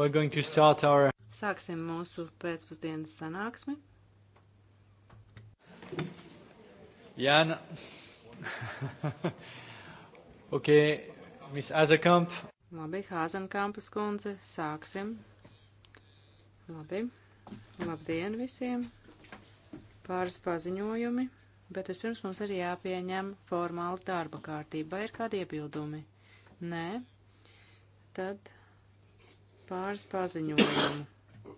Our... Sāksim mūsu pēcpusdienas sanāksmi. Jāna. ok, Miss Azakamp. Labi, Hāzenkampas kundze, sāksim. Labi. Labdien visiem. Pāris paziņojumi, bet vispirms mums ir jāpieņem formāli darba kārtība. Vai ir kādi iebildumi? Nē. Tad pāris paziņojumu.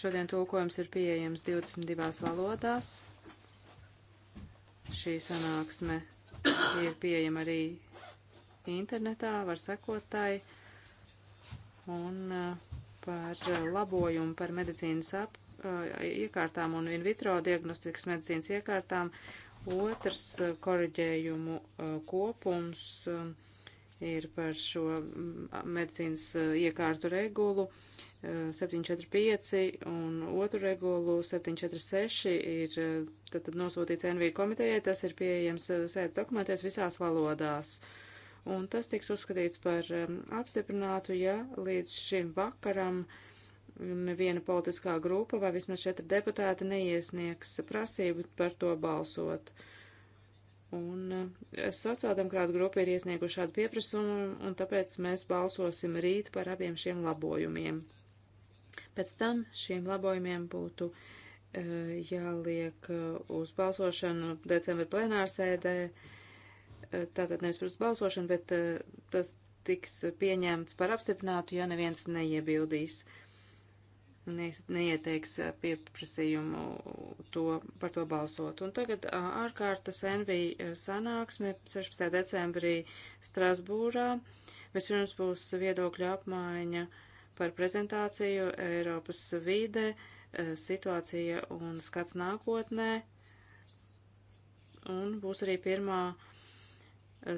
Šodien tulkojums ir pieejams 22 valodās. Šī sanāksme ir pieejama arī internetā, var sekot tai. Un uh, par uh, labojumu par medicīnas ap, uh, iekārtām un in vitro diagnostikas medicīnas iekārtām otrs koriģējumu kopums. Uh, ir par šo mm, medicīnas eh, iekārtu regulu 745 eh, un otru regulu 746 ir eh, tad nosūtīts NV komitejai, tas ir pieejams sēdes dokumentēs visās valodās. Un tas tiks uzskatīts par apstiprinātu, ja līdz šim vakaram mm, neviena politiskā grupa vai vismaz četri deputāti neiesniegs prasību par to balsot. Uh, Un eh, sociāldemokrāta grupa ir iesnieguši šādu pieprasumu, un tāpēc mēs balsosim rīt par abiem šiem labojumiem. Pēc tam šiem labojumiem būtu uh, jāliek uh, uz balsošanu decembra plenārsēdē, uh, tātad nevis pirms balsošanu, bet tas tiks pieņemts par apstiprinātu, ja neviens neiebildīs. Uh, ne, neieteiks eh, pieprasījumu to, par to balsot. Un tagad eh, ārkārtas NV e sanāksme 16. decembrī Strasbūrā. Vispirms būs viedokļu apmaiņa par prezentāciju Eiropas vide, eh, situācija un skats nākotnē. Un būs arī pirmā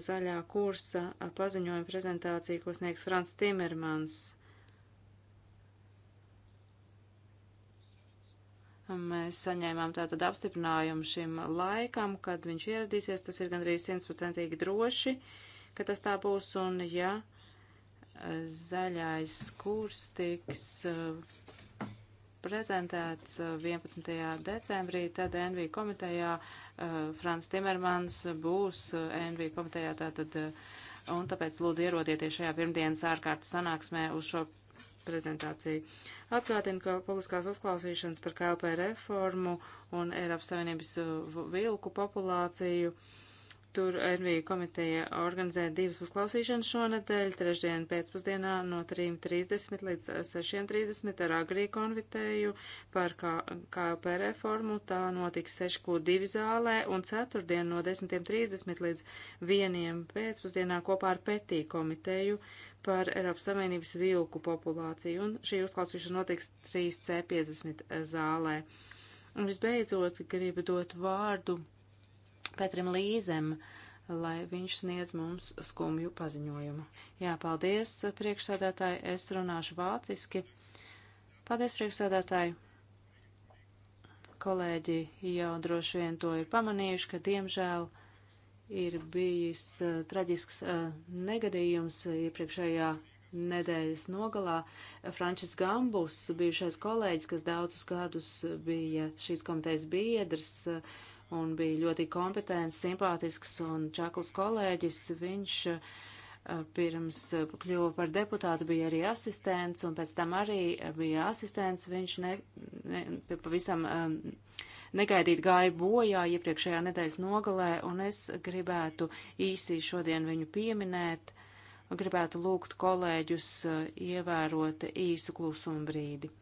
zaļā kursa paziņojuma prezentācija, ko sniegs Frans Timermans Mēs saņēmām tātad apstiprinājumu šim laikam, kad viņš ieradīsies. Tas ir gandrīz simtprocentīgi droši, ka tas tā būs. Un ja eh, zaļais kurs tiks eh, prezentēts 11. Eh, decembrī, tad NV komitejā Frans Timermans būs NV komitejā tātad. Un tāpēc lūdzu ierodieties šajā pirmdienas ārkārtas sanāksmē uz šo prezentāciju. Atgādinu, ka publiskās uzklausīšanas par KLP reformu un Eiropas Savienības uh, vilku populāciju. Tur NVI komiteja organizē divas uzklausīšanas šonadēļ, trešdien pēcpusdienā no 3.30 līdz 6.30 uh, ar agrī konvitēju par KLP reformu. Tā notiks 6Q2 zālē un ceturtdien no 10.30 līdz 1.00 pēcpusdienā kopā ar PETī komiteju par Eiropas Savienības vilku populāciju, un šī uzklausīšana notiks 3C50 zālē. Un visbeidzot, gribu dot vārdu Petram Līzem, lai viņš sniedz mums skumju paziņojumu. Jā, paldies, priekšsēdētāji, es runāšu vāciski. Paldies, priekšsēdētāji! Kolēģi jau droši vien to ir pamanījuši, ka diemžēl uh, ir bijis uh, traģisks uh, negadījums iepriekšējā nedēļas nogalā. Frančis Gambus, bijušais kolēģis, kas daudzus gadus bija šīs komitejas biedrs uh, un bija ļoti kompetents, simpātisks un čakls kolēģis, viņš uh, pirms kļuva par deputātu, bija arī asistents, un pēc tam arī bija asistents. Viņš ne, ne, pavisam um, negaidīt gāja bojā iepriekšējā nedēļas nogalē, un es gribētu īsi šodien viņu pieminēt, gribētu lūgt kolēģus uh, ievērot īsu klusumu brīdi.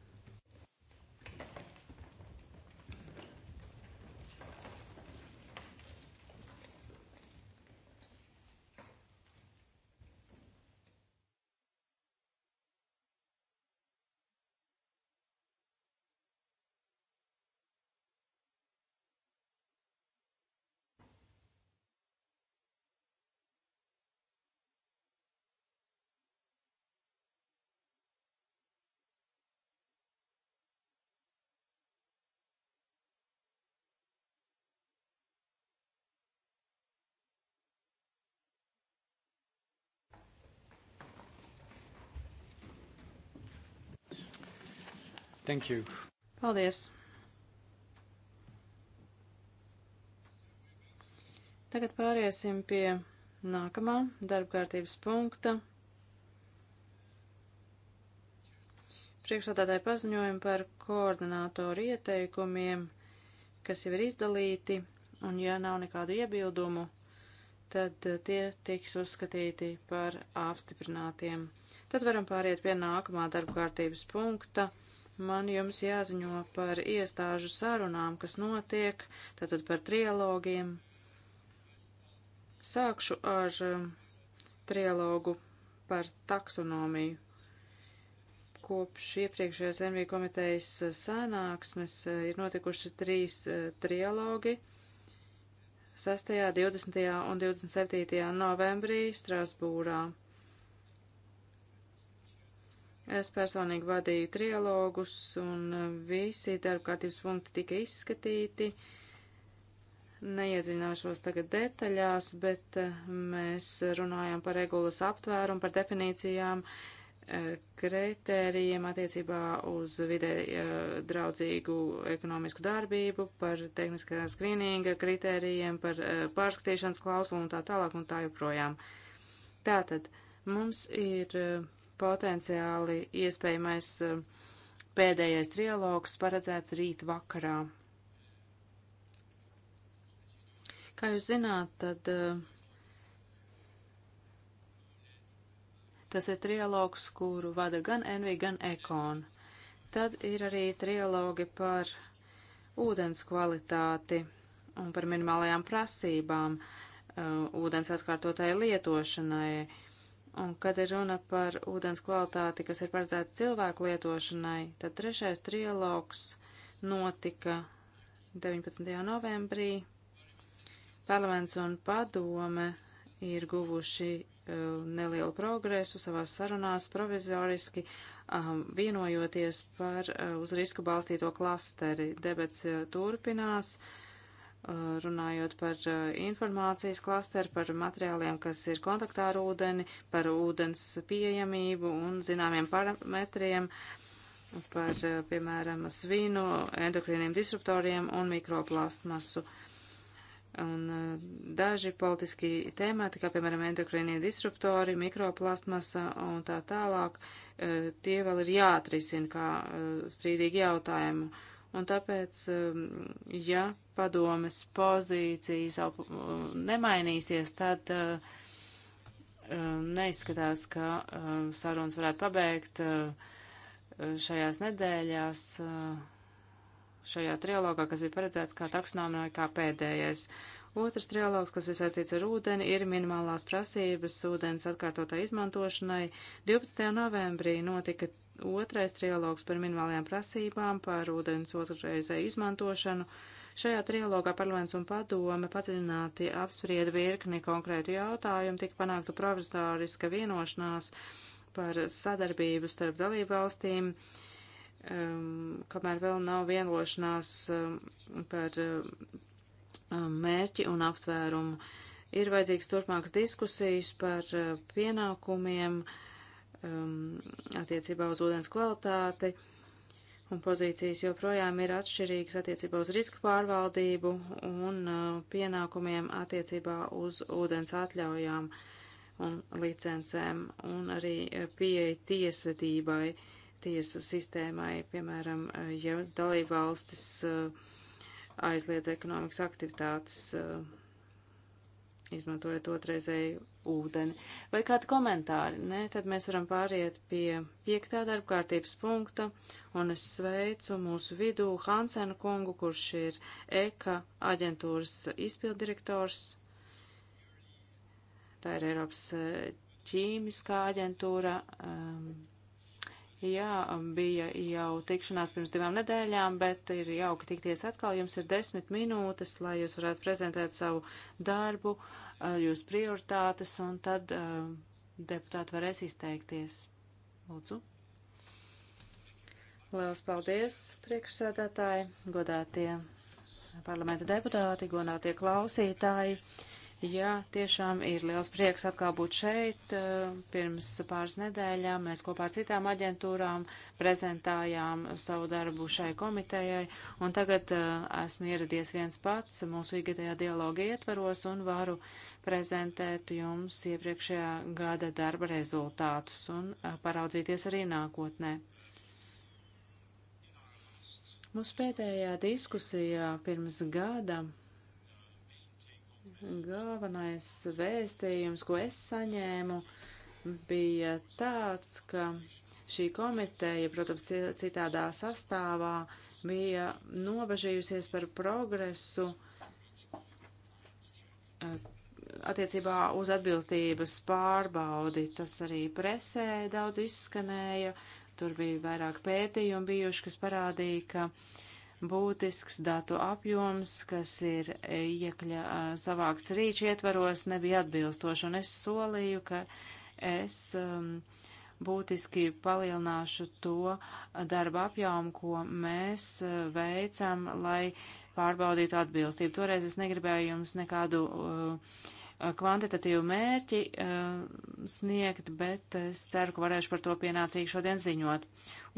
Thank you. Paldies. Tagad pāriesim pie nākamā darbkārtības punkta. Priekšsādātāji paziņojumi par koordinātoru ieteikumiem, kas jau ir izdalīti, un ja nav nekādu iebildumu, tad tie tiks uzskatīti par apstiprinātiem. Tad varam pāriet pie nākamā darbkārtības punkta man jums jāziņo par iestāžu sarunām, kas notiek, tātad par trialogiem. Sākšu ar um, trialogu par taksonomiju. Kopš iepriekšējās NV komitejas uh, sanāksmes uh, ir notikuši trīs uh, trialogi. 6., 20. un 27. novembrī Strasbūrā. Es personīgi vadīju trialogus, un eh, visi darbkārtības punkti tika izskatīti. Neiedziļināšos tagad detaļās, bet eh, mēs runājām par regulas aptvērumu, par definīcijām, eh, kritērijiem attiecībā uz vidē draudzīgu ekonomisku darbību, par tehniskā skrīninga kritērijiem, par pārskatīšanas klausulu un tā tālāk un tā joprojām. Tātad mums ir Potenciāli iespējamais eh, pēdējais trialogs paredzēts rīt vakarā. Kā jūs zināt, tad eh, tas ir trialogs, kuru vada gan Envi, gan Ekon. Tad ir arī trialogi par ūdens kvalitāti un par minimālajām prasībām, uh, ūdens atkārtotai lietošanai, Un, kad ir runa par ūdens kvalitāti, kas ir paredzēta cilvēku lietošanai, tad trešais trialogs notika 19. novembrī. Parlaments un padome ir guvuši uh, nelielu progresu savās sarunās provizoriski, uh, vienojoties par uh, uz risku balstīto klasteri. Debets eh, turpinās. Uh, runājot par uh, informācijas klasteru, par materiāliem, kas ir kontaktā ar ūdeni, par ūdens pieejamību un zināmiem parametriem, par, uh, piemēram, svinu, endokrīniem disruptoriem un mikroplastmasu. Un uh, daži politiski tēmati, kā piemēram endokrīnie disruptori, mikroplastmasa un tā tālāk, tie vēl ir jāatrisina kā strīdīgi jautājumu Un tāpēc, um, ja padomes pozīcija savu um, nemainīsies, tad uh, um, neizskatās, ka sarunas varētu pabeigt uh, šajās nedēļās, uh, šajā trialogā, kas bija paredzēts kā taksonomija, kā pēdējais. Otrs trialogs, kas ir saistīts ar ūdeni, ir minimālās prasības ūdens atkārtotā izmantošanai. 12. novembrī notika Otrais trialogs par minimālajām prasībām par ūdens otrreizēju izmantošanu. Šajā trialogā parlaments un padome padziļināti apsprieda virkni konkrētu jautājumu, tika panākta provizoriska vienošanās par sadarbību starp dalību valstīm, um, kamēr vēl nav vienošanās um, par um, mērķi un aptvērumu. Ir vajadzīgs turpmākas diskusijas par uh, pienākumiem. Uh, um, attiecībā uz ūdens kvalitāti, un pozīcijas joprojām ir atšķirīgas attiecībā uz riska pārvaldību un uh, pienākumiem attiecībā uz ūdens atļaujām un licencēm, un arī uh, pieeja tiesvedībai, tiesu sistēmai, piemēram, uh, ja dalībvalstis uh, aizliedz ekonomikas aktivitātes. Uh, izmantojot otrreizēju ūdeni. Vai kādi komentāri? Nē, tad mēs varam pāriet pie piektā darbkārtības punkta, un es sveicu mūsu vidū Hansenu kungu, kurš ir EKA aģentūras izpildirektors. Tā ir Eiropas eh, ķīmiskā aģentūra. Um, Jā, bija jau tikšanās pirms divām nedēļām, bet ir jauki tikties atkal. Jums ir desmit minūtes, lai jūs varētu prezentēt savu darbu, jūs prioritātes, un tad uh, deputāti varēs izteikties. Lūdzu. Liels paldies, priekšsēdētāji, godātie parlamenta deputāti, godātie klausītāji. Uh, Jā, tiešām ir liels prieks atkal būt šeit. Eh, pirms pāris nedēļām mēs kopā ar citām aģentūrām prezentējām savu darbu šai komitejai, un tagad eh, esmu ieradies viens pats mūsu ikgadējā dialoga ietvaros un varu prezentēt jums iepriekšējā gada darba rezultātus un eh, paraudzīties arī nākotnē. Mūsu pēdējā diskusijā pirms gada Galvenais vēstījums, ko es saņēmu, bija tāds, ka šī komiteja, protams, citādā sastāvā, bija nobežījusies par progresu eh, attiecībā uz atbilstības pārbaudi. Tas arī presē daudz izskanēja, tur bija vairāk pētījumi bijuši, kas parādīja, ka būtisks datu apjoms, kas ir iekļa, savākts rīču ietvaros, nebija atbilstoši, un es solīju, ka es um, būtiski palielināšu to darba apjomu, ko mēs veicam, lai pārbaudītu atbilstību. Toreiz es negribēju jums nekādu uh, Eh, kvantitatīvi mērķi eh, sniegt, bet es ceru, ka varēšu par to pienācīgi šodien ziņot.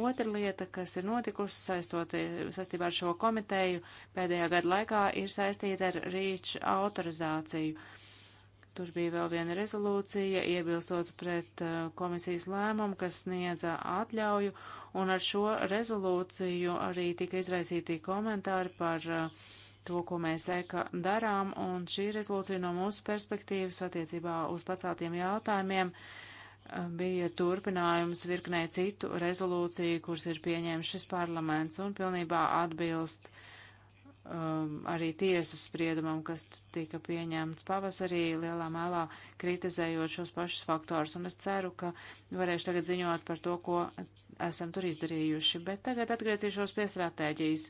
Otra lieta, kas ir notikusi saistot, saistībā ar šo komiteju pēdējā gada laikā, ir saistīta ar rīču autorizāciju. Tur bija vēl viena rezolūcija, iebilstot pret eh, komisijas lēmumu, kas sniedza atļauju, un ar šo rezolūciju arī tika izraisīti komentāri par uh, to, ko mēs eka darām, un šī rezolūcija no mūsu perspektīvas attiecībā uz paceltiem jautājumiem eh, bija turpinājums virknē citu rezolūciju, kuras ir pieņēmis šis parlaments un pilnībā atbilst um, arī tiesas spriedumam, kas tika pieņemts pavasarī lielā mēlā kritizējot šos pašus faktors. Un es ceru, ka varēšu tagad ziņot par to, ko esam tur izdarījuši. Bet tagad atgriezīšos pie stratēģijas.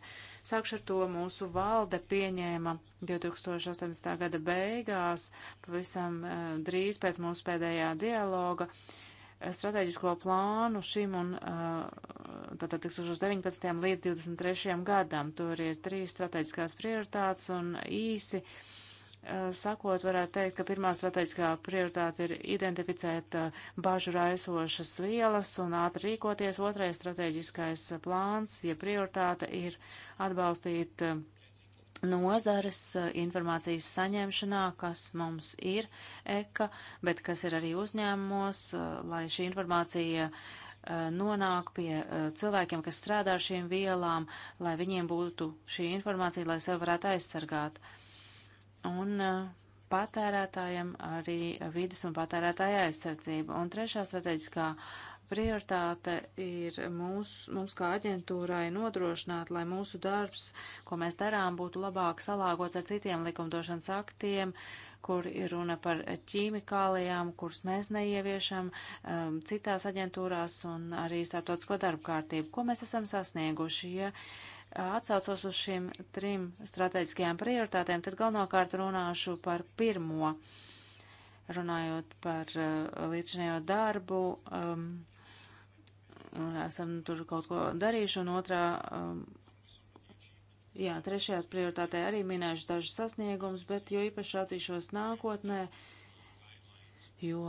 Sākšu ar to mūsu valde pieņēma 2018. gada beigās, pavisam eh, drīz pēc mūsu pēdējā dialoga, eh, stratēģisko plānu šim un eh, tātad 2019. līdz 2023. gadam. Tur ir trīs stratēģiskās prioritātes un īsi. Uh, Eh, sakot, varētu teikt, ka pirmā strateģiskā prioritāte ir identificēt eh, bažu raisošas vielas un ātri rīkoties. Otrais strateģiskais plāns, ja prioritāte ir atbalstīt eh, nozares informācijas saņemšanā, kas mums ir eka, bet kas ir arī uzņēmumos, lai šī informācija nonāk pie cilvēkiem, kas strādā ar šīm vielām, lai viņiem būtu šī informācija, lai sevi varētu aizsargāt. Uh, un uh, patērētājiem arī vidas un patērētāja aizsardzība. Un trešā strateģiskā prioritāte ir mūs, mums kā aģentūrai nodrošināt, lai mūsu darbs, ko mēs darām, būtu labāk salāgots ar citiem likumdošanas aktiem, kur ir runa par ķīmikālijām, kuras mēs neieviešam um, citās aģentūrās un arī starptautisko darbu kārtību. Ko mēs esam sasnieguši? Ja atsaucos uz šīm trim strateģiskajām prioritātēm, tad galvenokārt runāšu par pirmo, runājot par uh, līdzinējo darbu. Um, esam tur kaut ko darījuši, un otrā, um, jā, trešajā prioritātē arī minēšu dažus sasniegumus, bet jo īpaši atzīšos nākotnē, jo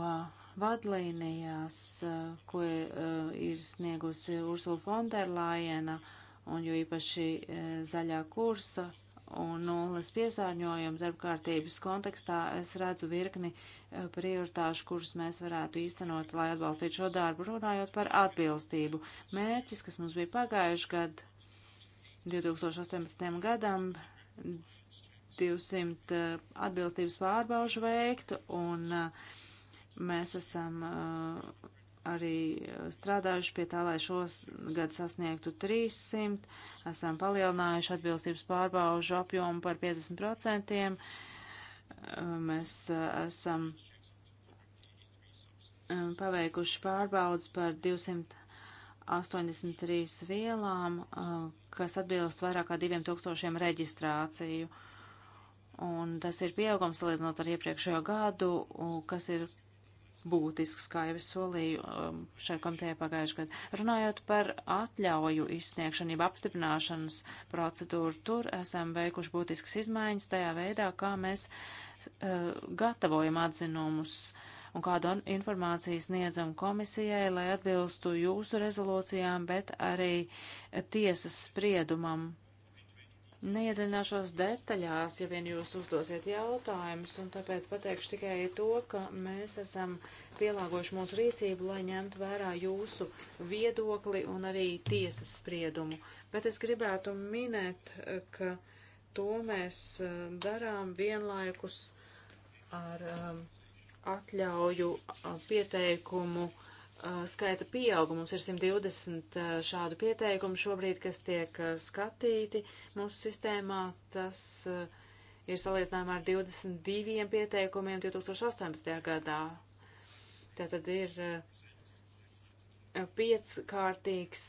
vadlīnijās, uh, ko uh, ir sniegusi Ursula Fonderlājena, uh, un jo īpaši e, zaļā kursa un nulles piesārņojuma darbkārtības kontekstā es redzu virkni e, prioritāšu, kurus mēs varētu īstenot, lai atbalstītu šo darbu, runājot par atbilstību. Mērķis, kas mums bija pagājuši gadu, 2018. gadam, 200 e, atbilstības pārbaužu veiktu, un mēs esam uh, arī eh, strādājuši pie tā, lai šos gadu sasniegtu 300. Esam palielinājuši atbilstības pārbaužu apjomu par 50%. Eh, mēs eh, esam paveikuši pārbaudas par 283 vielām, kas atbilst vairāk kā 2000 reģistrāciju. Un tas ir pieaugums salīdzinot ar iepriekšējo gadu, kas ir būtisks, kā jau es solīju um, šai komitejai pagājušajā gadā. Runājot par atļauju izsniegšanu, apstiprināšanas procedūru, tur esam veikuši būtiskas izmaiņas tajā veidā, kā mēs uh, gatavojam atzinumus un kādu informāciju sniedzam komisijai, lai atbilstu jūsu rezolūcijām, bet arī tiesas spriedumam Neiedziļināšos detaļās, ja vien jūs uzdosiet jautājumus, un tāpēc pateikšu tikai to, ka mēs esam pielāgojuši mūsu rīcību, lai ņemtu vērā jūsu viedokli un arī tiesas spriedumu. Bet es gribētu minēt, ka to mēs eh, darām vienlaikus ar eh, atļauju eh, pieteikumu uh, Uh, skaita pieauga. Mums ir 120 uh, šādu pieteikumu šobrīd, kas tiek uh, skatīti mūsu sistēmā. Tas ir salīdzinājumā ar 22 pieteikumiem 2018. gadā. Tātad ir pieckārtīgs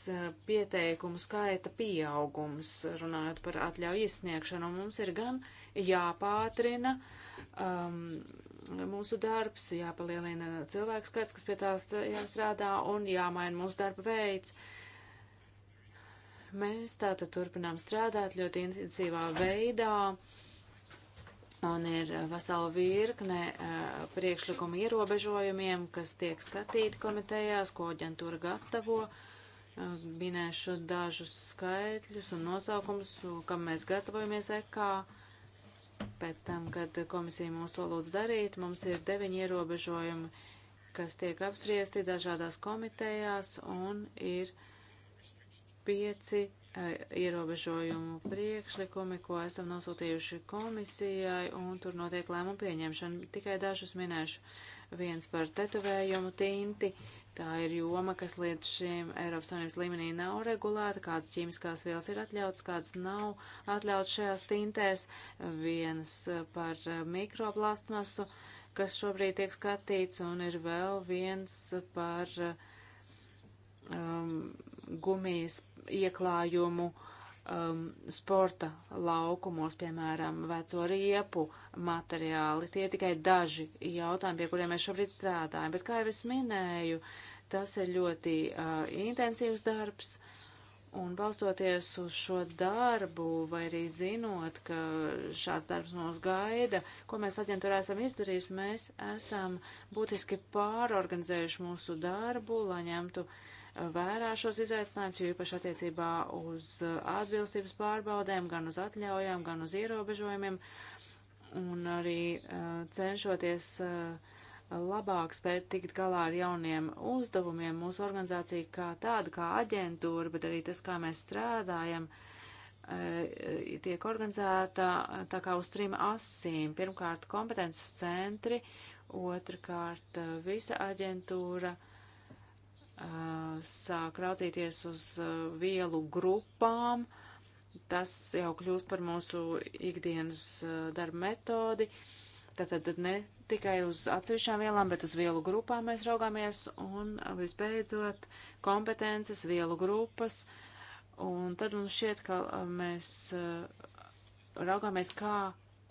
pieteikumu skaita pieaugums, runājot par atļauju izsniegšanu. Mums ir gan jāpātrina um, mūsu darbs, jāpalielina cilvēku skaits, kas pie tās jāstrādā, un jāmaina mūsu darba veids. Mēs tātad turpinām strādāt ļoti intensīvā veidā, un ir vesela virkne priekšlikuma ierobežojumiem, kas tiek skatīti komitejās, ko aģentūra gatavo. Minēšu dažus skaitļus un nosaukumus, kam mēs gatavojamies ekā pēc tam, kad komisija mums to lūdz darīt. Mums ir deviņi ierobežojumi, kas tiek apspriesti dažādās komitejās, un ir pieci eh, ierobežojumu priekšlikumi, ko esam nosūtījuši komisijai, un tur notiek lēmumu pieņemšana. Tikai dažus minēšu. Viens par tetovējumu tinti. Uh, Tā ir joma, kas līdz šim Eiropas Savienības līmenī nav regulēta, kādas ķīmiskās vielas ir atļautas, kādas nav atļautas šajās tintēs. Vienas par mikroplastmasu, kas šobrīd tiek skatīts, un ir vēl viens par um, gumijas ieklājumu um, sporta laukumos, piemēram, veco riepu materiāli. Tie ir tikai daži jautājumi, pie kuriem mēs šobrīd strādājam. Bet, kā jau es minēju, uh, Tas ir ļoti uh, intensīvs darbs, un balstoties uz šo darbu, vai arī zinot, ka šāds darbs mūs gaida, ko mēs aģentūrā esam izdarījuši, mēs esam būtiski pārorganizējuši mūsu darbu, lai ņemtu uh, vērā šos izaicinājumus, jo īpaši attiecībā uz atbilstības pārbaudēm, gan uz atļaujām, gan uz ierobežojumiem, un arī uh, cenšoties uh, labāk spēt tikt galā ar jauniem uzdevumiem. Mūsu organizācija kā tāda, kā aģentūra, bet arī tas, kā mēs strādājam, eh, tiek organizēta eh, tā kā uz trim asīm. Pirmkārt, kompetences centri, otrkārt, eh, visa aģentūra sāk raudzīties uz vielu grupām. Tas jau kļūst par mūsu ikdienas darba metodi. Tātad ne tikai uz atsevišķām vielām, bet uz vielu grupām mēs raugāmies un visbeidzot kompetences, vielu grupas. Un tad mums šķiet, ka mēs raugāmies, kā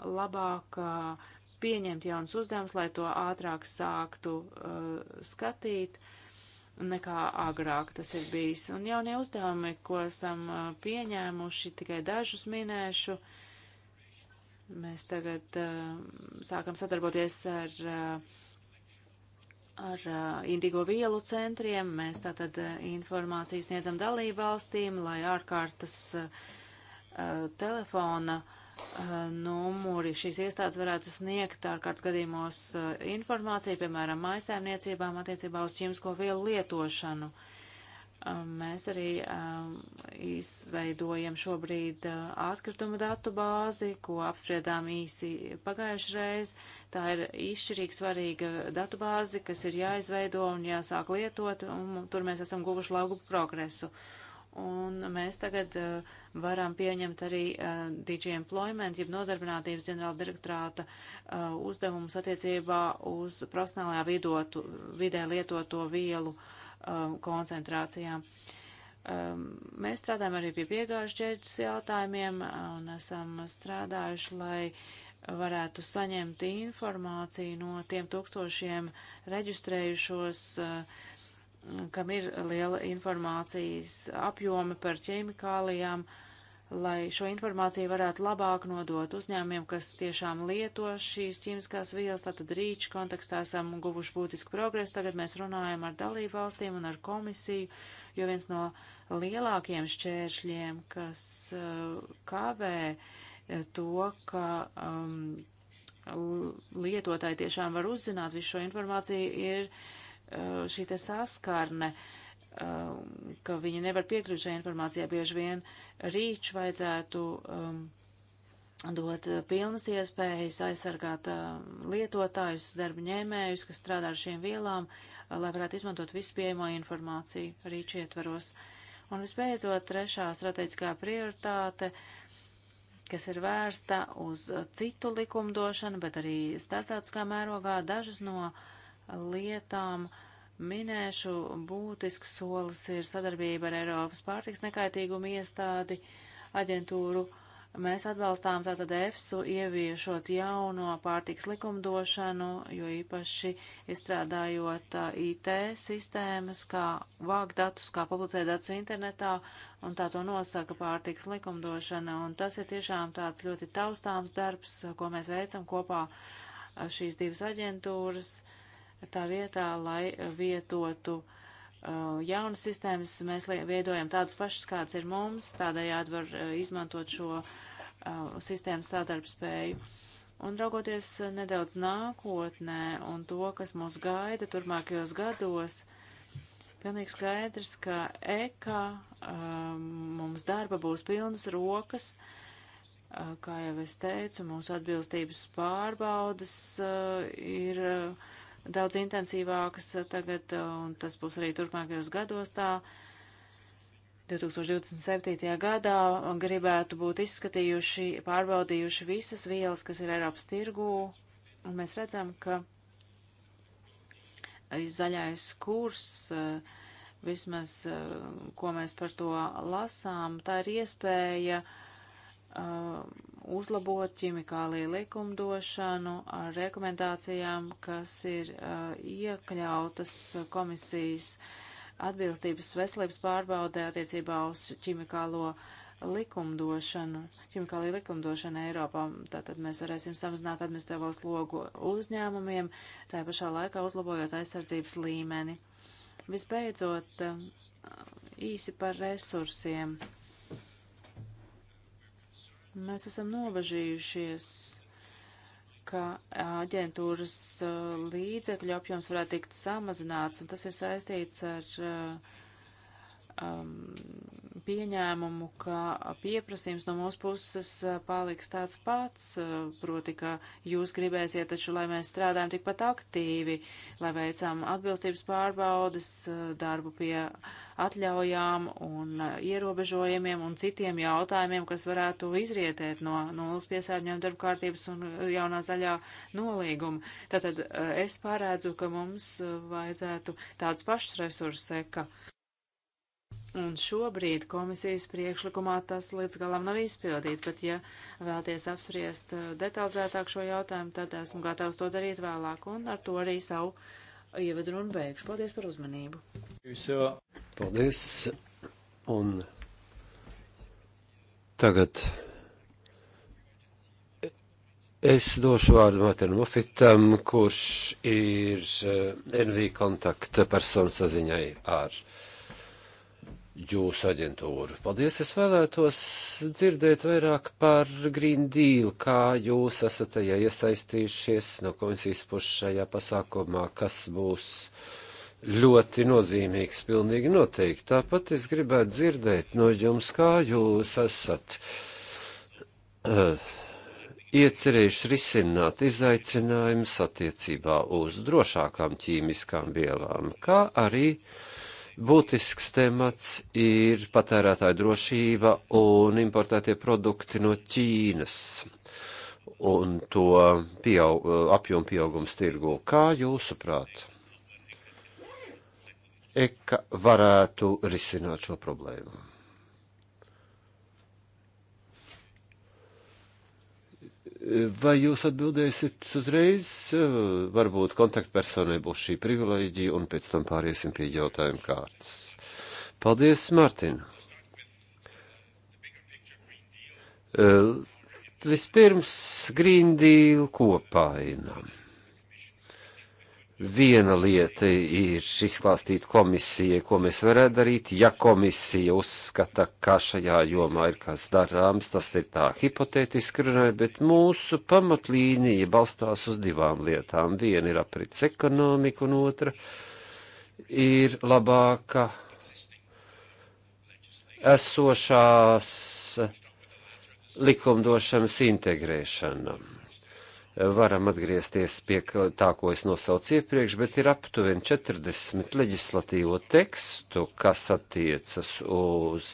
labāk pieņemt jaunas uzdevumus, lai to ātrāk sāktu uh, skatīt nekā agrāk tas ir bijis. Un jaunie uzdevumi, ko esam pieņēmuši, tikai dažus minēšu. Uh, Mēs tagad uh, sākam sadarboties ar, ar Indigo vielu centriem. Mēs tātad informācijas sniedzam dalību valstīm, lai ārkārtas uh, telefona uh, numuri šīs iestādes varētu sniegt ārkārtas gadījumos informāciju, piemēram, mājasēmniecībām attiecībā uz ķimsko vielu lietošanu. Uh, Um, mēs arī um, izveidojam šobrīd uh, atkritumu datu bāzi, ko apspriedām īsi pagājušreiz. Tā ir izšķirīgi svarīga datu bāzi, kas ir jāizveido un jāsāk lietot, un tur mēs esam guvuši laugu progresu. Un mēs tagad uh, varam pieņemt arī uh, DG Employment, jeb nodarbinātības ģenerāla direktorāta uh, uzdevumus attiecībā uz profesionālajā vidotu, vidē lietoto vielu uh, um, koncentrācijām. Um, mēs strādājam arī pie piegāžu ķēdes jautājumiem un esam strādājuši, lai varētu saņemt informāciju no tiem tūkstošiem reģistrējušos uh, kam ir liela informācijas apjoma par ķēmikālijām, uh, lai šo informāciju varētu labāk nodot uzņēmiem, kas tiešām lieto šīs ķīmiskās vielas. Tātad rīču kontekstā esam guvuši būtisku progresu. Tagad mēs runājam ar dalību valstīm un ar komisiju, jo viens no lielākiem šķēršļiem, kas uh, kavē uh, to, ka. Um, lietotāji tiešām var uzzināt visu šo informāciju, ir uh, šī te saskarne uh, Um, ka viņi nevar piekļūt šai informācijai. Bieži vien rīču vajadzētu um, dot pilnas iespējas aizsargāt uh, lietotājus, darba ņēmējus, kas strādā ar šīm vielām, uh, lai varētu izmantot visu pieejamo informāciju rīču ietvaros. Un visbeidzot, trešā strateģiskā prioritāte kas ir vērsta uz citu likumdošanu, bet arī starptautiskā mērogā dažas no lietām uh, minēšu, būtisks solis ir sadarbība ar Eiropas pārtiks nekaitīgumu iestādi, aģentūru. Mēs atbalstām tātad EFSU ieviešot jauno pārtiks likumdošanu, jo īpaši izstrādājot IT sistēmas, kā vākt datus, kā publicēt datus internetā, un tā to nosaka pārtiks likumdošana. Un tas ir tiešām tāds ļoti taustāms darbs, ko mēs veicam kopā šīs divas aģentūras. Uh, tā vietā, lai vietotu uh, jaunas sistēmas, mēs veidojam tādas pašas, kādas ir mums, tādējādi var uh, izmantot šo uh, sistēmas sadarbspēju. Un raugoties uh, nedaudz nākotnē un to, kas mūs gaida turpmākajos gados, pilnīgi skaidrs, ka eka um, mums darba būs pilnas rokas, uh, kā jau es teicu, mūsu atbilstības pārbaudas uh, ir. Uh, daudz intensīvākas eh, tagad, eh, un tas būs arī turpmākajos gados tā. 2027. gadā gribētu būt izskatījuši, pārbaudījuši visas vielas, kas ir Eiropas tirgū, un mēs redzam, ka zaļais kurs, eh, vismaz ko mēs par to lasām, tā ir iespēja uh, Uh, uzlabot ķimikāliju likumdošanu ar rekomendācijām, kas ir uh, iekļautas komisijas atbilstības veselības pārbaudē attiecībā uz ķimikālo likumdošanu, ķimikāliju likumdošanu Eiropā. Tātad mēs varēsim samazināt administratīvo slogu uzņēmumiem, tā pašā laikā uzlabojot aizsardzības līmeni. Visbeidzot, uh, īsi par resursiem. Uh, Mēs esam nobežījušies, ka aģentūras uh, līdzekļu apjoms varētu tikt samazināts, un tas ir saistīts ar uh, um, pieņēmumu, ka pieprasījums no mūsu puses eh, paliks tāds pats, eh, proti, ka jūs gribēsiet taču, lai mēs strādājam tikpat aktīvi, lai veicam atbilstības pārbaudes, eh, darbu pie atļaujām un ierobežojumiem un citiem jautājumiem, kas varētu izrietēt no nulles piesārņojuma darba kārtības un jaunā zaļā nolīguma. Tātad es pārēdzu, ka mums vajadzētu tādus pašus resursus seka. Ja, Un šobrīd komisijas priekšlikumā tas līdz galam nav izpildīts, bet ja vēlties apspriest uh, detalizētāk šo jautājumu, tad esmu gatavs to darīt vēlāk un ar to arī savu ievadu un beigšu. Paldies par uzmanību. Paldies. Un tagad Es došu vārdu Matam Mofitam, kurš ir uh, NV kontakta persona saziņai ar jūsu aģentūru. Paldies, es vēlētos dzirdēt vairāk par Green Deal, kā jūs esat tajā iesaistījušies no komisijas puses šajā pasākumā, kas būs ļoti nozīmīgs, pilnīgi noteikti. Tāpat es gribētu dzirdēt no jums, kā jūs esat uh, iecerējuši risināt izaicinājumus attiecībā uz drošākām ķīmiskām vielām, kā arī uh, Būtisks temats ir patērētāja drošība un importētie produkti no Ķīnas un to pieaug, apjomu pieaugums tirgu. Kā jūsuprāt, EKA varētu risināt šo problēmu? Vai jūs atbildēsiet uzreiz? Varbūt kontaktpersonai būs šī privileģija, un pēc tam pāriesim pie jautājuma kārtas. Paldies, Mārtiņ! Vispirms Green Deal kopainam. Viena lieta ir izklāstīt komisijai, ko mēs varētu darīt. Ja komisija uzskata, ka šajā jomā ir kas darāms, tas ir tā hipotētiski runājot, bet mūsu pamatlīnija balstās uz divām lietām. Viena ir aprits ekonomika, un otra ir labāka esošās likumdošanas integrēšana varam atgriezties pie tā, ko es nosaucu iepriekš, bet ir aptuveni 40 leģislatīvo tekstu, kas attiecas uz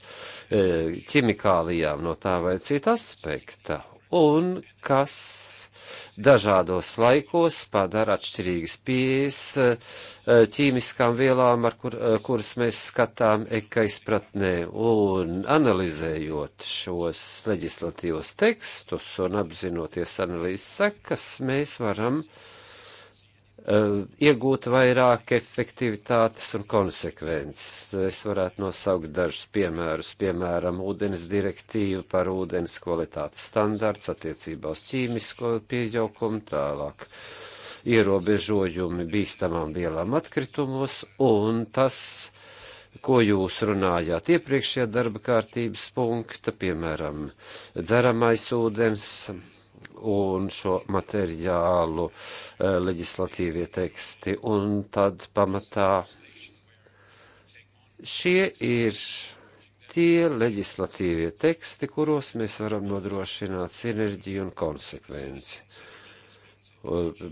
eh, ķimikālijām no tā vai cita aspekta, un kas dažādos laikos padara atšķirīgas pieejas eh, ķīmiskām vielām, ar kur, eh, kuras mēs skatām eka izpratnē un analizējot šos leģislatīvos tekstus un apzinoties analīzes sekas, mēs varam uh, Eh, iegūt vairāk efektivitātes un konsekvences. Es varētu nosaukt dažus piemērus, piemēram, ūdens direktīvu par ūdens kvalitātes standarts attiecībā uz ķīmisko pieļaukumu, tālāk ierobežojumi bīstamām vielām atkritumos un tas, ko jūs runājāt iepriekšējā darba kārtības punkta, piemēram, dzeramais ūdens un šo materiālu eh, leģislatīvie teksti. Un tad pamatā šie ir tie leģislatīvie teksti, kuros mēs varam nodrošināt sinerģiju un konsekvenci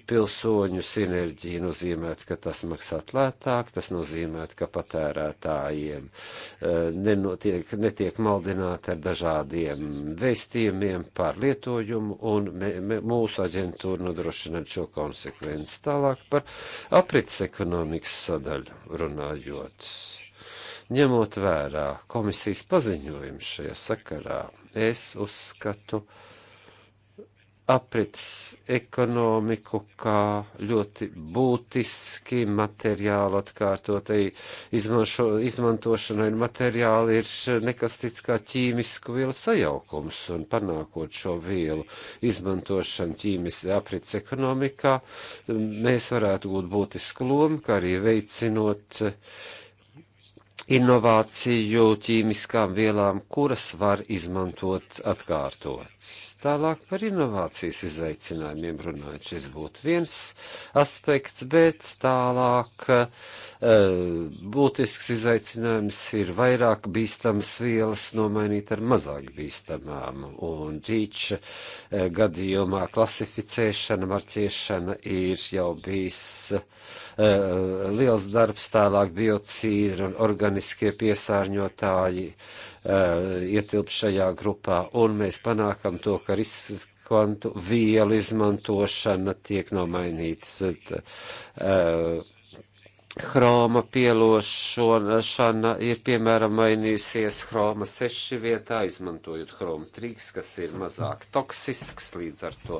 pilsoņu sinerģija nozīmē, ka tas maksā lētāk, tas nozīmē, ka patērētājiem e, nenotiek, netiek maldināti ar dažādiem vēstījumiem par lietojumu, un me, me, mūsu aģentūra nodrošina šo konsekvenci. Tālāk par aprits ekonomikas sadaļu runājot. Ņemot vērā komisijas paziņojumu šajā sakarā, es uzskatu, ka aprits ekonomiku kā ļoti būtiski materiālu atkārtotai izmanšo, izmantošanai. Materiāli ir nekas cits kā ķīmisku vielu sajaukums un panākot šo vielu izmantošanu ķīmis aprits ekonomikā, mēs varētu būt būtisku lomu, kā arī veicinot uh, inovāciju ķīmiskām vielām, kuras var izmantot atkārtot. Tālāk par inovācijas izaicinājumiem runājot, šis būtu viens aspekts, bet tālāk e, būtisks izaicinājums ir vairāk bīstamas vielas nomainīt ar mazāk bīstamām, un rīča e, gadījumā klasificēšana, marķiešana ir jau bijis e, liels darbs, tālāk biocīri un organizācija organiskie piesārņotāji eh, ietilp šajā grupā, un mēs panākam to, ka riskantu vielu izmantošana tiek nomainīts. Eh, hroma pielošana ir piemēram mainījusies hroma 6 vietā, izmantojot hroma 3, kas ir mazāk toksisks, līdz ar to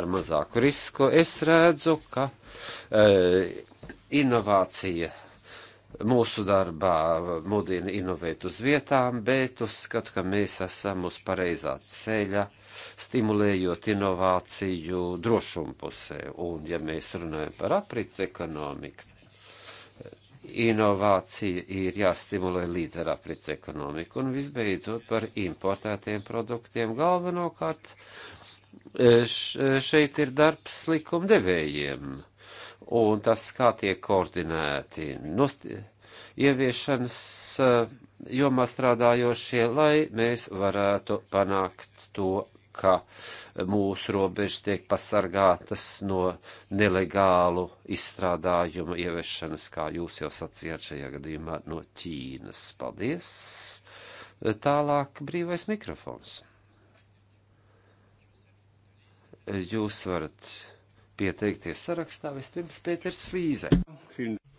ar mazāku risku. Es redzu, ka e, inovācija mūsu darbā mudina inovēt uz vietām, bet uzskatu, ka mēs esam uz pareizā ceļa, stimulējot inovāciju drošumu pusē. Un, ja mēs runājam par aprits ekonomiku, inovācija ir jāstimulē līdz ar aprits ekonomiku. Un visbeidzot par importētiem produktiem galvenokārt e, e, šeit ir darbs likumdevējiem un tas, kā tiek koordinēti. Nost ieviešanas eh, jomā strādājošie, lai mēs varētu panākt to, ka mūsu robežas tiek pasargātas no nelegālu izstrādājumu ieviešanas, kā jūs jau sacījāt šajā gadījumā, no Ķīnas. Paldies! Tālāk brīvais mikrofons. Jūs varat pieteikties sarakstā vispirms Pēters Svīze.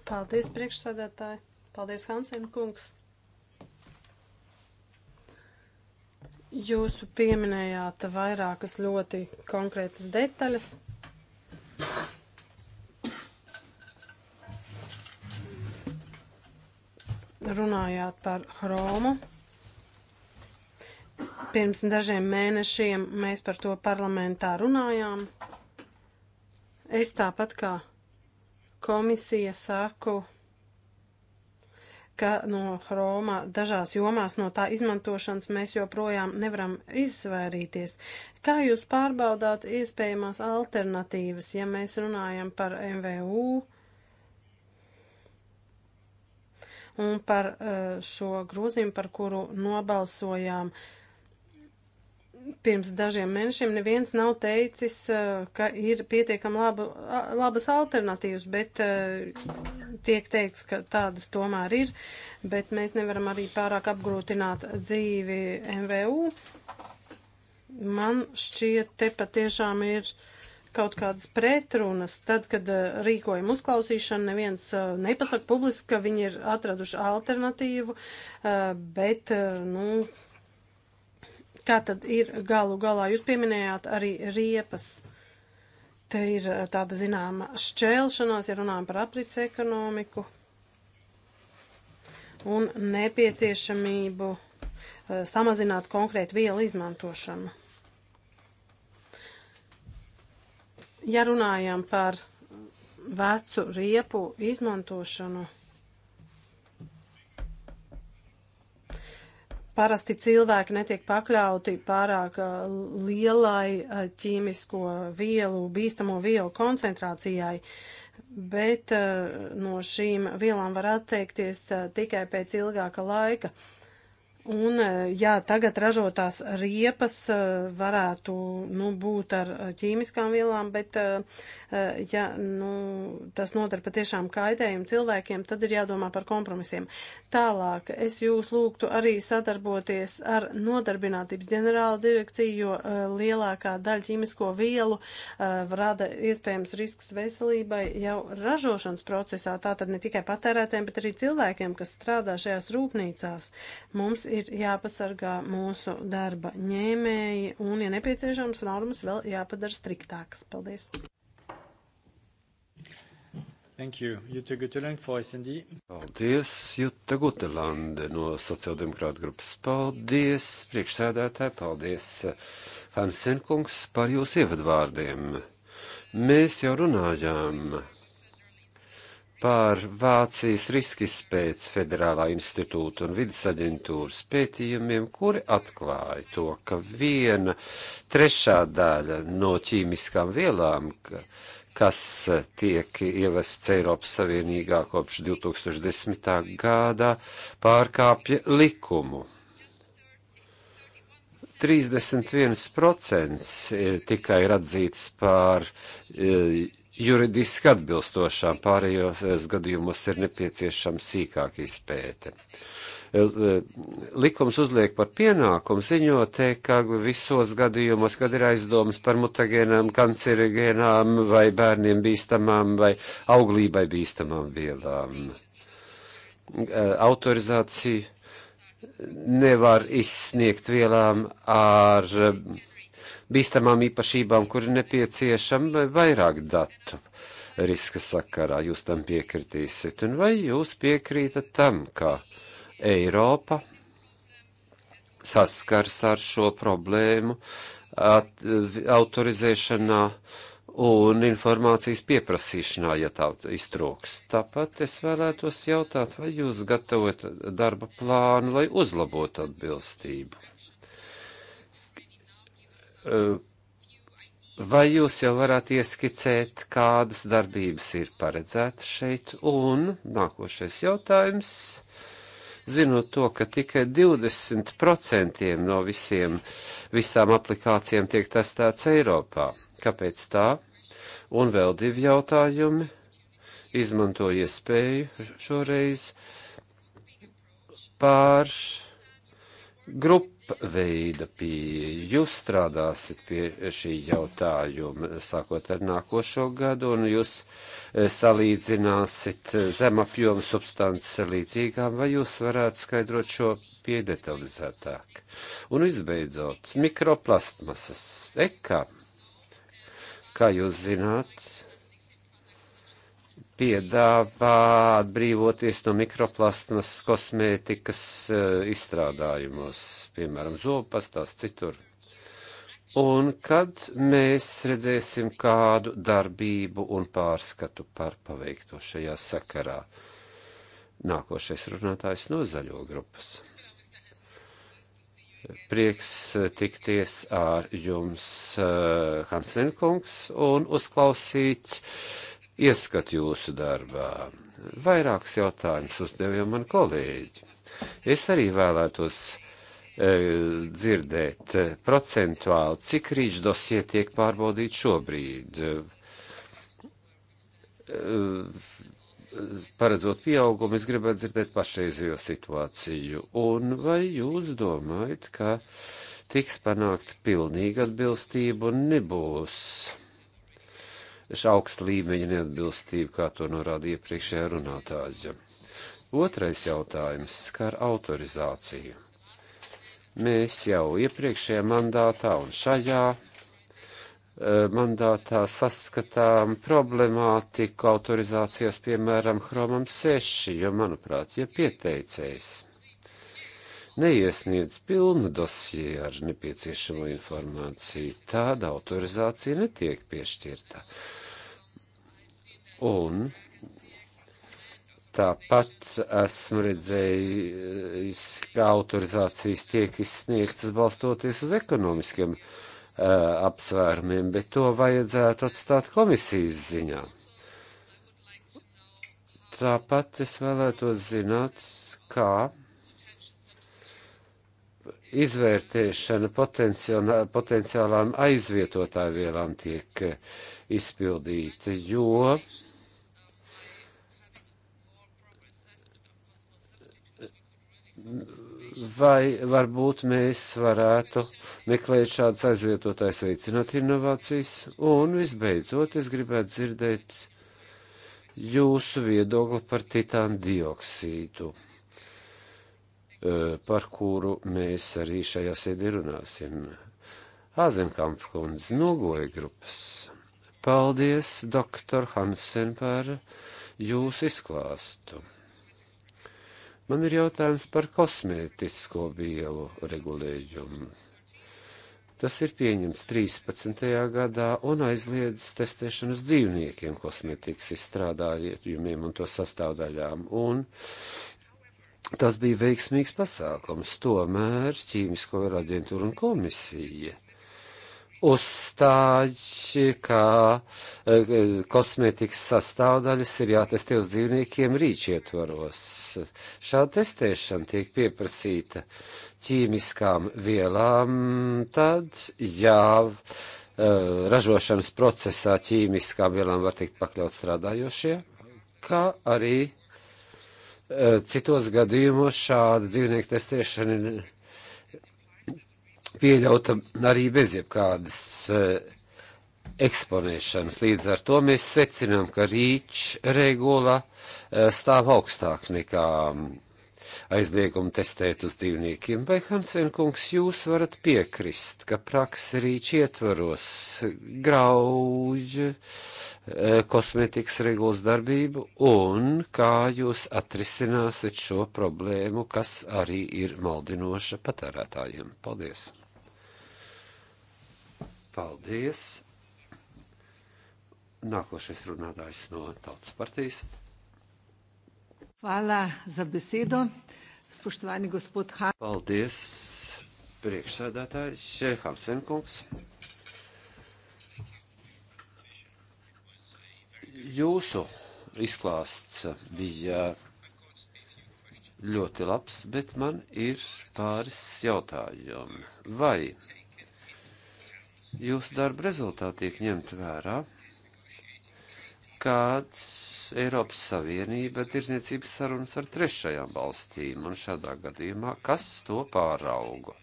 Paldies, priekšsādātāji. Paldies, Hansen kungs. Jūs pieminējāt vairākas ļoti konkrētas detaļas. Runājāt par Romu. Pirms dažiem mēnešiem mēs par to parlamentā runājām. Es tāpat kā komisija saku, ka no Roma dažās jomās no tā izmantošanas mēs joprojām nevaram izsvērīties. Kā jūs pārbaudāt iespējamās alternatīvas, ja mēs runājam par MVU un par eh, šo grozījumu, par kuru nobalsojām? Uh, pirms dažiem mēnešiem neviens nav teicis, eh, ka ir pietiekami labu, labas alternatīvas, bet eh, tiek teikts, ka tādas tomēr ir, bet mēs nevaram arī pārāk apgrūtināt dzīvi MVU. Man šķiet, te patiešām ir kaut kādas pretrunas. Tad, kad eh, rīkojam uzklausīšanu, neviens nepasaka publiski, ka viņi ir atraduši alternatīvu, bet, nu, Kā tad ir galu galā? Jūs pieminējāt arī riepas. Te ir eh, tāda zināma šķēlšanās, ja runājam par aprits ekonomiku un nepieciešamību eh, samazināt konkrētu vielu izmantošanu. Ja runājam par vecu riepu izmantošanu, parasti cilvēki netiek pakļauti pārāk uh, lielai uh, ķīmisko vielu, bīstamo vielu koncentrācijai, bet uh, no šīm vielām var atteikties tikai pēc ilgāka laika. Uh, Un, e, jā, tagad ražotās riepas e, varētu nu, būt ar e, ķīmiskām vielām, bet, ja nu, tas nodara patiešām kaitējumu cilvēkiem, tad ir jādomā par kompromisiem. Tālāk es jūs lūgtu arī sadarboties ar nodarbinātības ģenerāla direkciju, jo lielākā daļa ķīmisko vielu rada iespējams risks veselībai jau ražošanas procesā, tātad ne tikai patērētēm, bet arī cilvēkiem, kas strādā šajās rūpnīcās. Mums ir jāpasargā mūsu darba ņēmēji un, ja nepieciešams, normas vēl jāpadara striktākas. Paldies! Thank you. Jutta Guteland for SND. Paldies, Jutta Gutelande no sociāldemokrāta grupas. Paldies, priekšsēdētāji, paldies, Hansenkungs, par jūsu ievadvārdiem. Mēs jau runājām par Vācijas riskis pēc Federālā institūta un vidas aģentūras pētījumiem, kuri atklāja to, ka viena trešā daļa no ķīmiskām vielām, kas tiek ievests Eiropas Savienīgā kopš 2010. gada, pārkāpja likumu. 31% eh, tikai ir atzīts par eh, juridiski atbilstošām, pārējos eh, gadījumos ir nepieciešama sīkāka izpēte. Eh, likums uzliek par pienākumu ziņot, ka visos gadījumos, kad ir aizdomas par mutagēnām, kancerigēnām vai bērniem bīstamām vai auglībai bīstamām vielām, eh, autorizāciju nevar izsniegt vielām ar bīstamām īpašībām, kur ir nepieciešama vairāk datu riska sakarā. Jūs tam piekritīsiet, un vai jūs piekrītat tam, ka Eiropa saskars ar šo problēmu at, autorizēšanā un informācijas pieprasīšanā, ja tā iztrūks. Tāpat es vēlētos jautāt, vai jūs gatavojat darba plānu, lai uzlabotu atbilstību? Eh, vai jūs jau varat ieskicēt, kādas darbības ir paredzētas šeit? Un nākošais jautājums. Zinot to, ka tikai 20% no visiem, visām aplikācijām tiek testēts Eiropā. Kāpēc tā? Un vēl divi jautājumi. Izmantoju iespēju šoreiz pār grupu veida pieeja. Jūs strādāsit pie šī jautājuma sākot ar nākošo gadu, un jūs e, salīdzināsit zemapjomu substances līdzīgām, vai jūs varētu skaidrot šo piedetalizētāk. Un visbeidzot, mikroplastmasas. Eka, kā jūs zināt, piedāvā atbrīvoties no mikroplasmas kosmētikas e, izstrādājumos, piemēram, zopastās citur. Un kad mēs redzēsim kādu darbību un pārskatu par paveikto šajā sakarā? Nākošais runātājs no zaļo grupas. Prieks e, tikties ar jums, e, Hansen kungs, un uzklausīt uh, ieskatu jūsu darbā. Vairākas jautājumas uzdev jau man kolēģi. Es arī vēlētos e, dzirdēt procentuāli, cik rīč dosie tiek pārbaudīt šobrīd, e, paredzot pieaugumu, es gribētu dzirdēt pašreizējo situāciju. Un vai jūs domājat, ka tiks panākt pilnīga atbilstība un nebūs? augsta līmeņa neatbilstību, kā to norāda iepriekšējā runātāja. Otrais jautājums skar autorizāciju. Mēs jau iepriekšējā mandātā un šajā e, mandātā saskatām problemātiku autorizācijas, piemēram, Chromam 6, jo, manuprāt, ja pieteicējs neiesniedz pilnu dosiju ar nepieciešamo informāciju, tāda autorizācija netiek piešķirta. Un tāpat esmu redzējis, ka autorizācijas tiek izsniegtas balstoties uz ekonomiskiem uh, apsvērumiem, bet to vajadzētu atstāt komisijas ziņā. Tāpat es vēlētos zināt, kā izvērtēšana potenciālām aizvietotāju vielām tiek eh, izpildīta, jo vai varbūt mēs varētu meklēt šādas aizvietotājs veicināt inovācijas, un visbeidzot es gribētu dzirdēt jūsu viedokli par titānu dioksīdu par kuru mēs arī šajā sēdē runāsim. Āzemkampa kundze nogoja grupas. Paldies, doktor Hansen, par jūsu izklāstu. Man ir jautājums par kosmētisko vielu regulējumu. Tas ir pieņemts 13. gadā un aizliedz testēšanu uz dzīvniekiem kosmētikas izstrādājumiem un to sastāvdaļām. Un Tas bija veiksmīgs pasākums, tomēr ķīmisko varu aģentūra un komisija uzstāj, ka e, kosmētikas sastāvdaļas ir jātestē uz dzīvniekiem rīčietvaros. Šāda testēšana tiek pieprasīta ķīmiskām vielām, tad jā, e, ražošanas procesā ķīmiskām vielām var tikt pakļaut strādājošie, kā arī Eh, citos gadījumos šāda dzīvnieku testēšana ir pieļauta arī bez jebkādas eh, eksponēšanas. Līdz ar to mēs secinām, ka rīč regula eh, stāv augstāk nekā mm, aizliegumu testēt uz dzīvniekiem, vai Hansen kungs jūs varat piekrist, ka praksa rīč ietvaros grauž E, kosmētikas regulas darbību un kā jūs atrisināsiet šo problēmu, kas arī ir maldinoša patērētājiem. Paldies! Paldies! Nākošais runātājs no Tautas partijas. Hvala za besedo. Spoštovani gospod Han. Paldies, priekšsēdētājs Hamsenkungs. kungs. Jūsu izklāsts bija ļoti labs, bet man ir pāris jautājumi. Vai jūsu darba rezultāti tiek ņemt vērā? Kāds Eiropas Savienība tirzniecības sarunas ar trešajām valstīm un šādā gadījumā, kas to pārauga?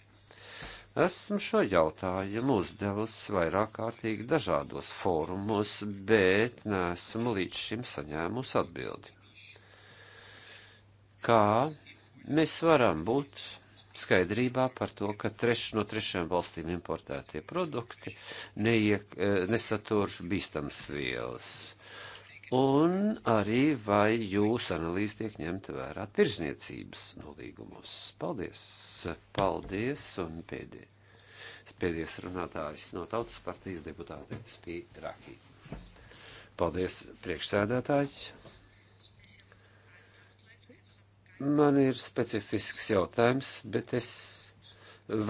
Esmu šo jautājumu uzdevusi vairāk kārtīgi dažādos fórumos, bet nesmu līdz šim saņēmusi atbildi. Kā mēs varam būt skaidrībā par to, ka treš, no trešajām valstīm importētie produkti neiek, eh, nesatur bīstams vielas? un arī vai jūsu analīze tiek ņemta vērā tirzniecības nolīgumos. Paldies! Paldies! Un pēdējais, pēdējais runātājs no Tautas partijas deputāte Spīra Rakī. Paldies, priekšsēdētāji! Man ir specifisks jautājums, bet es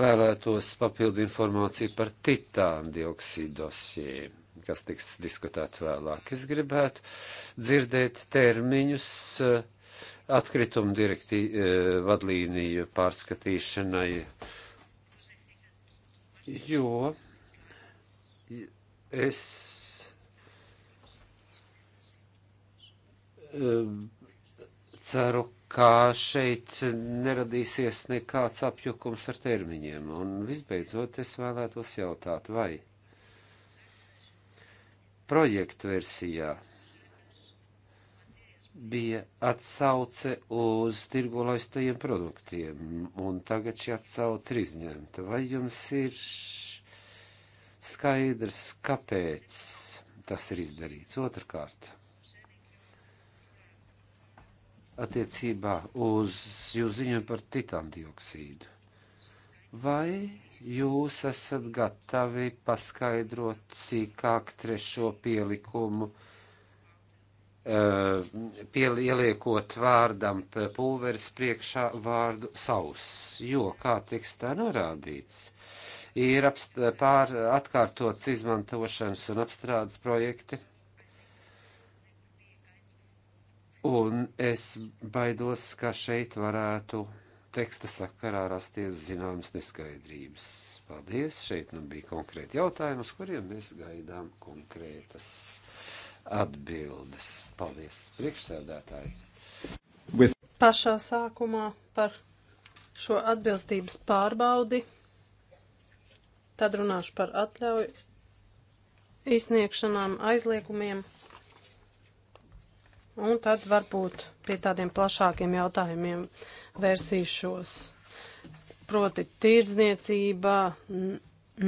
vēlētos papildu informāciju par titāna dioksīdu dosjēm kas tiks diskutēt vēlāk. Es gribētu dzirdēt termiņus eh, atkritumu direktī, eh, vadlīniju pārskatīšanai, jo es eh, ceru, ka šeit neradīsies nekāds apjukums ar termiņiem. Un visbeidzot, es vēlētos jautāt, vai projekta versijā bija atsauce uz tirgolaistajiem produktiem, un tagad šī atsauce ir izņemta. Vai jums ir skaidrs, kāpēc tas ir izdarīts? Otrkārt, attiecībā uz jūsu ziņojumu par titāndioksīdu. Vai jūs esat gatavi paskaidrot sīkāk trešo pielikumu, eh, pieliekot vārdam pulveris priekšā vārdu savs, jo, kā tekstā norādīts, ir apst, pār atkārtots izmantošanas un apstrādes projekti. Un es baidos, ka šeit varētu teksta sakarā rasties zināmas neskaidrības. Paldies! Šeit nu bija konkrēti jautājumi, uz kuriem mēs gaidām konkrētas atbildes. Paldies, priekšsēdētāji! With... Pašā sākumā par šo atbilstības pārbaudi, tad runāšu par atļauju izsniegšanām, aizliegumiem, un tad varbūt pie tādiem plašākiem jautājumiem vērsīšos. Proti tirdzniecība,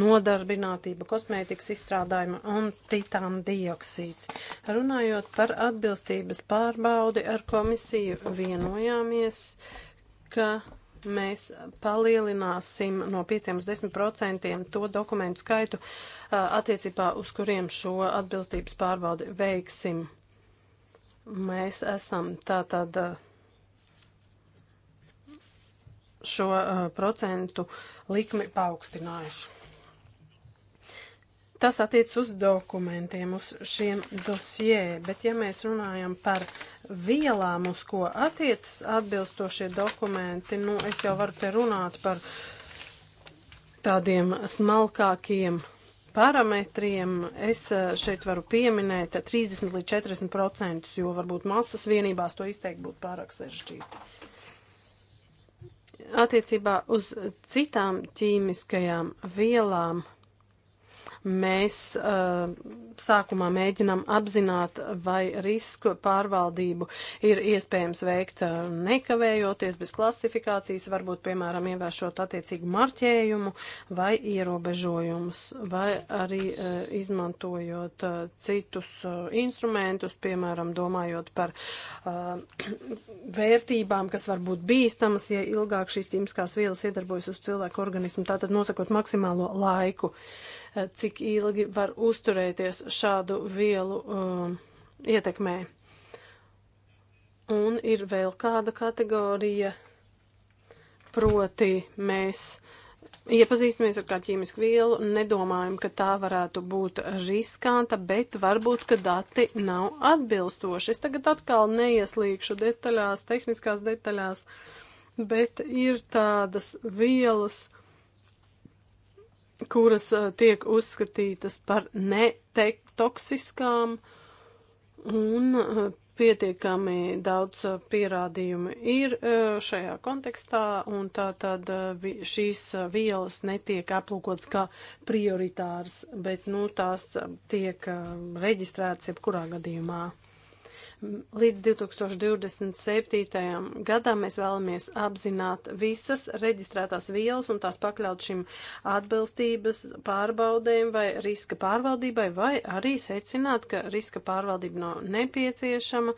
nodarbinātība, kosmētikas izstrādājuma un titāna dioksīds. Runājot par atbilstības pārbaudi ar komisiju, vienojāmies, ka mēs palielināsim no 5 uz 10% to dokumentu skaitu attiecībā uz kuriem šo atbilstības pārbaudi veiksim. Mēs esam tātad. Tā, šo uh, procentu likmi paaugstinājuši. Tas attiec uz dokumentiem, uz šiem dosjē, bet ja mēs runājam par vielām, uz ko attiec atbilstošie dokumenti, nu es jau varu te runāt par tādiem smalkākiem parametriem es uh, šeit varu pieminēt 30 līdz 40 procentus, jo varbūt masas vienībās to izteikt būtu pārāk sarežģīti attiecībā uz citām ķīmiskajām vielām Mēs uh, sākumā mēģinām apzināt, vai risku pārvaldību ir iespējams veikt uh, nekavējoties, bez klasifikācijas, varbūt, piemēram, ievēršot attiecīgu marķējumu vai ierobežojumus, vai arī uh, izmantojot uh, citus uh, instrumentus, piemēram, domājot par uh, vērtībām, kas var būt bīstamas, ja ilgāk šīs ķīmiskās vielas iedarbojas uz cilvēku organismu, tātad nosakot maksimālo laiku. Uh, cik ilgi var uzturēties šādu vielu um, ietekmē. Un ir vēl kāda kategorija, proti mēs iepazīstamies ar kādu ķīmisku vielu, nedomājam, ka tā varētu būt riskanta, bet varbūt, ka dati nav atbilstoši. Es tagad atkal neieslīgšu detaļās, tehniskās detaļās, bet ir tādas vielas, kuras tiek uzskatītas par netoksiskām un pietiekami daudz pierādījumu ir šajā kontekstā, un tā tad šīs vielas netiek aplūkots kā prioritārs, bet, nu, tās tiek reģistrētas jebkurā gadījumā. Līdz 2027. gadam mēs vēlamies apzināt visas reģistrētās vielas un tās pakļaut šim atbilstības pārbaudēm vai riska pārvaldībai, vai arī secināt, ka riska pārvaldība nav nepieciešama,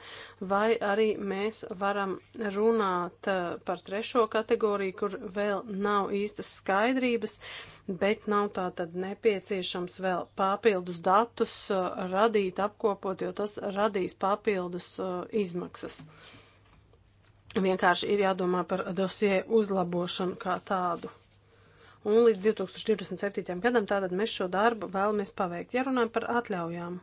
vai arī mēs varam runāt eh, par trešo kategoriju, kur vēl nav īstas skaidrības. Uh, bet nav tā tad nepieciešams vēl papildus datus uh, radīt, apkopot, jo tas radīs papildus uh, izmaksas. Vienkārši ir jādomā par dosie uzlabošanu kā tādu. Un līdz 2027. gadam tātad mēs šo darbu vēlamies paveikt. Ja runājam par atļaujām.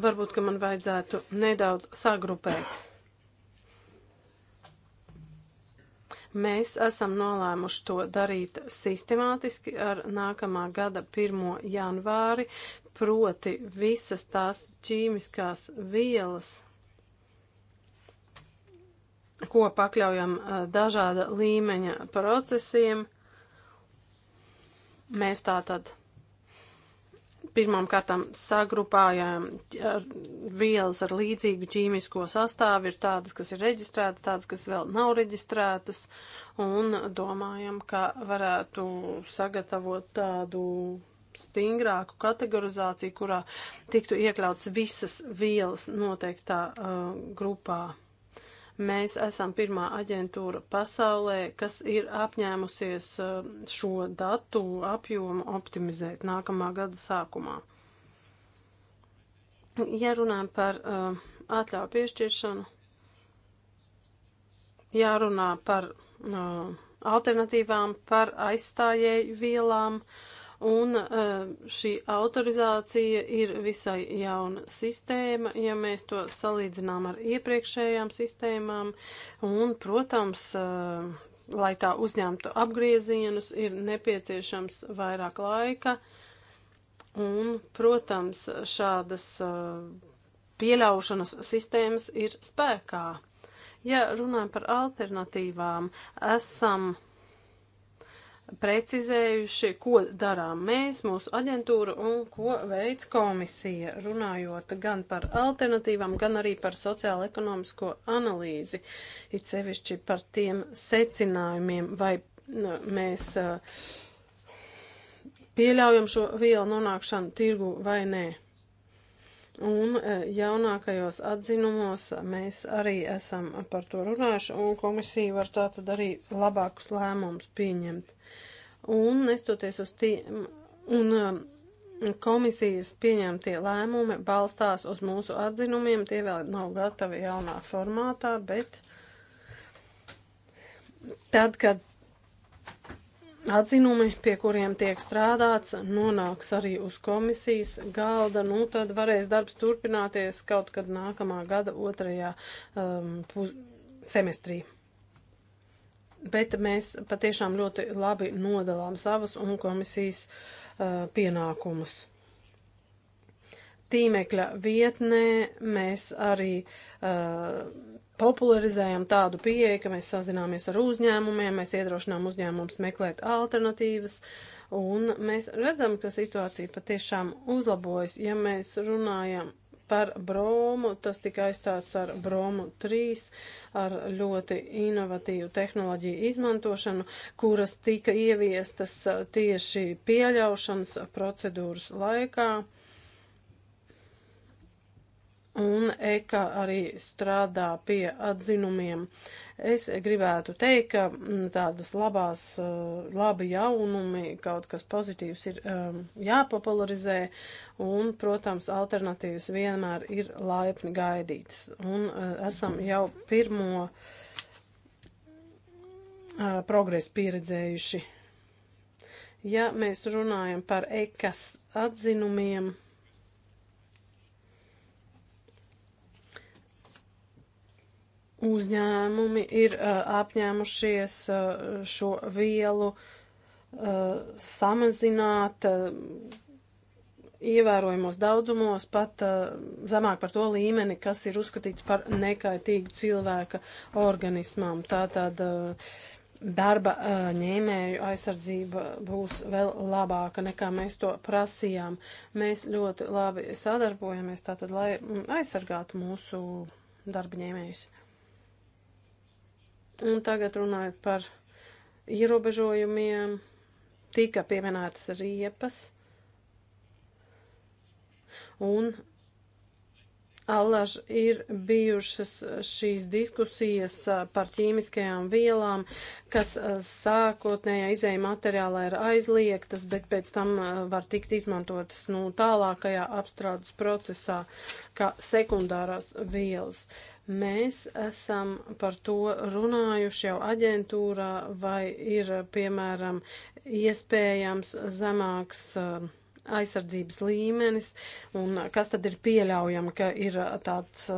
Varbūt, ka man vajadzētu nedaudz sagrupēt Mēs esam nolēmuši to darīt sistemātiski ar nākamā gada 1. janvāri, proti visas tās ķīmiskās vielas, ko pakļaujam dažāda līmeņa procesiem. Mēs tā tad pirmām kārtām sagrupājām vielas ar līdzīgu ķīmisko sastāvu, ir tādas, kas ir reģistrētas, tādas, kas vēl nav reģistrētas, un domājam, ka varētu sagatavot tādu stingrāku kategorizāciju, kurā tiktu iekļauts visas vielas noteiktā uh, grupā. Mēs esam pirmā aģentūra pasaulē, kas ir apņēmusies eh, šo datu apjomu optimizēt nākamā gada sākumā. Ja runājam par uh, atļauju piešķiršanu, jārunā par uh, alternatīvām, par aizstājēju vielām. Uh, Un eh, šī autorizācija ir visai jauna sistēma, ja mēs to salīdzinām ar iepriekšējām sistēmām. Un, protams, eh, lai tā uzņemtu apgriezienus, ir nepieciešams vairāk laika. Un, protams, šādas eh, pieļaušanas sistēmas ir spēkā. Ja runājam par alternatīvām, esam precizējuši, ko darām mēs, mūsu aģentūra un ko veids komisija, runājot gan par alternatīvām, gan arī par sociālo-ekonomisko analīzi, it sevišķi par tiem secinājumiem, vai mēs pieļaujam šo vielu nonākšanu tirgu vai nē. Un e, jaunākajos atzinumos mēs arī esam par to runājuši, un komisija var tātad arī labākus lēmumus pieņemt. Un nestoties uz tiem, un e, komisijas pieņemtie lēmumi balstās uz mūsu atzinumiem, tie vēl nav gatavi jaunā formātā, bet tad, kad atzinumi, pie kuriem tiek strādāts, nonāks arī uz komisijas galda. Nu, tad varēs darbs turpināties kaut kad nākamā gada otrajā um, semestrī. Bet mēs patiešām ļoti labi nodalām savas un komisijas uh, pienākumus. Tīmekļa vietnē mēs arī uh, popularizējam tādu pieeju, ka mēs sazināmies ar uzņēmumiem, mēs iedrošinām uzņēmumus meklēt alternatīvas, un mēs redzam, ka situācija patiešām uzlabojas. Ja mēs runājam par bromu, tas tika aizstāts ar bromu 3, ar ļoti inovatīvu tehnoloģiju izmantošanu, kuras tika ieviestas tieši pieļaušanas procedūras laikā un EKA arī strādā pie atzinumiem. Es gribētu teikt, ka mm, tādas labās, eh, labi jaunumi, kaut kas pozitīvs ir eh, jāpopularizē, un, protams, alternatīvas vienmēr ir laipni gaidītas. Un eh, esam jau pirmo progresu pieredzējuši. Ja mēs runājam par EKAS atzinumiem, uzņēmumi ir uh, apņēmušies uh, šo vielu uh, samazināt uh, ievērojamos daudzumos, pat uh, zemāk par to līmeni, kas ir uzskatīts par nekaitīgu cilvēka organismām. Tātad uh, darba ņēmēju aizsardzība būs vēl labāka nekā mēs to prasījām. Mēs ļoti labi sadarbojamies, tātad, lai mm, aizsargātu mūsu darba ņēmējus. Un tagad runājot par ierobežojumiem, tika pieminētas riepas un Allaž ir bijušas šīs diskusijas par ķīmiskajām vielām, kas sākotnējā izēja materiālā ir aizliegtas, bet pēc tam var tikt izmantotas nu, tālākajā apstrādes procesā kā sekundārās vielas. Mēs esam par to runājuši jau aģentūrā, vai ir, piemēram, iespējams zemāks uh, aizsardzības līmenis un kas tad ir pieļaujama, ka ir tāds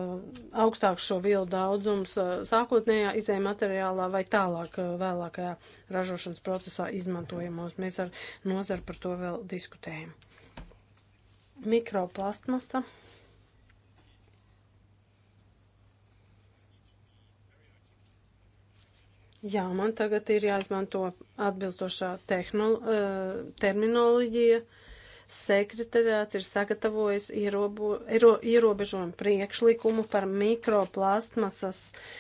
augstāks šo vielu daudzums sākotnējā izējuma materiālā vai tālāk vēlākajā ražošanas procesā izmantojamos. Mēs ar nozaru par to vēl diskutējam. Mikroplastmasa. Jā, man tagad ir jāizmanto atbilstošā tehnolo, terminoloģija. Uh, sekretariāts ir sagatavojis ierobo, iero, ierobežojumu priekšlikumu par mikroplastmasas uh,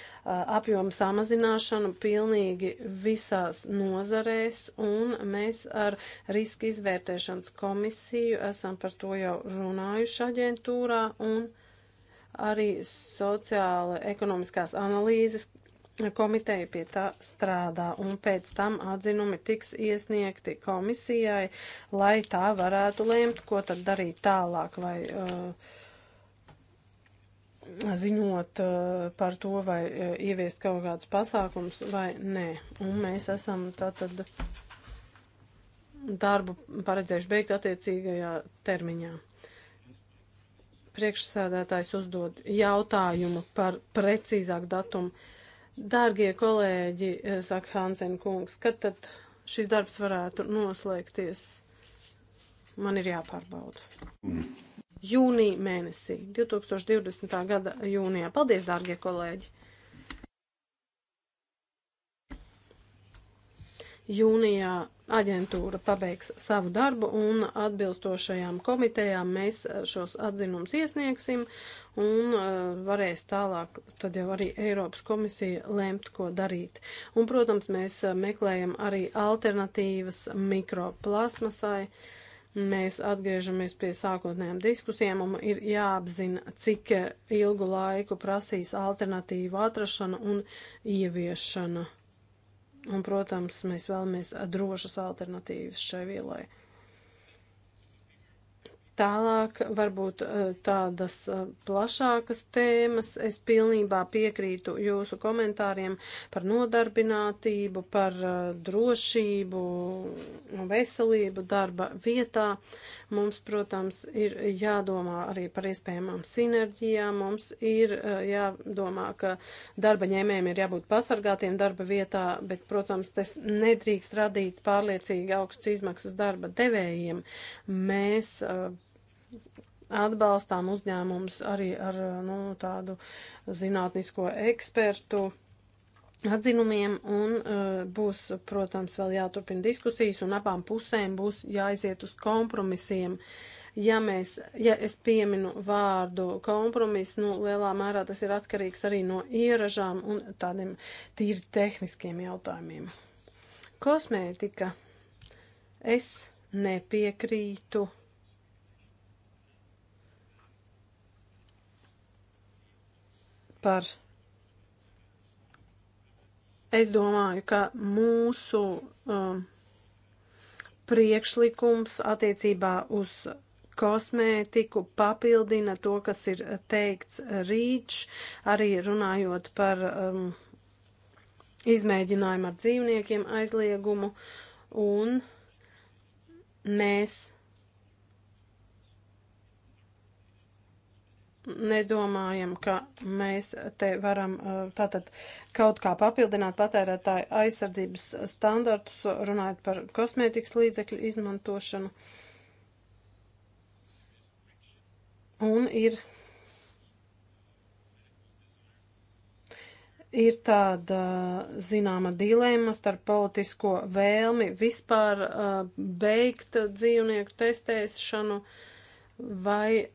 apjomu samazināšanu pilnīgi visās nozarēs, un mēs ar riska izvērtēšanas komisiju esam par to jau runājuši aģentūrā, un arī sociāla ekonomiskās analīzes komiteja pie tā strādā, un pēc tam atzinumi tiks iesniegti komisijai, lai tā varētu lēmt, ko tad darīt tālāk, vai uh, ziņot uh, par to, vai uh, ieviest kaut kādus pasākumus, vai nē. Un mēs esam tātad darbu paredzējuši beigt attiecīgajā termiņā priekšsēdētājs uzdod jautājumu par precīzāku datumu. Dārgie kolēģi, eh, saka Hansen kungs, kad tad šis darbs varētu noslēgties? Man ir jāpārbauda. Mm. Jūnija mēnesī, 2020. gada jūnijā. Paldies, dārgie kolēģi! Jūnijā aģentūra pabeigs savu darbu un atbilstošajām komitejām mēs eh, šos atzinums iesniegsim un eh, varēs tālāk tad jau arī Eiropas komisija lemt, ko darīt. Un, protams, mēs eh, meklējam arī alternatīvas mikroplasmasai. Mēs atgriežamies pie sākotnējām diskusijām un ir jāapzina, cik ilgu laiku prasīs alternatīvu atrašana un ieviešana. Un, protams, mēs vēlamies drošas alternatīvas šai vielai. Tālāk varbūt e, tādas e, plašākas tēmas. Es pilnībā piekrītu jūsu komentāriem par nodarbinātību, par e, drošību un veselību darba vietā. Mums, protams, ir jādomā arī par iespējamām sinerģijām. Mums ir jādomā, ka darba ņēmējiem ir jābūt pasargātiem darba vietā, bet, protams, tas nedrīkst radīt pārliecīgi augstas izmaksas darba devējiem. Mēs atbalstām uzņēmumus arī ar nu, tādu zinātnisko ekspertu atzinumiem un e, būs, protams, vēl jāturpina diskusijas un abām pusēm būs jāiziet uz kompromisiem. Ja, mēs, ja es pieminu vārdu kompromis, nu, lielā mērā tas ir atkarīgs arī no ieražām un tādiem tīri tehniskiem jautājumiem. Kosmētika. Es nepiekrītu par. Es domāju, ka mūsu um, priekšlikums attiecībā uz kosmētiku papildina to, kas ir teikts rīč, arī runājot par um, izmēģinājumu ar dzīvniekiem aizliegumu, un mēs nedomājam, ka mēs te varam uh, tātad kaut kā papildināt patērētāju aizsardzības standartus, runājot par kosmētikas līdzekļu izmantošanu. Un ir, ir tāda zināma dilēma starp politisko vēlmi vispār uh, beigt dzīvnieku testēšanu vai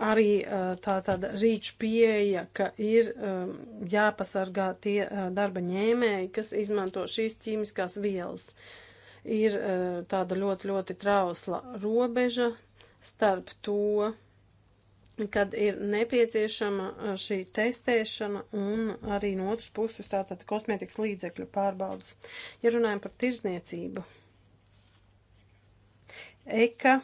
arī tā tāda rīču pieeja, ka ir jāpasargā tie darba ņēmēji, kas izmanto šīs ķīmiskās vielas. Ir tāda ļoti, ļoti trausla robeža starp to, kad ir nepieciešama šī testēšana un arī no otras puses tātad kosmētikas līdzekļu pārbaudas. Ja runājam par tirzniecību, eka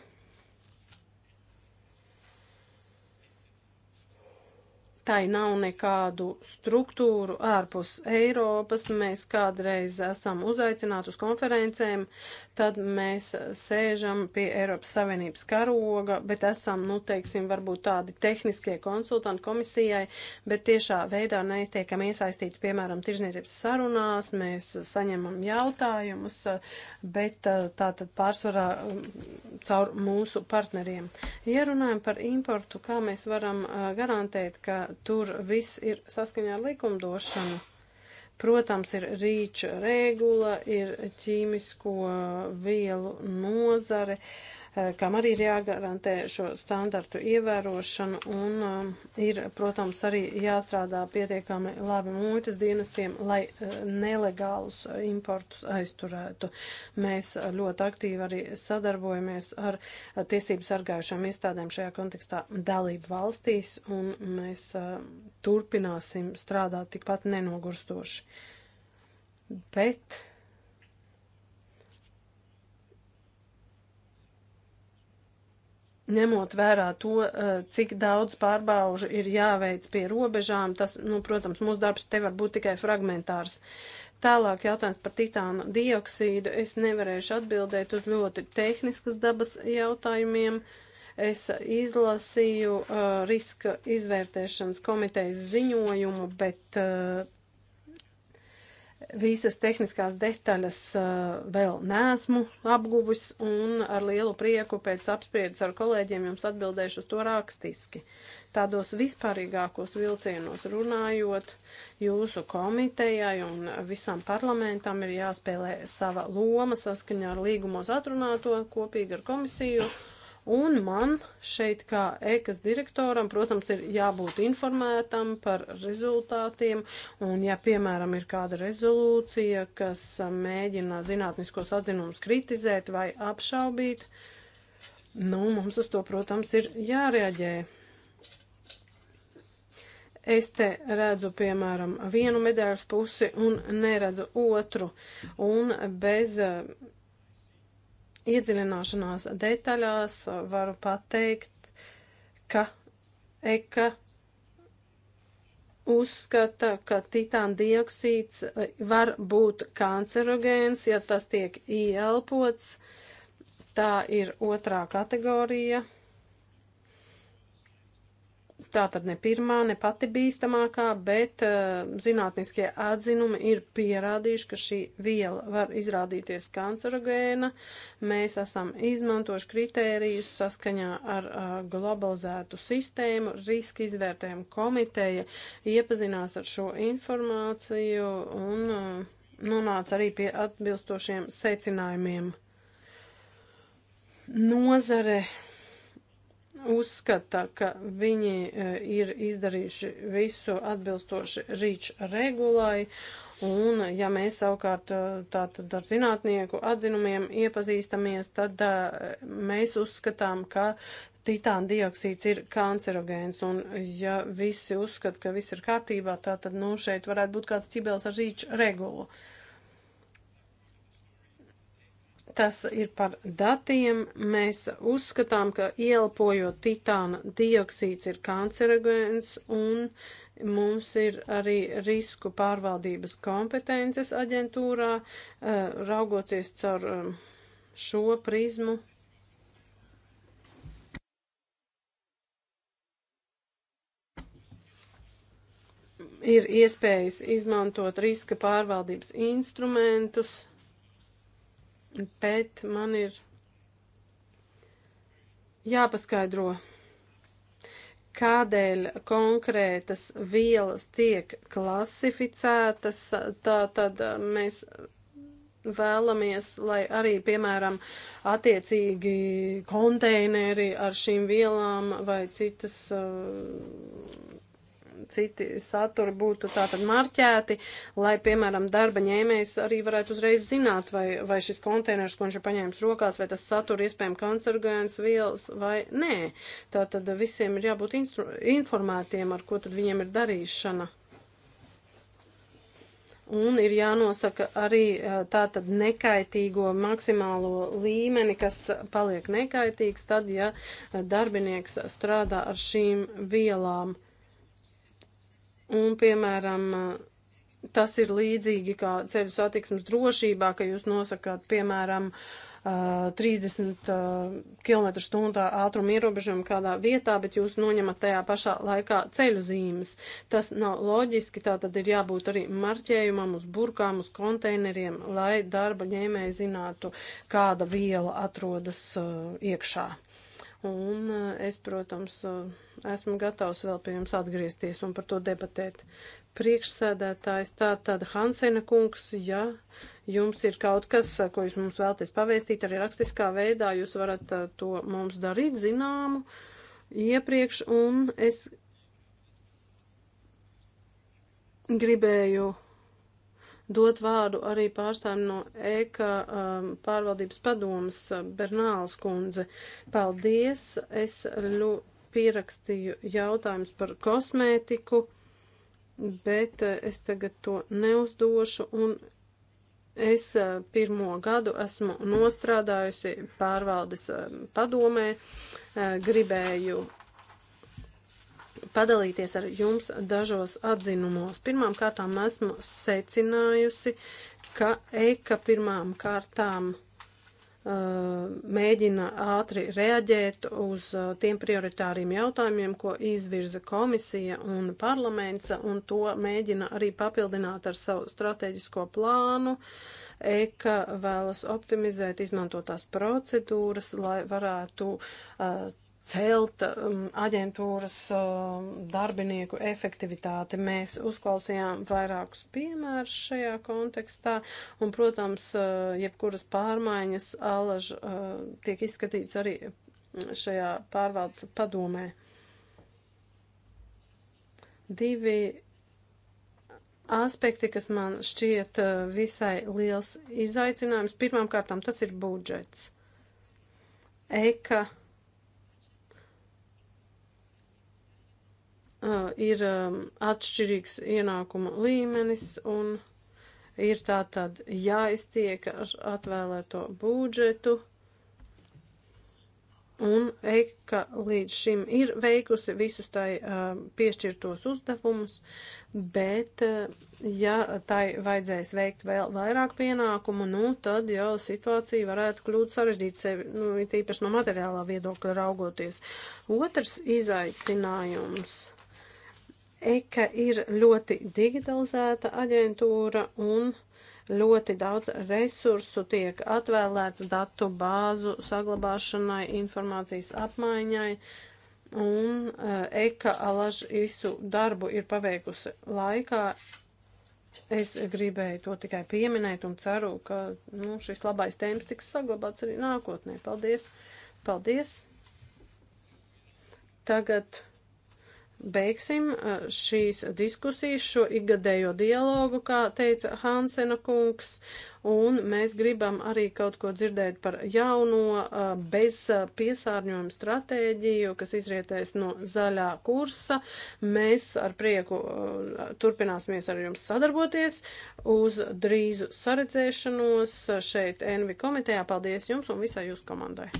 tai nav nekādu struktūru ārpus Eiropas. Mēs kādreiz esam uzaicināti uz konferencēm, tad mēs sēžam pie Eiropas Savienības karoga, bet esam, nu, teiksim, varbūt tādi tehniskie konsultanti komisijai, bet tiešā veidā netiekam iesaistīti, piemēram, tirzniecības sarunās, mēs saņemam jautājumus, bet eh, tātad pārsvarā mm, caur mūsu partneriem. Ja runājam par importu, kā mēs varam eh, garantēt, ka tur viss ir saskaņā ar likumdošanu. Protams, ir rīča regula, ir ķīmisko vielu nozare. Uh, Eh, kam arī ir jāgarantē šo standartu ievērošanu un eh, ir, protams, arī jāstrādā pietiekami labi muitas dienestiem, lai eh, nelegālus importus aizturētu. Mēs ļoti aktīvi arī sadarbojamies ar tiesību sargājušām iestādēm šajā kontekstā dalību valstīs un mēs turpināsim strādāt tikpat nenogurstoši. Bet ņemot vērā to, eh, cik daudz pārbaužu ir jāveic pie robežām, tas, nu, protams, mūsu darbs te var būt tikai fragmentārs. Tālāk jautājums par titāna dioksīdu. Es nevarēšu atbildēt uz ļoti tehniskas dabas jautājumiem. Es izlasīju uh, riska izvērtēšanas komitejas ziņojumu, bet uh, Visas tehniskās detaļas uh, vēl neesmu apguvis un ar lielu prieku pēc apspriedes ar kolēģiem jums atbildēšu uz to rakstiski. Tādos vispārīgākos vilcienos runājot, jūsu komitejai un visam parlamentam ir jāspēlē sava loma saskaņā ar līgumos atrunāto kopīgi ar komisiju. Uh, Un man šeit kā ēkas direktoram, protams, ir jābūt informētam par rezultātiem, un ja, piemēram, ir kāda rezolūcija, kas mēģina zinātniskos atzinumus kritizēt vai apšaubīt, nu, mums uz to, protams, ir jārēģē. Es te redzu, piemēram, vienu medaļas pusi un neredzu otru, un bez iedziļināšanās detaļās varu pateikt, ka Eka uzskata, ka titāna dioksīds e, var būt kancerogēns, ja tas tiek ieelpots. Tā ir otrā kategorija. Tā tad ne pirmā, ne pati bīstamākā, bet uh, zinātniskie atzinumi ir pierādījuši, ka šī viela var izrādīties kancerogēna. Mēs esam izmantojuši kritērijus saskaņā ar uh, globalizētu sistēmu. Riska izvērtējuma komiteja iepazinās ar šo informāciju un uh, nonāca arī pie atbilstošiem secinājumiem. Nozare uzskata, ka viņi e, ir izdarījuši visu atbilstoši rīč regulai. Un, ja mēs savukārt e, tātad ar zinātnieku atzinumiem iepazīstamies, tad e, mēs uzskatām, ka titāna dioksīds ir kancerogēns. Un, ja visi uzskata, ka viss ir kārtībā, tātad, nu, šeit varētu būt kāds ķibels ar rīču regulu. Uh, Tas ir par datiem. Mēs uzskatām, ka ieelpojot titāna dioksīds ir kancerogēns un mums ir arī risku pārvaldības kompetences aģentūrā, eh, raugoties caur eh, šo prizmu. Ir iespējas izmantot riska pārvaldības instrumentus, bet man ir jāpaskaidro, kādēļ konkrētas vielas tiek klasificētas, tā tad uh, mēs vēlamies, lai arī, piemēram, attiecīgi konteineri ar šīm vielām vai citas uh, citi saturi būtu tātad marķēti, lai, piemēram, darba ņēmējs arī varētu uzreiz zināt, vai, vai šis konteiners, ko viņš ir paņēmis rokās, vai tas satura iespējami kancerogēns vielas vai nē. Tātad visiem ir jābūt informētiem, ar ko tad viņiem ir darīšana un ir jānosaka arī eh, tātad nekaitīgo maksimālo līmeni, kas paliek nekaitīgs tad, ja eh, darbinieks strādā ar šīm vielām. Un, piemēram, tas ir līdzīgi kā ceļu satiksmes drošībā, ka jūs nosakāt, piemēram, 30 km/h ātruma ierobežojumu kādā vietā, bet jūs noņemat tajā pašā laikā ceļu zīmes. Tas nav loģiski, tā tad ir jābūt arī marķējumam uz burkām, uz konteineriem, lai darba ņēmēji zinātu, kāda viela atrodas iekšā. Un es, protams, esmu gatavs vēl pie jums atgriezties un par to debatēt. Priekšsēdētājs tā tad Hansena kungs, ja jums ir kaut kas, ko jūs mums vēlties pavēstīt arī rakstiskā veidā, jūs varat to mums darīt zināmu iepriekš un es gribēju dot vārdu arī pārstāvim no EKA um, pārvaldības padomas uh, Bernāls kundze. Paldies! Es ļu, pierakstīju jautājumus par kosmētiku, bet uh, es tagad to neuzdošu un es uh, pirmo gadu esmu nostrādājusi pārvaldes um, padomē, gribēju padalīties ar jums dažos atzinumos. Pirmām kārtām esmu secinājusi, ka EKA pirmām kārtām uh, mēģina ātri reaģēt uz uh, tiem prioritāriem jautājumiem, ko izvirza komisija un parlaments, un to mēģina arī papildināt ar savu strateģisko plānu. EKA vēlas optimizēt izmantotās procedūras, lai varētu uh, celt um, aģentūras um, darbinieku efektivitāti. Mēs uzklausījām vairākus piemērus šajā kontekstā, un, protams, uh, jebkuras pārmaiņas alaž uh, tiek izskatīts arī šajā pārvaldes padomē. Divi aspekti, kas man šķiet uh, visai liels izaicinājums. Pirmkārt, tas ir budžets. Eka uh, ir um, atšķirīgs ienākuma līmenis un ir tā tad jāiztiek ar atvēlēto budžetu. Un Eika līdz šim ir veikusi visus tai uh, piešķirtos uzdevumus, bet uh, ja tai vajadzēs veikt vēl vairāk pienākumu, nu tad jau situācija varētu kļūt sarežģīt sevi, nu, tīpaši no materiālā viedokļa raugoties. Otrs izaicinājums EKA ir ļoti digitalizēta aģentūra un ļoti daudz resursu tiek atvēlēts datu bāzu saglabāšanai, informācijas apmaiņai, un eh, EKA alaž visu darbu ir paveikusi laikā. Es gribēju to tikai pieminēt un ceru, ka nu, šis labais tēmas tiks saglabāts arī nākotnē. Paldies! Paldies! Tagad beigsim eh, šīs diskusijas, šo ikgadējo dialogu, kā teica Hansena kungs, un mēs gribam arī kaut ko dzirdēt par jauno eh, bez eh, piesārņojuma stratēģiju, kas izrietēs no zaļā kursa. Mēs ar prieku turpināsimies ar jums sadarboties uz drīzu saredzēšanos šeit Envi komitejā. Paldies jums un visai jūsu komandai!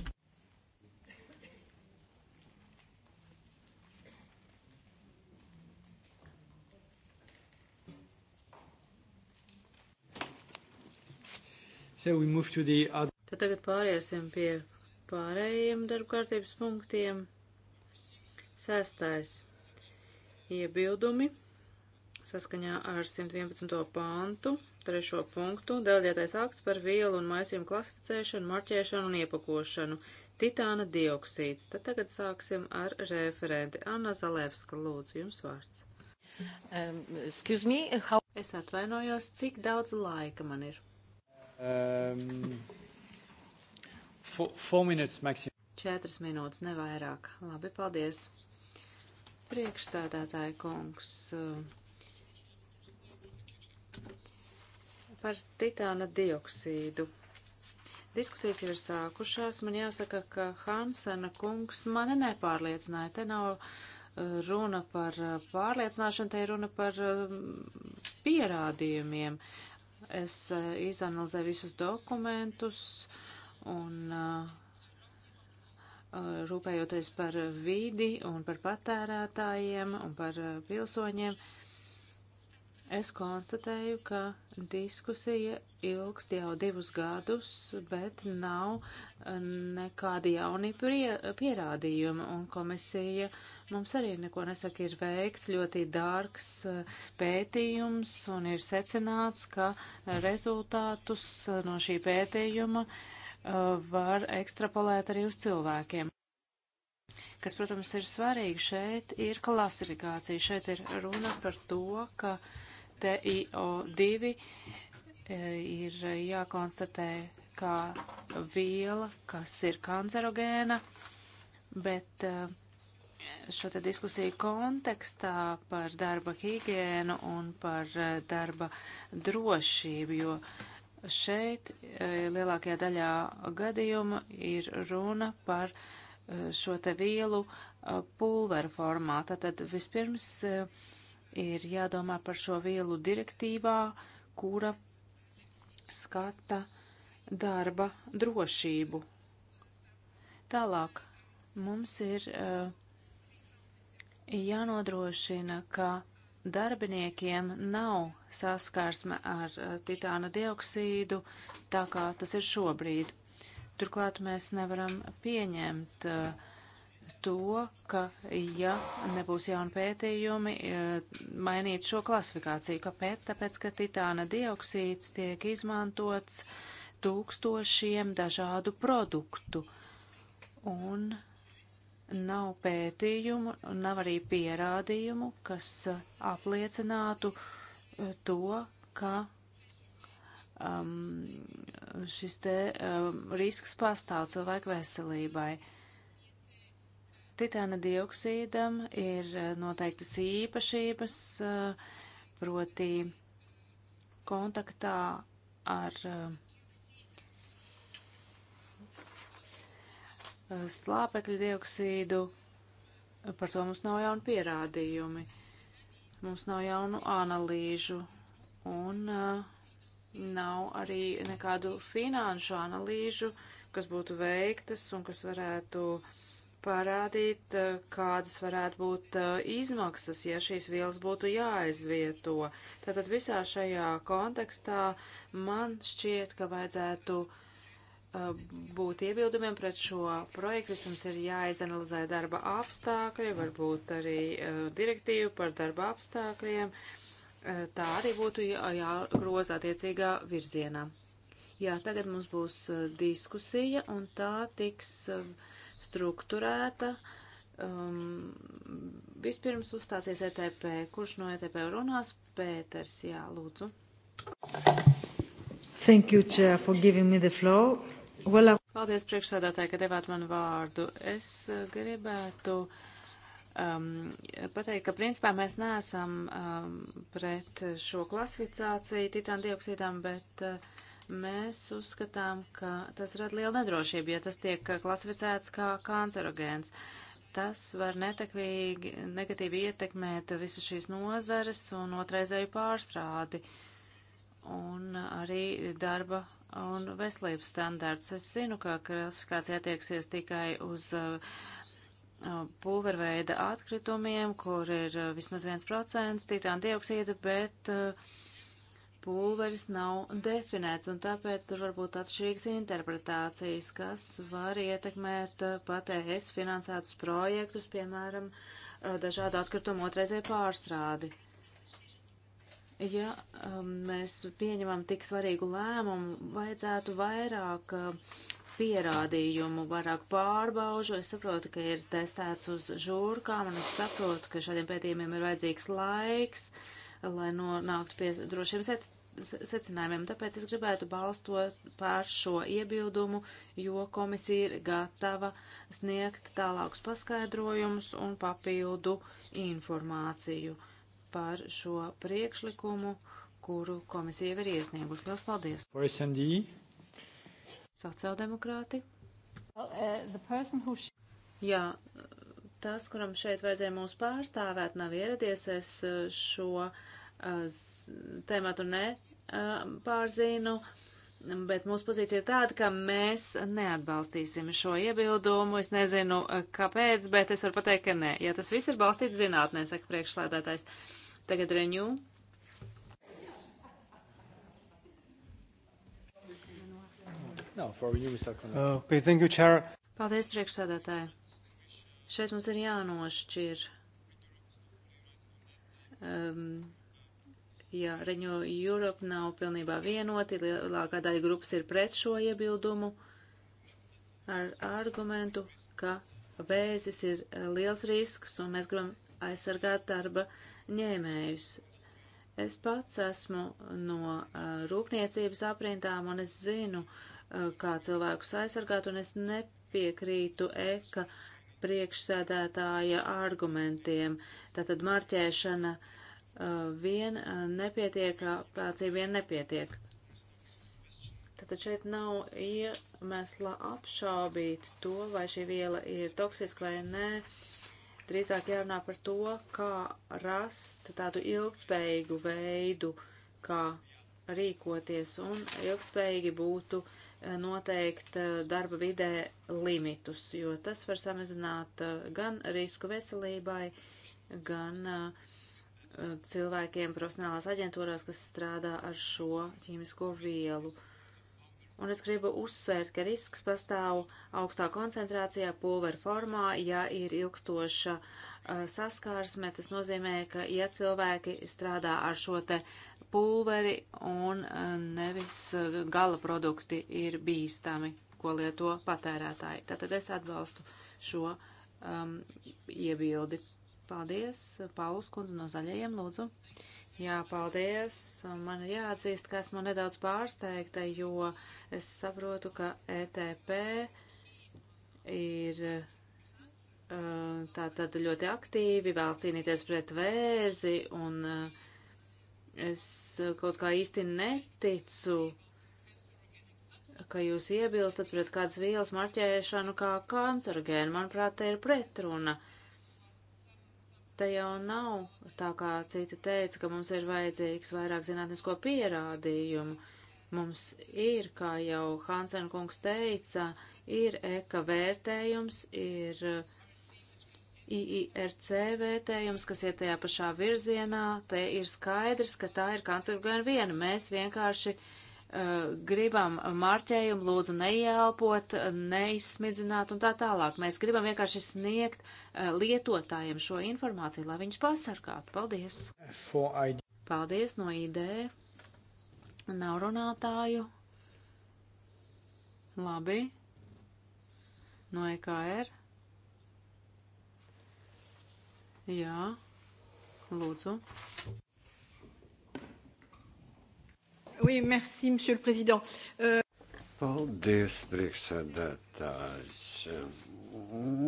So other... Tad tagad pāriesim pie pārējiem darbkārtības punktiem. Sestais - iebildumi saskaņā ar 111. pāntu, trešo punktu, dēļietais akts par vielu un maisījumu klasificēšanu, marķēšanu un iepakošanu. Titāna dioksīds. Tad tagad sāksim ar referenti. Anna Zalevska, lūdzu, jums vārds. Um, me, how... Es atvainojos, cik daudz laika man ir. Um, four, four minutes maximum. Četras minūtes, nevairāk. Labi, paldies. Priekšsēdētāja kungs. Uh, par titāna dioksīdu. Diskusijas jau ir sākušās. Man jāsaka, ka Hansena kungs mani nepārliecināja. Te nav uh, runa par uh, pārliecināšanu, te ir runa par um, pierādījumiem. Uh, Es eh, izanalizēju visus dokumentus un eh, eh, rūpējoties par vidi un par patērētājiem un par pilsoņiem. Uh, Es konstatēju, ka diskusija ilgst jau divus gadus, bet nav eh, nekādi jauni prie, pierādījumi, un komisija mums arī neko nesaka. Ir veikts ļoti dārgs eh, pētījums, un ir secināts, ka rezultātus eh, no šī pētījuma var ekstrapolēt arī uz cilvēkiem kas, protams, ir svarīgi šeit, ir klasifikācija. Šeit ir runa par to, ka uh, TIO2 eh, ir jākonstatē kā viela, kas ir kancerogēna, bet eh, šo te diskusiju kontekstā par darba higiēnu un par eh, darba drošību, jo šeit lielākajā daļā gadījuma ir runa par šo te vielu pulveru formā. Tātad vispirms uh, ir jādomā par šo vielu direktīvā, kura skata darba drošību. Tālāk mums ir uh, jānodrošina, ka darbiniekiem nav saskarsme ar uh, titāna dioksīdu, tā kā tas ir šobrīd. Turklāt mēs nevaram pieņemt uh, to, ka, ja nebūs jauni pētījumi, e, mainīt šo klasifikāciju. Kāpēc? Tāpēc, ka titāna dioksīds tiek izmantots tūkstošiem dažādu produktu. Un nav pētījumu, nav arī pierādījumu, kas apliecinātu e, to, ka um, šis te um, risks pastāv cilvēku veselībai. Uh, Titāna dioksīdam ir eh, noteiktas īpašības, eh, proti kontaktā ar eh, slāpekļa dioksīdu, par to mums nav jaunu pierādījumi, mums nav jaunu analīžu un nav arī nekādu finanšu analīžu, kas būtu veiktas un kas varētu uh, parādīt, eh, kādas varētu būt eh, izmaksas, ja šīs vielas būtu jāizvieto. Tātad visā šajā kontekstā man šķiet, ka vajadzētu eh, būt iebildumiem pret šo projektu. Vispirms ir jāizanalizē darba apstākļi, varbūt arī direktīva par darba apstākļiem. Tā arī būtu jāgroza attiecīgā virzienā. Jā, tagad mums būs diskusija, un tā tiks uh, strukturēta. Um, vispirms uzstāsies ETP. Kurš no ETP runās? Pēters, jā, lūdzu. Thank you, Chair, for giving me the floor. Well, I... Paldies, priekšsādātāji, ka devāt man vārdu. Es uh, gribētu um, pateikt, ka principā mēs neesam um, pret šo klasifikāciju titāndioksīdām, bet uh, Mēs uzskatām, ka tas rada lielu nedrošību, ja tas tiek klasificēts kā kancerogēns. Tas var netekvīgi, negatīvi ietekmēt visu šīs nozares un otraizēju pārstrādi un arī darba un veselības standārts. Es zinu, ka klasifikācija attieksies tikai uz uh, pulverveida atkritumiem, kur ir uh, vismaz 1% titāna dioksīda, bet uh, pulveris nav definēts, un tāpēc tur var būt atšķirīgas interpretācijas, kas var ietekmēt eh, pat ES finansētus projektus, piemēram, eh, dažādu atkritumu otrreizēju pārstrādi. Ja eh, mēs pieņemam tik svarīgu lēmumu, vajadzētu vairāk pierādījumu, vairāk pārbaužu. Es saprotu, ka ir testēts uz žūrkām, un es saprotu, ka šādiem pētījumiem ir vajadzīgs laiks. Uh, lai nonāktu pie drošiem secinājumiem. Tāpēc es gribētu balstot pār šo iebildumu, jo komisija ir gatava sniegt tālākus paskaidrojumus un papildu informāciju par šo priekšlikumu, kuru komisija ir iesniegusi. Liels paldies! Sociāldemokrāti. Well, uh, Jā, tas, kuram šeit vajadzēja mūs pārstāvēt, nav ieradies. Es uh, šo uh, tēmatu nepārzīnu, bet mūsu pozīcija ir tāda, ka mēs neatbalstīsim šo iebildumu. Es nezinu, kāpēc, bet es varu pateikt, ka nē. Ja tas viss ir balstīts zinātnē, saka priekšslēdētājs. Tagad reņū. No, for you, Mr. Uh, okay, thank you, Chair. Paldies, priekšsēdētāji. Šeit mums ir jānošķir. Um, ja Renew Europe nav pilnībā vienoti, lielākā daļa grupas ir pret šo iebildumu ar argumentu, ka vēzis ir eh, liels risks un mēs gribam aizsargāt darba ņēmējus. Es pats esmu no eh, rūpniecības aprindām un es zinu, eh, kā cilvēkus aizsargāt, un es nepiekrītu eka priekšsēdētāja argumentiem. Tātad marķēšana uh, vien nepietiek, apelācija vien nepietiek. Tātad šeit nav iemesla apšaubīt to, vai šī viela ir toksiska vai nē. Drīzāk jārunā par to, kā rast tādu ilgspējīgu veidu, kā rīkoties un ilgspējīgi būtu noteikt darba vidē limitus, jo tas var samazināt gan risku veselībai, gan uh, cilvēkiem profesionālās aģentūrās, kas strādā ar šo ķīmisko vielu. Un es gribu uzsvērt, ka risks pastāv augstā koncentrācijā pulveru formā, ja ir ilgstoša uh, saskārsme. Tas nozīmē, ka ja cilvēki strādā ar šo te pulveri un uh, nevis uh, gala produkti ir bīstami, ko lieto patērētāji. Tātad es atbalstu šo um, iebildi. Paldies, Paulus kundze no zaļajiem, lūdzu. Jā, paldies. Man jāatzīst, ka esmu nedaudz pārsteigta, jo es saprotu, ka ETP ir eh, tātad ļoti aktīvi, vēl cīnīties pret vēzi, un eh, es kaut kā īsti neticu, ka jūs iebilstat pret kādas vielas marķēšanu kā kancerogēnu. Manuprāt, te ir pretruna. Uh, te jau nav tā kā cita teica, ka mums ir vajadzīgs vairāk zinātnisko pierādījumu. Mums ir, kā jau Hansen kungs teica, ir eka vērtējums, ir IIRC vērtējums, kas iet tajā pašā virzienā. Te ir skaidrs, ka tā ir kancerogēna viena. Mēs vienkārši uh, gribam marķējumu, lūdzu neieelpot, neizsmidzināt un tā tālāk. Mēs gribam vienkārši sniegt uh, Eh, lietotājiem šo informāciju, lai viņus pasargātu. Paldies! Paldies no ID. Nav runātāju. Labi. No EKR. Jā. Lūdzu. Oui, merci, monsieur le président. Euh... Paldies, priekšsēdētājs.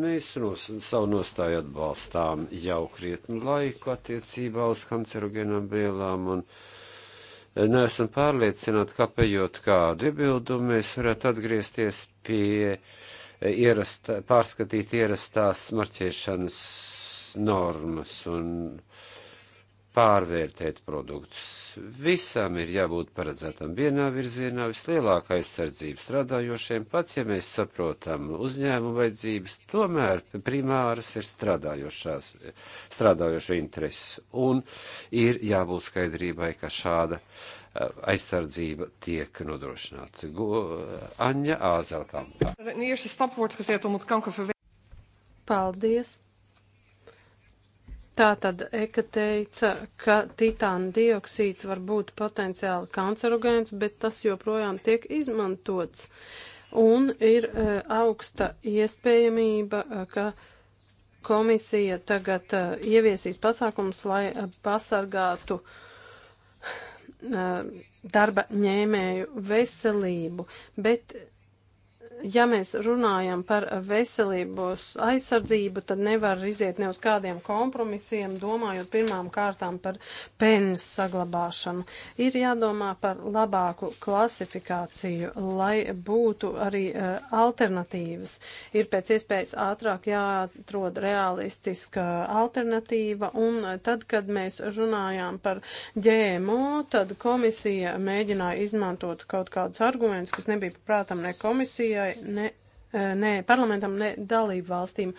Mēs nos, savu nostāju atbalstām jau krietnu laiku attiecībā uz kancerogēnām vielām un neesam pārliecināti, ka pējot kādu iebildumu, mēs varētu atgriezties pie ierasta, pārskatīt ierastās marķēšanas normas un pārvērtēt produktus. Visam ir jābūt paredzētam vienā virzienā, vislielākā aizsardzība strādājošiem, pat ja mēs saprotam uzņēmumu vajadzības, tomēr primāras ir strādājošās, strādājošo intereses, un ir jābūt skaidrībai, ka šāda eh, aizsardzība tiek nodrošināta. Aņa Āzelkampa. Paldies! Tā tad Eka teica, ka titāna dioksīds var būt potenciāli kancerogēns, bet tas joprojām tiek izmantots. Un ir uh, augsta iespējamība, e, ka komisija tagad uh, ieviesīs pasākums, lai uh, pasargātu uh, darba ņēmēju veselību, bet uh, ja mēs runājam par veselības aizsardzību, tad nevar iziet ne uz kādiem kompromisiem, domājot pirmām kārtām par peļņas saglabāšanu. Ir jādomā par labāku klasifikāciju, lai būtu arī uh, alternatīvas. Ir pēc iespējas ātrāk jāatrod realistiska alternatīva, un tad, kad mēs runājām par ģēmo, tad komisija mēģināja izmantot kaut kādus argumentus, kas nebija prātam ne komisijai, padomē, ne eh, ne parlamentam, ne dalību valstīm.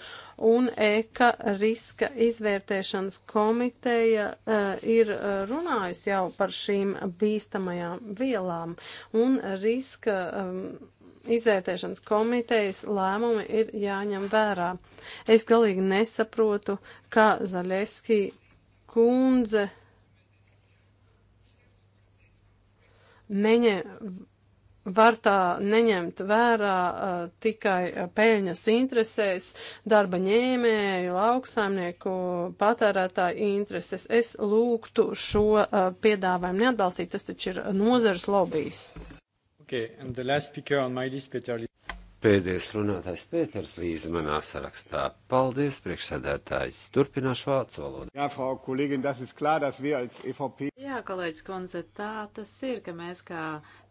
Un eka riska izvērtēšanas komiteja uh, ir eh, runājusi jau par šīm bīstamajām vielām. Un riska um, izvērtēšanas komitejas lēmumi ir jāņem vērā. Es galīgi nesaprotu, kā Zaļeski kundze neņem var tā neņemt vērā uh, tikai uh, peļņas interesēs, darba ņēmēju, lauksaimnieku, patērētāju intereses. Es lūgtu šo uh, piedāvājumu neatbalstīt, tas taču ir uh, nozares lobijs. Okay, and the last speaker on my list, Peter Lee pēdējais runātājs Pēters Līze manā sarakstā. Paldies, priekšsēdētāji. Turpināšu vācu valodu. Jā, Frau Kolēģin, tas ir klār, tas wir als EVP. Jā, kolēģis Konze, tā tas ir, ka mēs kā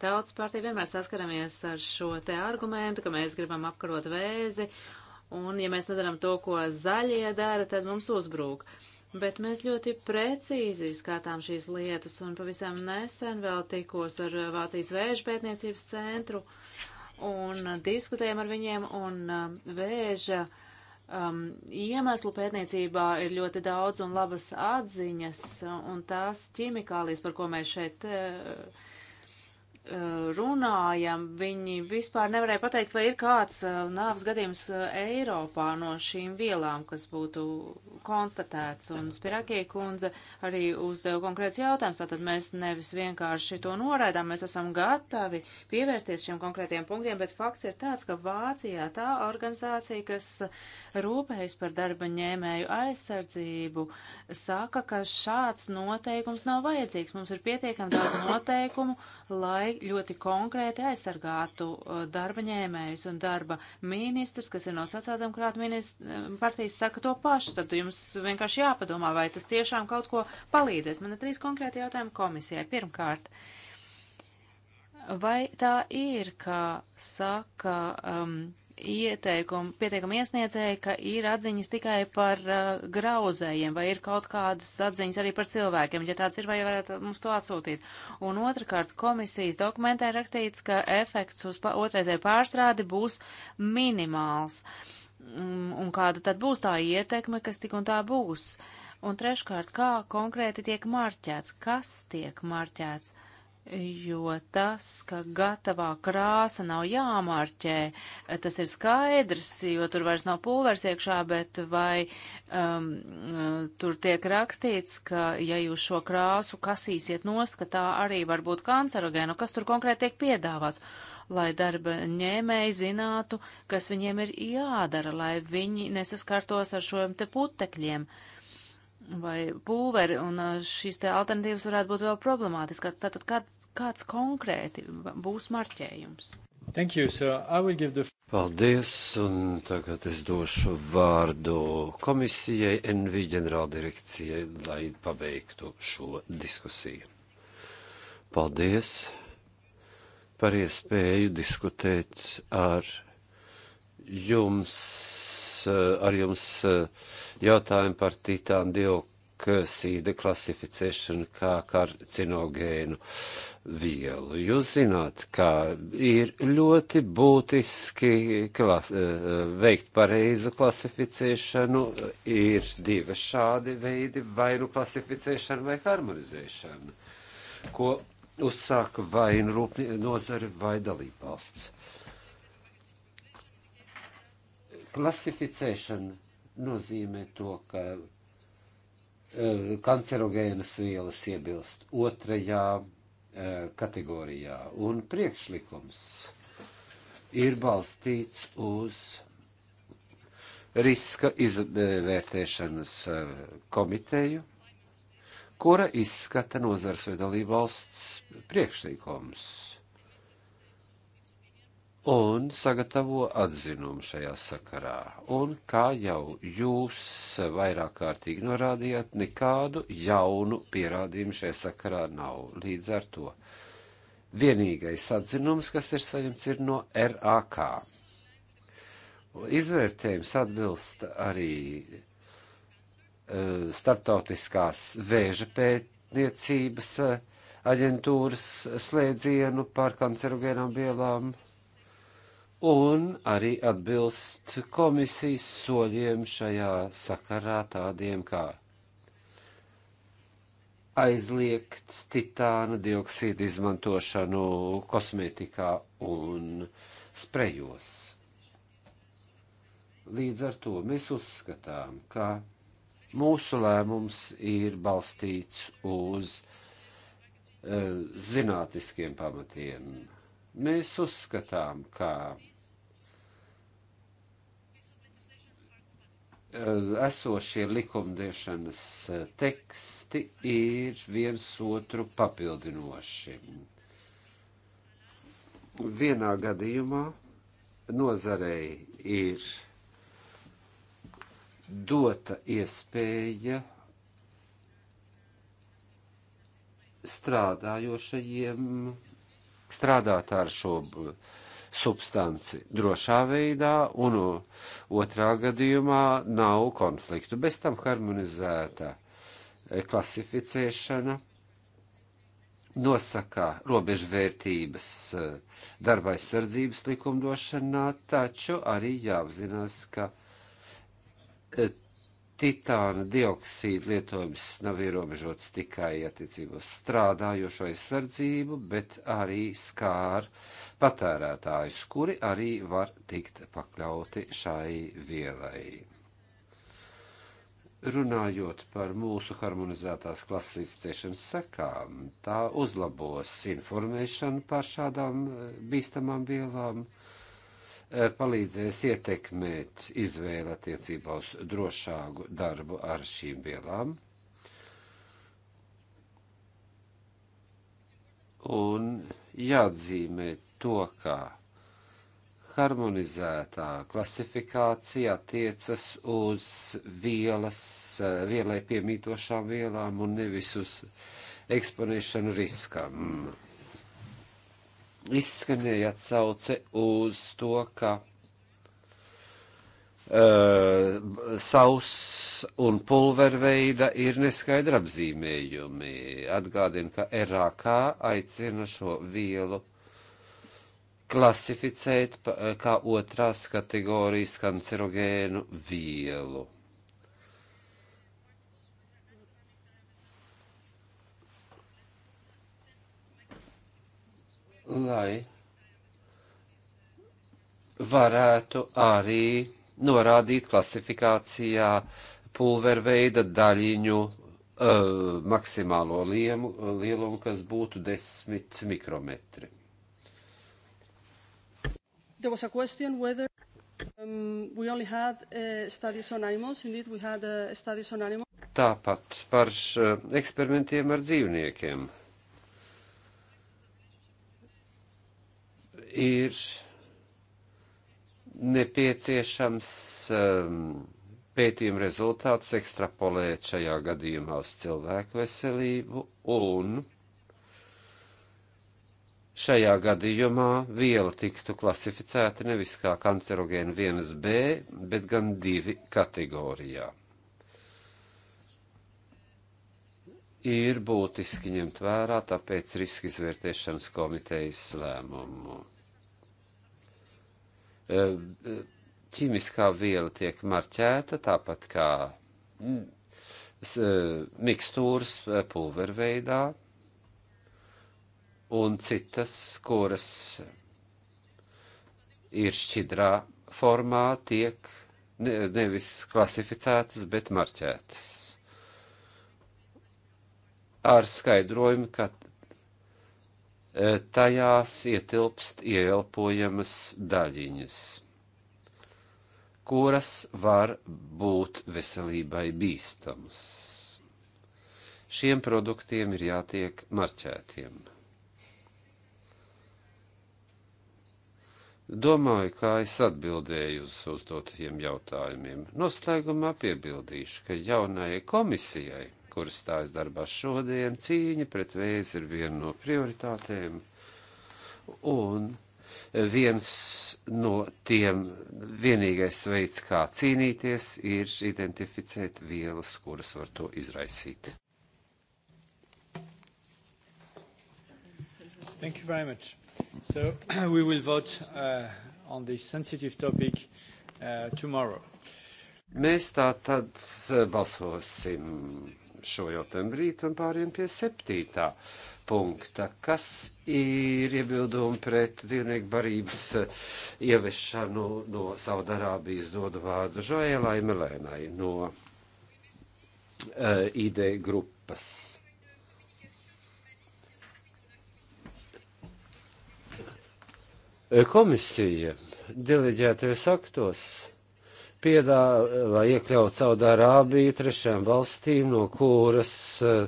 tautas partija vienmēr saskaramies ar šo te argumentu, ka mēs gribam apkarot vēzi, un ja mēs nedaram to, ko zaļie dara, tad mums uzbrūk. Bet mēs ļoti precīzi skatām šīs lietas, un pavisam nesen vēl tikos ar Vācijas vēža pētniecības centru. Uh, un diskutējam ar viņiem, un um, vēža um, iemeslu pētniecībā ir ļoti daudz un labas atziņas, un tās ķimikālijas, par ko mēs šeit uh, Uh, runājam, viņi vispār nevarēja pateikt, vai ir kāds uh, nāves gadījums uh, Eiropā no šīm vielām, kas būtu konstatēts. Un Spirakie kundze arī uzdeva konkrēts jautājums, tātad mēs nevis vienkārši to noraidām, mēs esam gatavi pievērsties šiem konkrētiem punktiem, bet fakts ir tāds, ka Vācijā tā organizācija, kas rūpējas par darba ņēmēju aizsardzību, saka, ka šāds noteikums nav vajadzīgs. Mums ir pietiekami daudz noteikumu, lai lai ļoti konkrēti aizsargātu uh, darba ņēmējus un darba ministrs, kas ir no sociāldemokrāta uh, partijas, saka to pašu. Tad jums vienkārši jāpadomā, vai tas tiešām kaut ko palīdzēs. Man ir trīs konkrēti jautājumi komisijai. Pirmkārt, vai tā ir, kā saka. Um, ieteikumu, pieteikumu iesniedzēja, ka ir atziņas tikai par uh, grauzējiem, vai ir kaut kādas atziņas arī par cilvēkiem, ja tāds ir, vai varētu mums to atsūtīt. Un otrkārt, komisijas dokumentē rakstīts, ka efekts uz pa, otrreizēju pārstrādi būs minimāls. Um, un kāda tad būs tā ietekme, kas tik un tā būs? Un treškārt, kā konkrēti tiek marķēts, kas tiek marķēts? Uh, jo tas, ka gatavā krāsa nav jāmārķē, tas ir skaidrs, jo tur vairs nav pulvers iekšā, bet vai um, tur tiek rakstīts, ka ja jūs šo krāsu kasīsiet nost, ka tā arī var būt kancerogēna, kas tur konkrēti tiek piedāvāts? lai darba ņēmēji zinātu, kas viņiem ir jādara, lai viņi nesaskartos ar šiem te putekļiem. Uh, vai pulveri, un uh, šīs te alternatīvas varētu būt vēl problemātiskākas. Tātad kāds, kāds konkrēti būs marķējums? Thank you, sir. I will give the... Paldies, un tagad es došu vārdu komisijai, NV ģenerāldirekcijai, lai pabeigtu šo diskusiju. Paldies par iespēju diskutēt ar jums Eh, ar jums eh, jautājumu par titānu dioksīda klasificēšanu kā karcinogēnu vielu. Jūs zināt, ka ir ļoti būtiski kla, eh, veikt pareizu klasificēšanu. Ir divi šādi veidi - vai nu klasificēšana vai harmonizēšana, ko uzsāka vai nu rūpnīca nozare vai dalībvalsts. Klasificēšana nozīmē to, ka e, kancerogēnas vielas iebilst otrajā e, kategorijā, un priekšlikums ir balstīts uz riska izvērtēšanas e, komiteju, kura izskata nozars vai dalībvalsts priekšlikums un sagatavo atzinumu šajā sakarā. Un, kā jau jūs vairāk kārtīgi norādījāt, nekādu jaunu pierādījumu šajā sakarā nav. Līdz ar to vienīgais atzinums, kas ir saņemts, ir no RAK. Izvērtējums atbilst arī e, starptautiskās vēža pētniecības e, aģentūras slēdzienu par kancerogēnām vielām un arī atbilst komisijas soļiem šajā sakarā tādiem kā aizliegt titāna dioksīdu izmantošanu kosmētikā un sprejos. Līdz ar to mēs uzskatām, ka mūsu lēmums ir balstīts uz uh, zinātniskiem pamatiem. Mēs uzskatām, ka esošie likumdiešanas eh, teksti ir viens otru papildinoši. Vienā gadījumā nozarei ir dota iespēja strādājošajiem strādāt ar šo uh, substanci drošā veidā, un otrā gadījumā nav konfliktu. Bez tam harmonizēta e, klasificēšana nosaka robežvērtības e, darba aizsardzības likumdošanā, taču arī jāapzinās, ka e, titāna dioksīda lietojums nav ierobežots tikai attiecībā uz strādājošo aizsardzību, bet arī skār uh, patērētājus, kuri arī var tikt pakļauti šai vielai. Runājot par mūsu harmonizētās klasificēšanas sekām, tā uzlabos informēšanu par šādām eh, bīstamām vielām, eh, palīdzēs ietekmēt izvēli attiecībā uz drošāku darbu ar šīm vielām. Un jāatzīmēt to, ka harmonizētā klasifikācija attiecas uz vielas, vielai piemītošām vielām un nevis uz eksponēšanu riskam. Izskanēja atsauce uz to, ka uh, eh, savs un pulverveida ir neskaidra apzīmējumi. Atgādina, ka RAK aicina šo vielu klasificēt eh, kā otrās kategorijas kancerogēnu vielu. Lai varētu arī norādīt klasifikācijā pulverveida daļiņu uh, maksimālo liemu, lielumu, kas būtu 10 mikrometri. There was a question whether um, we only had uh, studies on animals. Indeed, we had uh, studies on animals. Tāpat par š, uh, eksperimentiem ar dzīvniekiem. Ir nepieciešams um, pētījuma rezultāts ekstrapolēt šajā gadījumā uz cilvēku veselību un šajā gadījumā viela tiktu klasificēta nevis kā kancerogēna 1B, bet gan 2 kategorijā. Ir būtiski ņemt vērā tāpēc riska izvērtēšanas komitejas lēmumu. E, e, Ķimiskā viela tiek marķēta tāpat kā mm, e, mikstūras pulverveidā, un citas, kuras ir šķidrā formā, tiek ne, nevis klasificētas, bet marķētas. Ar skaidrojumu, ka e, tajās ietilpst ieelpojamas daļiņas, kuras var būt veselībai bīstamas. Šiem produktiem ir jātiek marķētiem. Domāju, kā es atbildēju uz uzdotajiem jautājumiem. Noslēgumā piebildīšu, ka jaunajai komisijai, kuras stājas darbā šodien, cīņa pret vēzi ir viena no prioritātēm un viens no tiem vienīgais veids, kā cīnīties, ir identificēt vielas, kuras var to izraisīt. Thank you very much. So we will vote uh, on this sensitive topic uh, tomorrow. Mēs tā tad uh, balsosim šo jautājumu rīt un pāriem pie septītā punkta, kas ir iebildumi pret dzīvnieku barības uh, ieviešanu no Saudarābijas dodu vārdu Žoēlai Melēnai no uh, ID grupas. Komisija deleģētajos aktos piedāvā iekļaut Saudārābiju trešajām valstīm, no kuras uh,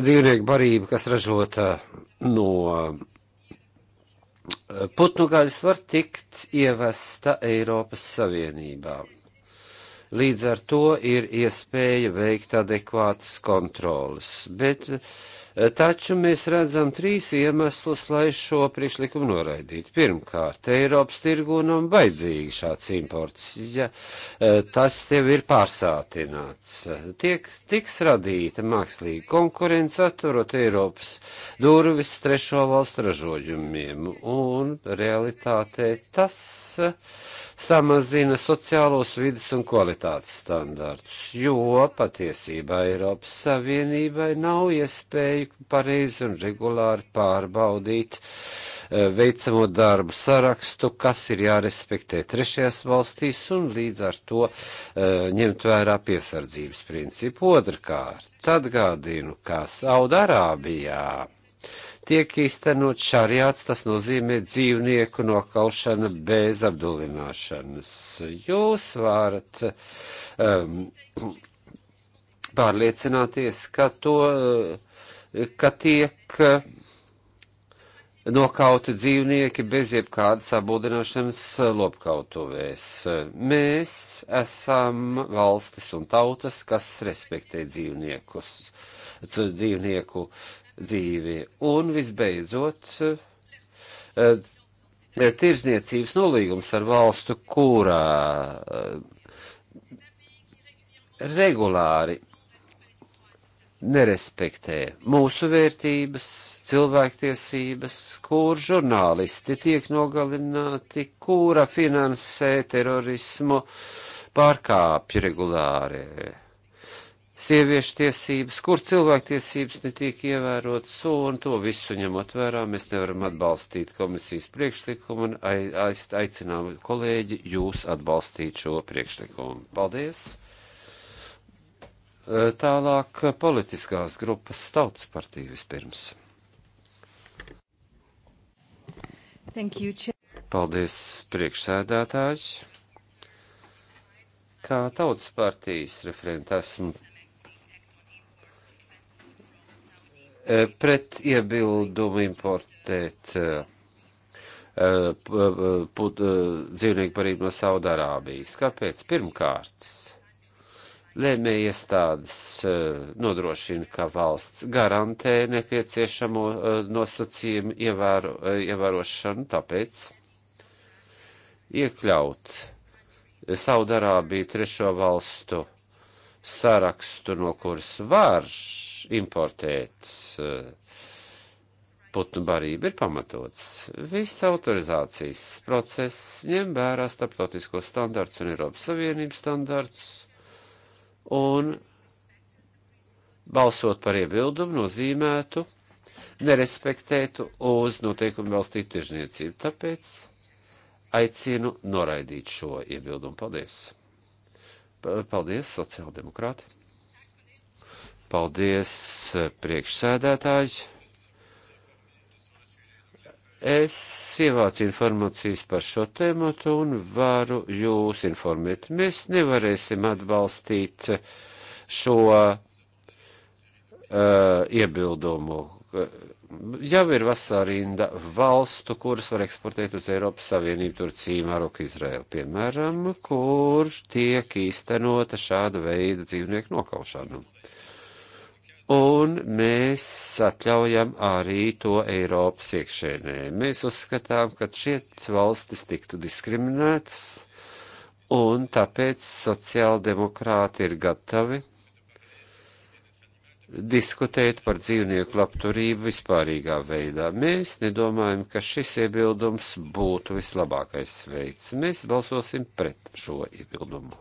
dzīvnieku barība, kas ražota no eh, putnu gaļas, var tikt ievesta Eiropas Savienībā. Līdz ar to ir iespēja veikt adekvātas kontrolas, bet Taču mēs redzam trīs iemeslus, lai šo priekšlikumu noraidītu. Pirmkārt, Eiropas tirgu nav baidzīgi šāds imports, ja e, tas jau ir pārsātināts. Tiek, tiks radīta mākslīga konkurence, atturot Eiropas durvis trešo valstu ražojumiem, un realitātē tas samazina sociālos vidas un kvalitātes standārtus, jo patiesībā Eiropas Savienībai nav iespēju cik pareizi un regulāri pārbaudīt e, veicamo darbu sarakstu, kas ir jārespektē trešajās valstīs un līdz ar to uh, ņemt vērā piesardzības principu. Otrkārt, atgādinu, kā Saudārābijā tiek īstenot šariāts, tas nozīmē dzīvnieku nokaušana bez apdulināšanas. Jūs varat um, pārliecināties, ka to uh, ka tiek eh, nokauti dzīvnieki bez jebkādas apbūdināšanas eh, lopkautuvēs. Mēs esam valstis un tautas, kas respektē dzīvniekus, dzīvnieku dzīvi. Un visbeidzot, ir eh, tirzniecības nolīgums ar valstu, kurā regulāri nerespektē mūsu vērtības, cilvēktiesības, kur žurnālisti tiek nogalināti, kura finansē terorismu pārkāpju regulāri. Sieviešu tiesības, kur cilvēktiesības netiek ievērotas, un to visu ņemot vērā, mēs nevaram atbalstīt komisijas priekšlikumu un aicinām kolēģi jūs atbalstīt šo priekšlikumu. Paldies! Eh, tālāk eh, politiskās grupas tautas partija vispirms. Thank you, Chair. Paldies, priekšsēdētājs. Kā tautas partijas referenta esmu eh, pret iebildumu importēt uh, put, uh, dzīvnieku parību no Saudārābijas. Kāpēc? Pirmkārt, lēmēja iestādes eh, nodrošina, ka valsts garantē nepieciešamo eh, nosacījumu ievēro, eh, ievērošanu, tāpēc iekļaut Saudarābiju trešo valstu sarakstu, no kuras var importēt putnu barību, ir pamatots. Viss autorizācijas process ņem vērā starptautiskos standartus un Eiropas Savienības standartus un balsot par iebildumu nozīmētu nerespektētu uz noteikumu valstītu tirzniecību. Tāpēc aicinu noraidīt šo iebildumu. Paldies! Paldies, sociāldemokrāti! Paldies, priekšsēdētāji! Es ievācu informācijas par šo tēmatu un varu jūs informēt. Mēs nevarēsim atbalstīt šo uh, iebildumu. Jau ir vasarā rinda valstu, kuras var eksportēt uz Eiropas Savienību, Turciju, Maroku, Izraēlu, piemēram, kur tiek īstenota šāda veida dzīvnieku nokaušana. Uh, un mēs atļaujam arī to Eiropas iekšēnē. Mēs uzskatām, ka šeit valstis tiktu diskriminētas, un tāpēc sociāldemokrāti ir gatavi diskutēt par dzīvnieku labturību vispārīgā veidā. Mēs nedomājam, ka šis iebildums būtu vislabākais veids. Mēs balsosim pret šo iebildumu.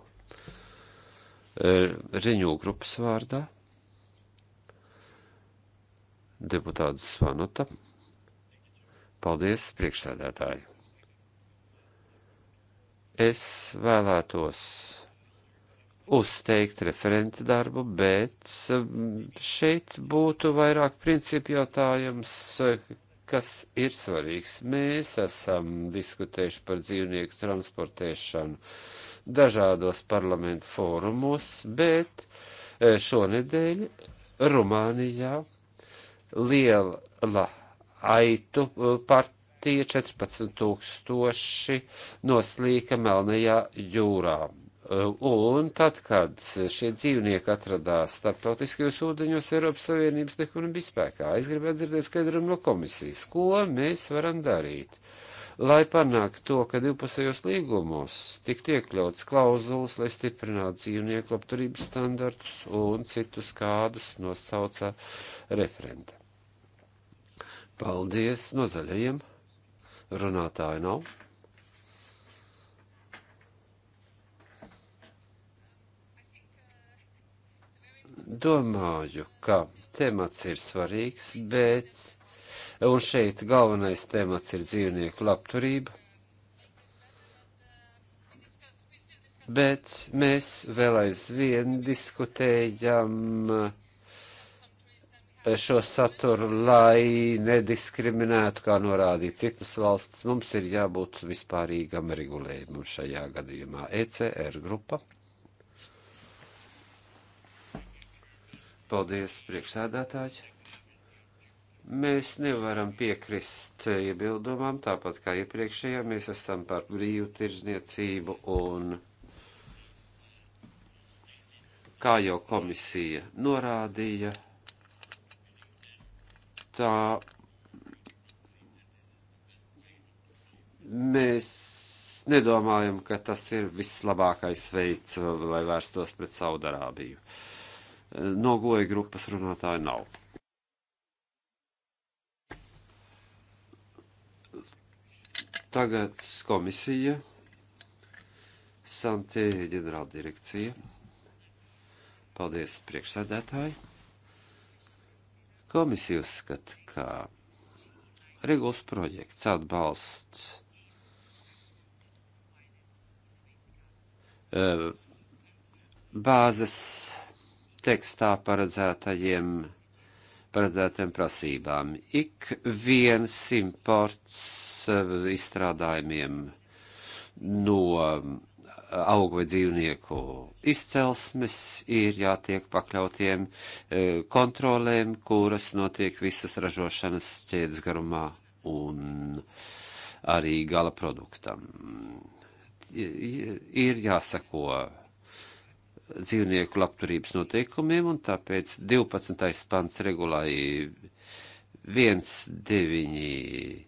Riņū grupas vārdā deputāta Svanuta. Paldies, priekšsēdētāji! Es vēlētos uzteikt referenta darbu, bet mm, šeit būtu vairāk principu jautājums, kas ir svarīgs. Mēs esam diskutējuši par dzīvnieku transportēšanu dažādos parlamentu fórumos, bet eh, šonedēļ Rumānijā liela aitu eh, partija 14 tūkstoši noslīka Melnajā jūrā. Eh, un tad, kad šie dzīvnieki atradās starptautiskajos ūdeņos, Eiropas Savienības likuma bija spēkā. Es gribētu dzirdēt skaidrumu no komisijas, ko mēs varam darīt, lai panāktu to, ka divpusējos līgumos tiktu iekļauts klauzulas, lai stiprinātu dzīvnieku labturības standartus un citus kādus nosauca referenta. Paldies no zaļajiem. Runātāju nav. Domāju, ka temats ir svarīgs, bet, un šeit galvenais temats ir dzīvnieku labturība, bet mēs vēl aizvien diskutējam uh, šo saturu, lai nediskriminētu, kā norādīja citas valsts, mums ir jābūt vispārīgam regulējumam šajā gadījumā. ECR grupa. Paldies, priekšsēdētāji. Mēs nevaram piekrist iebildumam, tāpat kā iepriekšējā. Mēs esam par brīvu tirzniecību un, kā jau komisija norādīja, tā mēs nedomājam, ka tas ir vislabākais veids, lai vērstos pret Saudarābiju. Nogoja grupas runātāja nav. Tagad komisija, Santē ģenerāldirekcija. Paldies, priekšsēdētāji! Komisija uzskata, ka regulas projekts atbalsts e, bāzes tekstā paredzētajiem, paredzētajiem prasībām. Ik viens imports e, izstrādājumiem no Eh, augu vai dzīvnieku izcelsmes ir jātiek pakļautiem eh, kontrolēm, kuras notiek visas ražošanas ķēdes garumā un arī gala produktam. Ir jāsako dzīvnieku labturības noteikumiem, un tāpēc 12. pants regulāji 1, 9,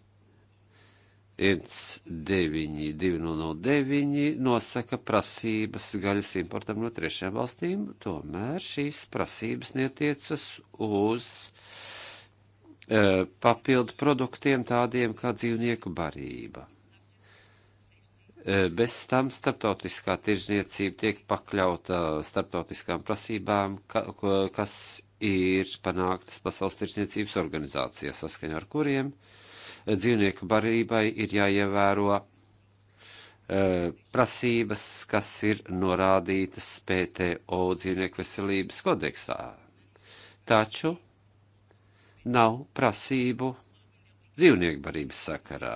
19209 nosaka prasības gaļas importam no trešajām valstīm, tomēr šīs prasības netiecas uz e, papildu produktiem tādiem kā dzīvnieku barība. E, bez tam starptautiskā tirzniecība tiek pakļauta starptautiskām prasībām, ka, kas ir panāktas Pasaules tirzniecības organizācijā, saskaņā ar kuriem uh, dzīvnieku barībai ir jāievēro uh, prasības, kas ir norādītas PTO dzīvnieku veselības kodeksā. Taču nav prasību dzīvnieku barības sakarā.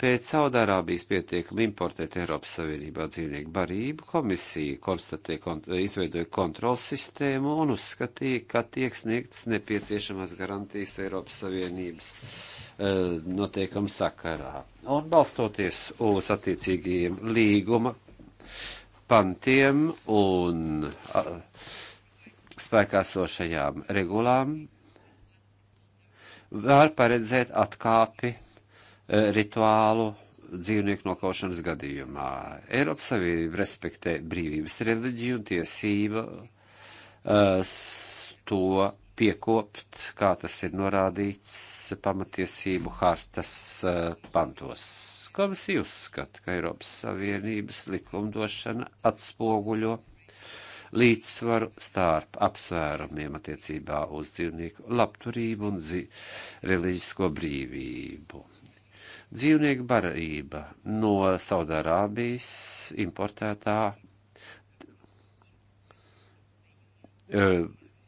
Pēc Saudārābijas pietiekami importēt Eiropas Savienībā dzīvnieku barību, komisija konstatē, kont izveidoja kontrols sistēmu un uzskatīja, ka tiek sniegtas nepieciešamās garantijas Eiropas Savienības E, noteikumu sakarā. Un balstoties uz attiecīgajiem līguma pantiem un spēkā sošajām regulām, var paredzēt atkāpi e, rituālu dzīvnieku nokaušanas gadījumā. Eiropas Savienība respektē brīvības reliģiju un tiesību uh, to piekopt, kā tas ir norādīts pamatiesību hartas eh, pantos. Komisija uzskata, ka Eiropas Savienības likumdošana atspoguļo līdzsvaru starp apsvērumiem attiecībā uz dzīvnieku labturību un zi reliģisko brīvību. Dzīvnieku barība no Saudārābijas importētā uh,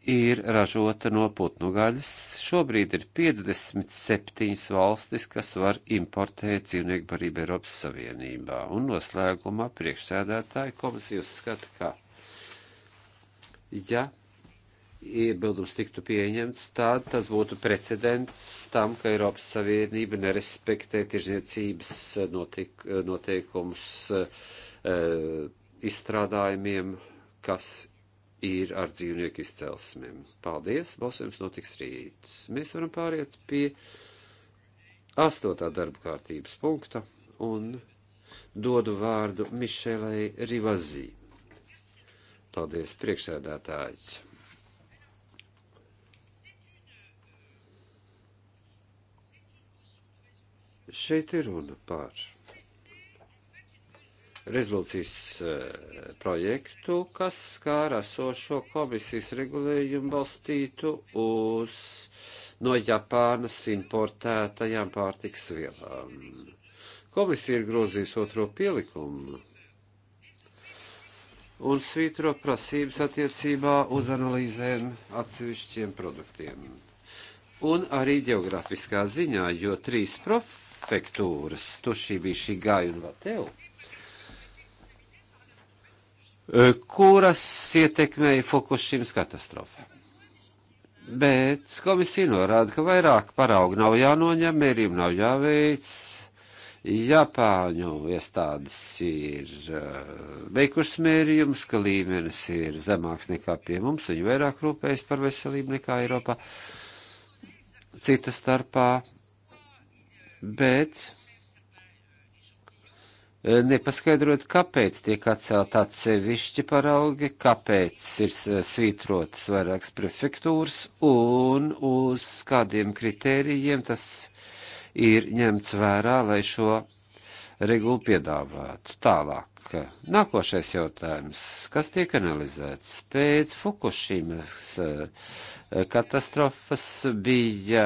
ir ražota no putnu gaļas. Šobrīd ir 57 valstis, kas var importēt dzīvnieku barību Eiropas Savienībā. Un noslēgumā priekšsēdētāji komisija uzskata, ka, ja iebildums tiktu pieņemts, tad tas būtu precedents tam, ka Eiropas Savienība nerespektē tirzniecības noteikumus e, izstrādājumiem, kas ir ar dzīvnieku izcelsmēm. Paldies, balsojums notiks rīt. Mēs varam pāriet pie astotā darba kārtības punkta un dodu vārdu Mišelai Rivazī. Paldies, priekšsēdētāji! Šeit ir runa par rezolūcijas eh, projektu, kas skāra sošo komisijas regulējumu balstītu uz no Japānas importētajām pārtiks vielām. Komisija ir grozījusi otro pielikumu un svītro prasības attiecībā uz analīzēm atsevišķiem produktiem. Un arī geogrāfiskā ziņā, jo trīs profektūras, Tušī bija šī gāja un Vateu, Eh, kuras ietekmēja Fukushimas katastrofa. Bet komisija norāda, ka vairāk paraugu nav jānoņem, mērījumu nav jāveic. Japāņu iestādes ir eh, veikušas mērījumus, ka līmenis ir zemāks nekā pie mums, viņi vairāk rūpējas par veselību nekā Eiropā, cita starpā. Bet Eh, nepaskaidrot, kāpēc tiek atcelt atsevišķi paraugi, kāpēc ir svītrotas vairākas prefektūras un uz kādiem kritērijiem tas ir ņemts vērā, lai šo regulu piedāvātu tālāk. Nākošais jautājums, kas tiek analizēts pēc Fukushimas eh, katastrofas, bija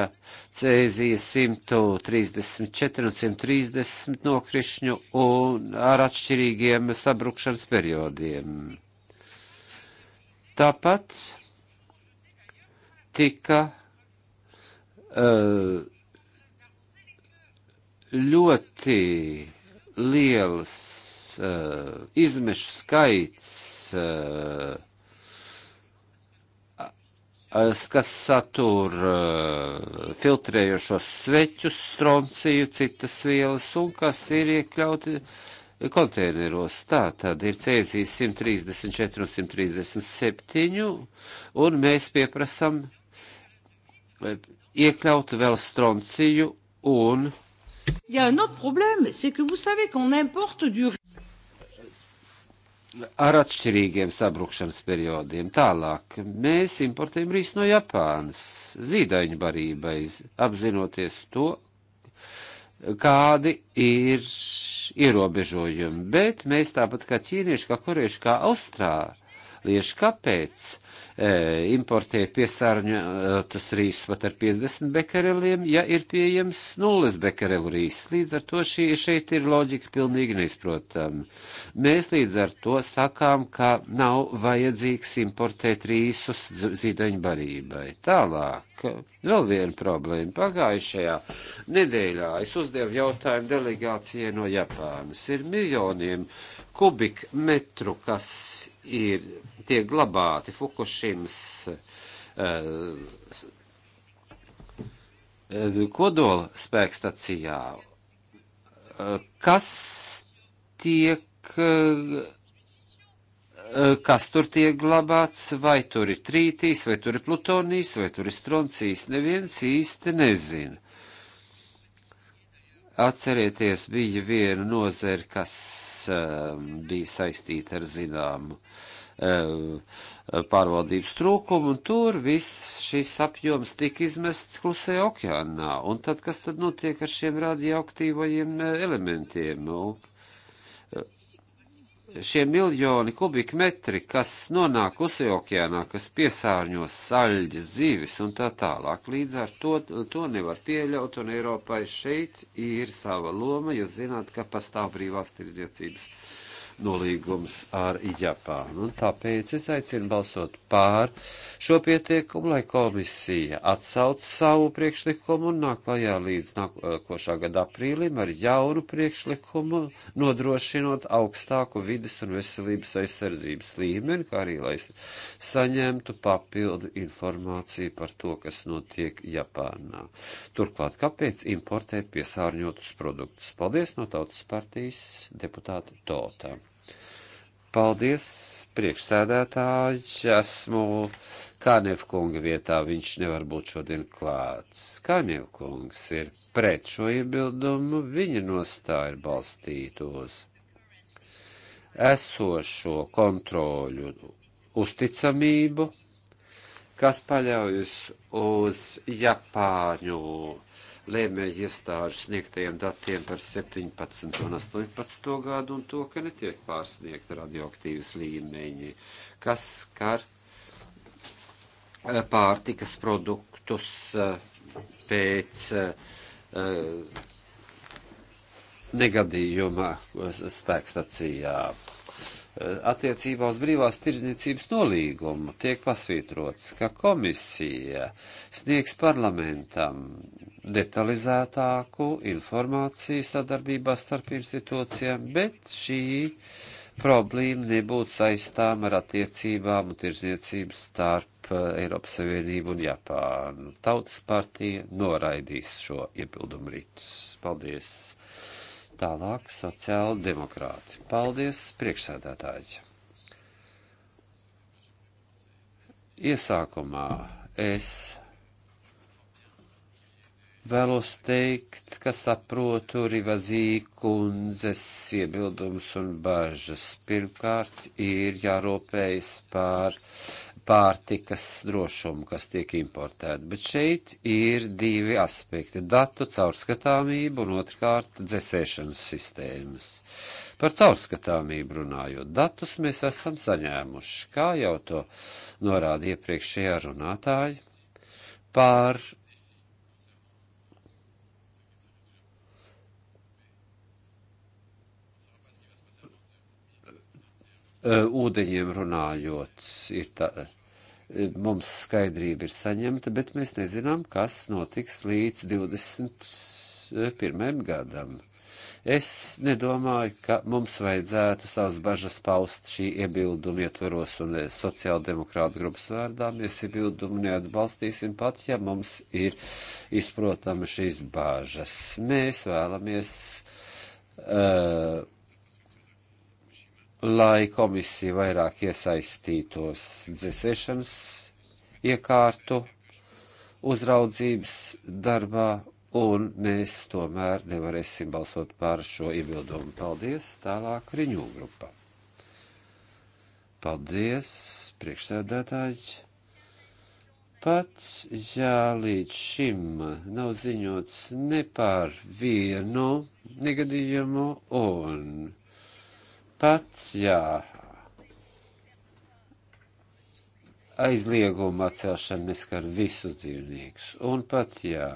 cēzija 134 un 130 nokrišņu un ar atšķirīgiem sabrukšanas periodiem. Tāpat tika uh, ļoti liels uh, izmešu skaits, uh, kas satur uh, filtrējošos sveķus, stronciju, citas vielas un kas ir iekļauti konteineros. Tā tad ir cēzijas 134 un 137 un mēs pieprasam uh, iekļaut vēl stronciju un Il y a un autre problème, c'est que vous savez qu'on importe du ar atšķirīgiem sabrukšanas periodiem. Tālāk mēs importējam rīs no Japānas zīdaiņu barībai, apzinoties to, kādi ir ierobežojumi, bet mēs tāpat kā ķīnieši, kā korieši, kā austrāļi lieši. Kāpēc e, importēt piesārņotas rīsus pat ar 50 bekareliem, ja ir pieejams nulles bekarelu rīsus? Līdz ar to šī, šeit ir loģika pilnīgi neizprotama. Mēs līdz ar to sakām, ka nav vajadzīgs importēt rīsus zīdaņbarībai. Tālāk, vēl viena problēma. Pagājušajā nedēļā es uzdevu jautājumu delegācijai no Japānas. Ir miljoniem uh, kubikmetru, kas ir tiek glabāti Fukushimas uh, kodola spēkstacijā, uh, kas tiek, uh, kas tur tiek glabāts, vai tur ir trītīs, vai tur ir plutonijas, vai tur ir stroncijas, neviens īsti nezina. Atcerieties, bija viena nozara, kas uh, bija saistīta ar zināmu uh, pārvaldības trūkumu, un tur viss šis apjoms tika izmests klusē okeānā. Un tad, kas tad notiek ar šiem radioaktīvajiem uh, elementiem? Un, šie miljoni kubikmetri, kas nonāk klusajā okeānā, kas piesārņo saļģis, zīvis un tā tālāk. Līdz ar to to nevar pieļaut, un Eiropai šeit ir sava loma, jo zināt, ka pastāv brīvās tirdzniecības nolīgums ar Japānu. Un tāpēc es aicinu balsot pār šo pietiekumu, lai komisija atsauc savu priekšlikumu un nāk klajā līdz nākošā gada aprīlim ar jaunu priekšlikumu, nodrošinot augstāku vidas un veselības aizsardzības līmeni, kā arī lai saņemtu papildu informāciju par to, kas notiek Japānā. Turklāt, kāpēc importēt piesārņotus produktus? Paldies no Tautas partijas deputāta Totā. Paldies, priekšsēdētāji. Esmu Kānievkunga vietā, viņš nevar būt šodien klāts. Kānievkungs ir pret šo iebildumu, viņa nostāja ir balstīta uz esošo kontroļu uzticamību, kas paļaujas uz Japāņu lēmēji iestāžu sniegtajiem datiem par 17 un 18 gadu un to, ka netiek pārsniegt radioaktīvas līmeņi, kas skar eh, pārtikas produktus eh, pēc eh, negadījuma spēkstacijā attiecībā uz brīvās tirdzniecības nolīgumu tiek pasvītrots, ka komisija sniegs parlamentam detalizētāku informāciju sadarbībā starp institūcijām, bet šī problēma nebūtu saistām ar attiecībām un tirzniecību starp eh, Eiropas Savienību un Japānu. Tautas partija noraidīs šo iebildumu rītus. Paldies! Tālāk sociāla demokrāti. Paldies, priekšsēdētāji! Iesākumā es Vēlos teikt, ka saprotu Rivazī kundzes iebildumus un bažas. Pirmkārt, ir jārūpējas pār pārtikas drošumu, kas tiek importēta. Bet šeit ir divi aspekti - datu caurskatāmība un otrkārt dzesēšanas sistēmas. Par caurskatāmību runājot, datus mēs esam saņēmuši, kā jau to norāda iepriekšējā runātāja, par ūdeņiem runājot, ir tā, mums skaidrība ir saņemta, bet mēs nezinām, kas notiks līdz 21. gadam. Es nedomāju, ka mums vajadzētu savas bažas paust šī iebilduma ietvaros un sociāldemokrāta grupas vārdā. Mēs iebildumu neatbalstīsim pat, ja mums ir izprotama šīs bāžas. Mēs vēlamies uh, lai komisija vairāk iesaistītos dzēsēšanas iekārtu uzraudzības darbā, un mēs tomēr nevarēsim balsot par šo iebildumu. Paldies, tālāk riņū grupa. Paldies, priekšsēdētāji. Pat, ja līdz šim nav ziņots ne par vienu negadījumu un Pats, jā, aizlieguma atcelšana neskar visus dzīvniekus. Un pat, jā,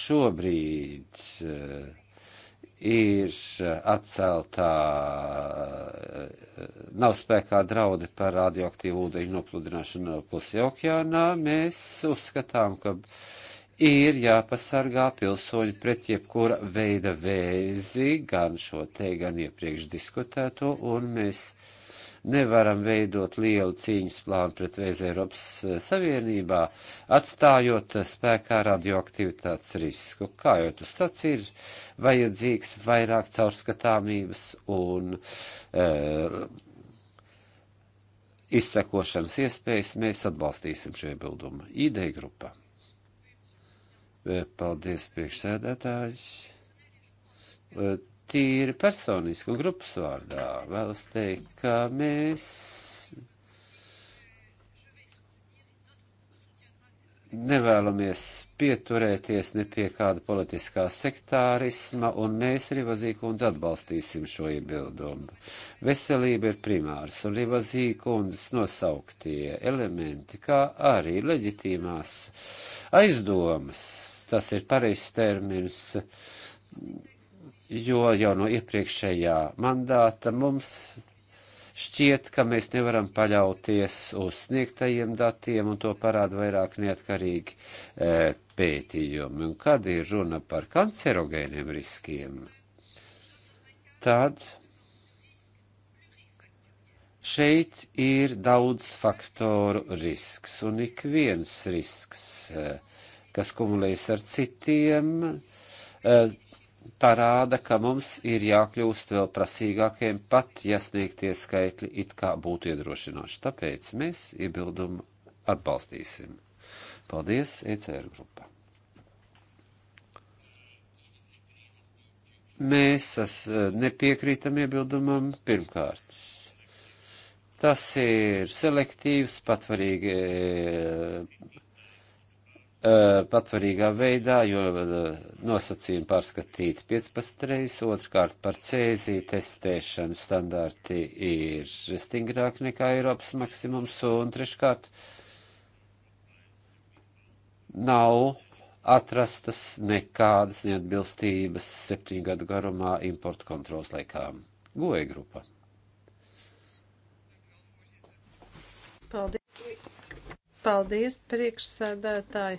šobrīd eh, ir eh, atceltā, eh, nav spēkā draudi par radioaktīvu ūdeņu nopludināšanu klusajā okeānā, mēs uzskatām, ka ir jāpasargā pilsoņi pret jebkura veida vēzi, gan šo te, gan iepriekš diskutēto, un mēs nevaram veidot lielu cīņas plānu pret vēzi Eiropas eh, Savienībā, atstājot eh, spēkā radioaktivitātes risku. Kā jau tu sacīji, ir vajadzīgs vairāk caurskatāmības un. Uh, Izsekošanas iespējas mēs atbalstīsim šo iebildumu. Ideja grupa. Eh, paldies, priekšsēdētājs. Eh, tīri personiski un grupas vārdā vēlas teikt, ka mēs nevēlamies pieturēties ne pie kāda politiskā sektārisma, un mēs Rivazīkundze atbalstīsim šo iebildumu. Veselība ir primārs, un Rivazīkundzes nosauktie elementi, kā arī leģitīmās aizdomas tas ir pareizs termins, jo jau no iepriekšējā mandāta mums šķiet, ka mēs nevaram paļauties uz sniegtajiem datiem, un to parāda vairāk neatkarīgi e, pētījumi. Un kad ir runa par kancerogēniem riskiem, tad šeit ir daudz faktoru risks, un ik viens risks. E, kas kumulējas ar citiem, e, parāda, ka mums ir jākļūst vēl prasīgākiem, pat ja sniegtie skaitļi it kā būtu iedrošinoši. Tāpēc mēs iebildumu atbalstīsim. Paldies, ECR grupa. Mēs es, e, nepiekrītam iebildumam pirmkārt. Tas ir selektīvs, patvarīgi Uh, patvarīgā veidā, jo uh, nosacījumi pārskatīti 15 reizes, otrkārt par cēzī testēšanu standarti ir stingrāk nekā Eiropas maksimums, un treškārt nav atrastas nekādas neatbilstības septiņu gadu garumā importu kontrols laikām. Goja grupa. Paldies. Paldies, priekšsēdētāji.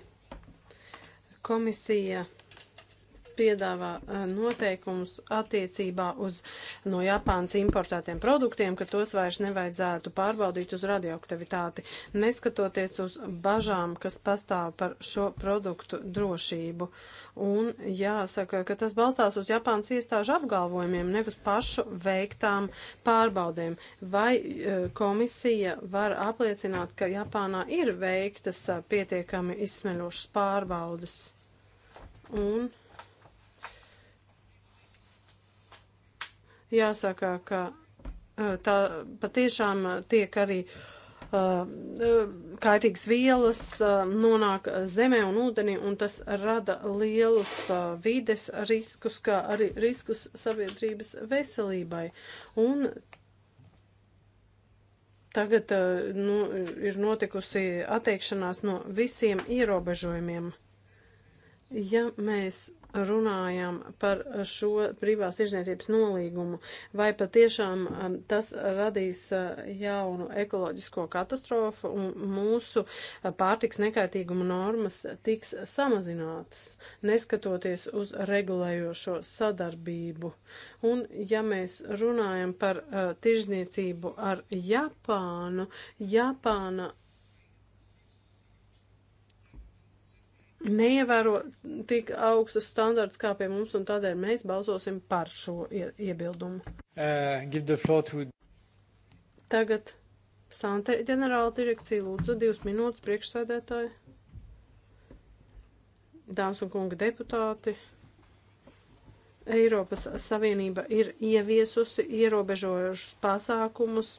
Komisija piedāvā eh, noteikumus attiecībā uz no Japānas importētiem produktiem, ka tos vairs nevajadzētu pārbaudīt uz radioaktivitāti, neskatoties uz bažām, kas pastāv par šo produktu drošību. Un jāsaka, ka tas balstās uz Japānas iestāžu apgalvojumiem, nevis pašu veiktām pārbaudēm. Vai eh, komisija var apliecināt, ka Japānā ir veiktas eh, pietiekami izsmeļošas pārbaudas? Un Jāsaka, ka tā patiešām tiek arī kaitīgas vielas nonāk zemē un ūdenī, un tas rada lielus vides riskus, kā arī riskus sabiedrības veselībai. Un tagad nu, ir notikusi atteikšanās no visiem ierobežojumiem. Ja mēs runājam par šo privās tirzniecības nolīgumu, vai patiešām um, tas radīs uh, jaunu ekoloģisko katastrofu un mūsu uh, pārtiks nekaitīguma normas tiks samazinātas, neskatoties uz regulējošo sadarbību. Un, ja mēs runājam par uh, tirzniecību ar Japānu, Japāna neievēro tik augstus standartus kā pie mums, un tādēļ mēs balsosim par šo iebildumu. Uh, to... Tagad Sante ģenerāla direkcija lūdzu divas minūtes priekšsēdētāji, dāmas un kunga deputāti. Eiropas Savienība ir ieviesusi ierobežojušus pasākumus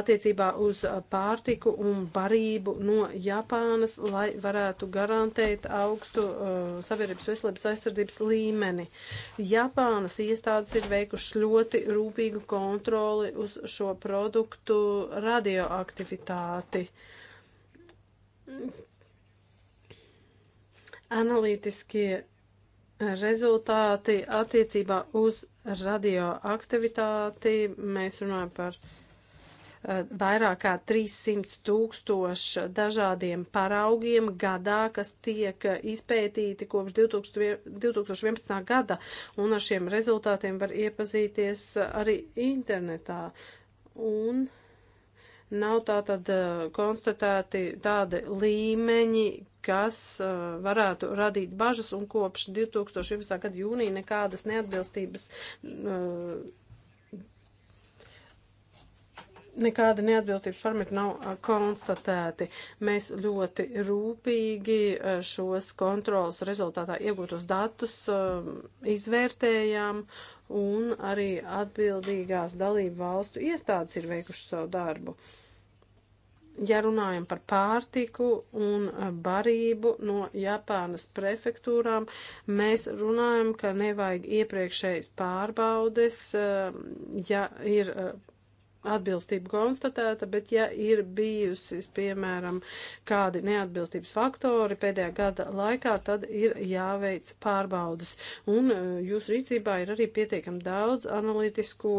attiecībā uz pārtiku un barību no Japānas, lai varētu garantēt augstu uh, sabiedrības veselības aizsardzības līmeni. Japānas iestādes ir veikušas ļoti rūpīgu kontroli uz šo produktu radioaktivitāti analītiskie rezultāti attiecībā uz radioaktivitāti. Mēs runājam par eh, vairāk kā 300 tūkstoši dažādiem paraugiem gadā, kas tiek izpētīti kopš 2011. gada, un ar šiem rezultātiem var iepazīties arī internetā. Un uh, Nav tātad uh, konstatēti tādi līmeņi, kas uh, varētu radīt bažas, un kopš 2011. gada jūnija nekādas neatbilstības uh, nekāda neatbilstības parametri nav konstatēti. Mēs ļoti rūpīgi šos kontrolas rezultātā iegūtos datus um, izvērtējām, un arī atbildīgās dalību valstu iestādes ir veikuši savu darbu. Uh, ja runājam par pārtiku un eh, barību no Japānas prefektūrām, mēs runājam, ka nevajag iepriekšējas pārbaudes, eh, ja ir eh, atbilstība konstatēta, bet ja ir bijusi, piemēram, kādi neatbilstības faktori pēdējā gada laikā, tad ir jāveic pārbaudas. Un jūsu rīcībā ir arī pietiekami daudz analītisko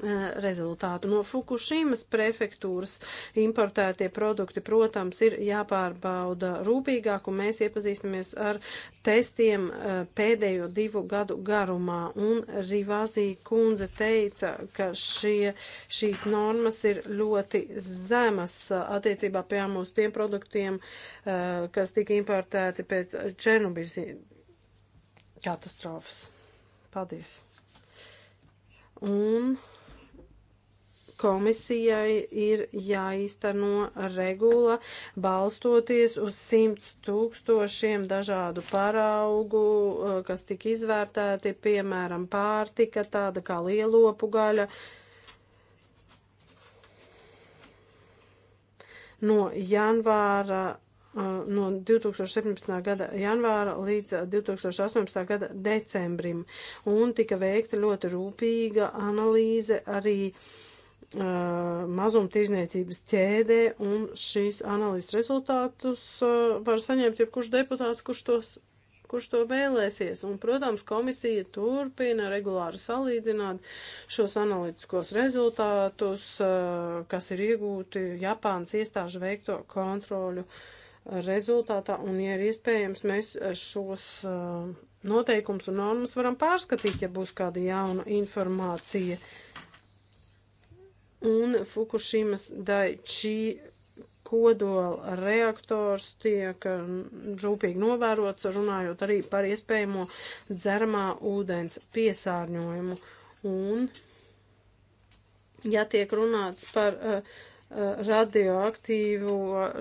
Eh, rezultātu. No Fukushimas prefektūras importētie produkti, protams, ir jāpārbauda rūpīgāk, un mēs iepazīstamies ar testiem eh, pēdējo divu gadu garumā. Un Rivāzī kundze teica, ka šie, šīs normas ir ļoti zemas eh, attiecībā, piemēram, uz tiem produktiem, kas tika importēti pēc Černobiļas katastrofas. Paldies! Un... Mm komisijai ir jāīsteno regula, balstoties uz simts tūkstošiem dažādu paraugu, eh, kas tika izvērtēti, piemēram, pārtika, tāda kā lielopu gaļa. No janvāra eh, no 2017. gada janvāra līdz 2018. Eh, gada decembrim, un tika veikta ļoti rūpīga analīze arī uh, Uh, mazumtirdzniecības ķēdē, un šīs analīzes rezultātus uh, var saņemt jebkurš deputāts, kurš, tos, kurš to vēlēsies. Un, protams, komisija turpina regulāri salīdzināt šos analītiskos rezultātus, uh, kas ir iegūti Japānas iestāžu veikto kontroļu rezultātā, un, ja ir iespējams, mēs šos noteikums un normas varam pārskatīt, ja būs kāda jauna informācija. Uh, un Fukushimas Daiichi kodola reaktors tiek mm, rūpīgi novērots, runājot arī par iespējamo dzeramā ūdens piesārņojumu. Un, ja tiek runāts par uh, eh, eh, radioaktīvu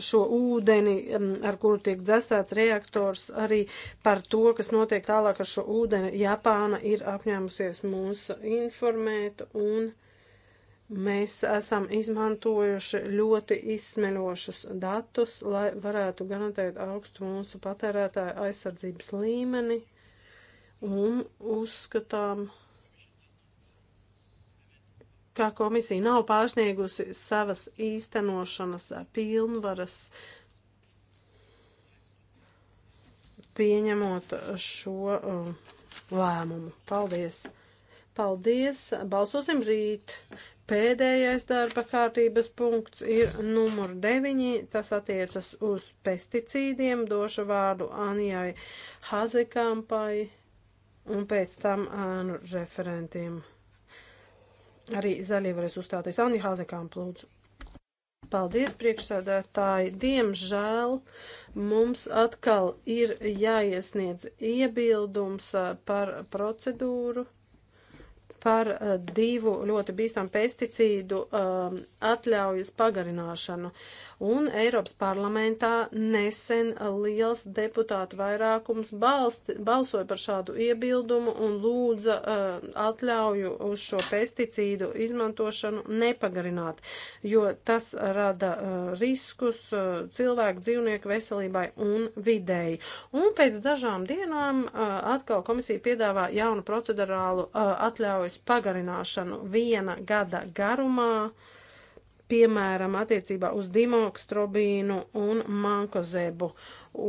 šo ūdeni, mm, ar kuru tiek dzēsēts reaktors, arī par to, kas notiek tālāk ar šo ūdeni, Japāna ir apņēmusies mūs informēt un uh, Mēs esam izmantojuši ļoti izsmeļošus datus, lai varētu garantēt augstu mūsu patērētāju aizsardzības līmeni un uzskatām, ka komisija nav pārsniegusi savas īstenošanas pilnvaras, pieņemot šo um, lēmumu. Paldies! Paldies! Balsosim rīt! Pēdējais darba kārtības punkts ir numur 9. Tas attiecas uz pesticīdiem. Došu vārdu Anijai Hazekampai un pēc tam ānu referentiem. Arī zaļie varēs uzstāties. Anija Hazekampa, lūdzu. Paldies, priekšsēdētāji. Diemžēl mums atkal ir jāiesniedz iebildums par procedūru par uh, divu ļoti bīstam pesticīdu um, atļaujas pagarināšanu. Un Eiropas parlamentā nesen liels deputātu vairākums balsti, balsoja par šādu iebildumu un lūdza uh, atļauju uz šo pesticīdu izmantošanu nepagarināt, jo tas rada uh, riskus uh, cilvēku, dzīvnieku veselībai un videi. Un pēc dažām dienām uh, atkal komisija piedāvā jaunu procedurālu uh, atļaujas pagarināšanu viena gada garumā. Uh, piemēram, attiecībā uz dimokstrobīnu un mankozebu.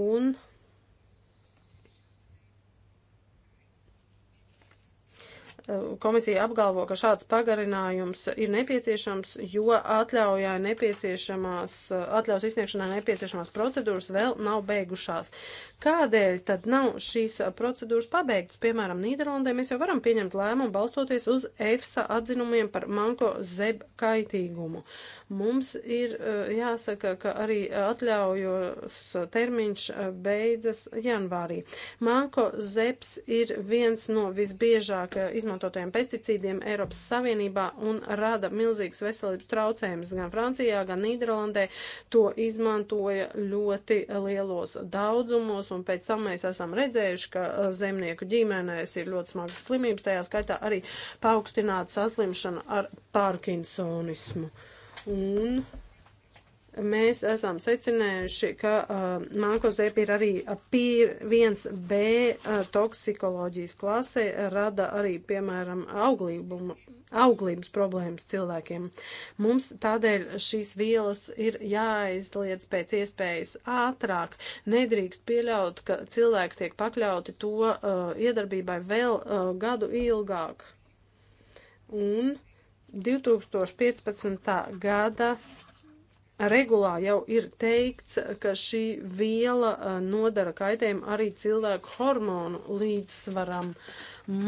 Un Komisija apgalvo, ka šāds pagarinājums ir nepieciešams, jo atļaujai nepieciešamās, atļaus izsniegšanai nepieciešamās procedūras vēl nav beigušās. Kādēļ tad nav šīs procedūras pabeigtas? Piemēram, Nīderlandē mēs jau varam pieņemt lēmumu balstoties uz EFSA atzinumiem par manko zeb kaitīgumu. Mums ir eh, jāsaka, ka arī atļaujos termiņš eh, beidzas janvārī. Manko zebs ir viens no visbiežāk eh, izmantotajiem izmantotajiem pesticīdiem Eiropas Savienībā un rada milzīgas veselības traucējumus gan Francijā, gan Nīderlandē. To izmantoja ļoti lielos daudzumos, un pēc tam mēs esam redzējuši, ka uh, zemnieku ģimenēs ir ļoti smagas slimības, tajā skaitā arī paaugstināta saslimšana ar Parkinsonismu. Un mēs esam secinējuši, ka uh, mākozēp ir arī pīr 1B uh, toksikoloģijas klasē, rada arī, piemēram, auglībumu, auglības problēmas cilvēkiem. Mums tādēļ šīs vielas ir jāizliedz pēc iespējas ātrāk. Nedrīkst pieļaut, ka cilvēki tiek pakļauti to uh, iedarbībai vēl uh, gadu ilgāk. Un 2015. gada regulā jau ir teikts, ka šī viela eh, nodara kaitējumu arī cilvēku hormonu līdzsvaram.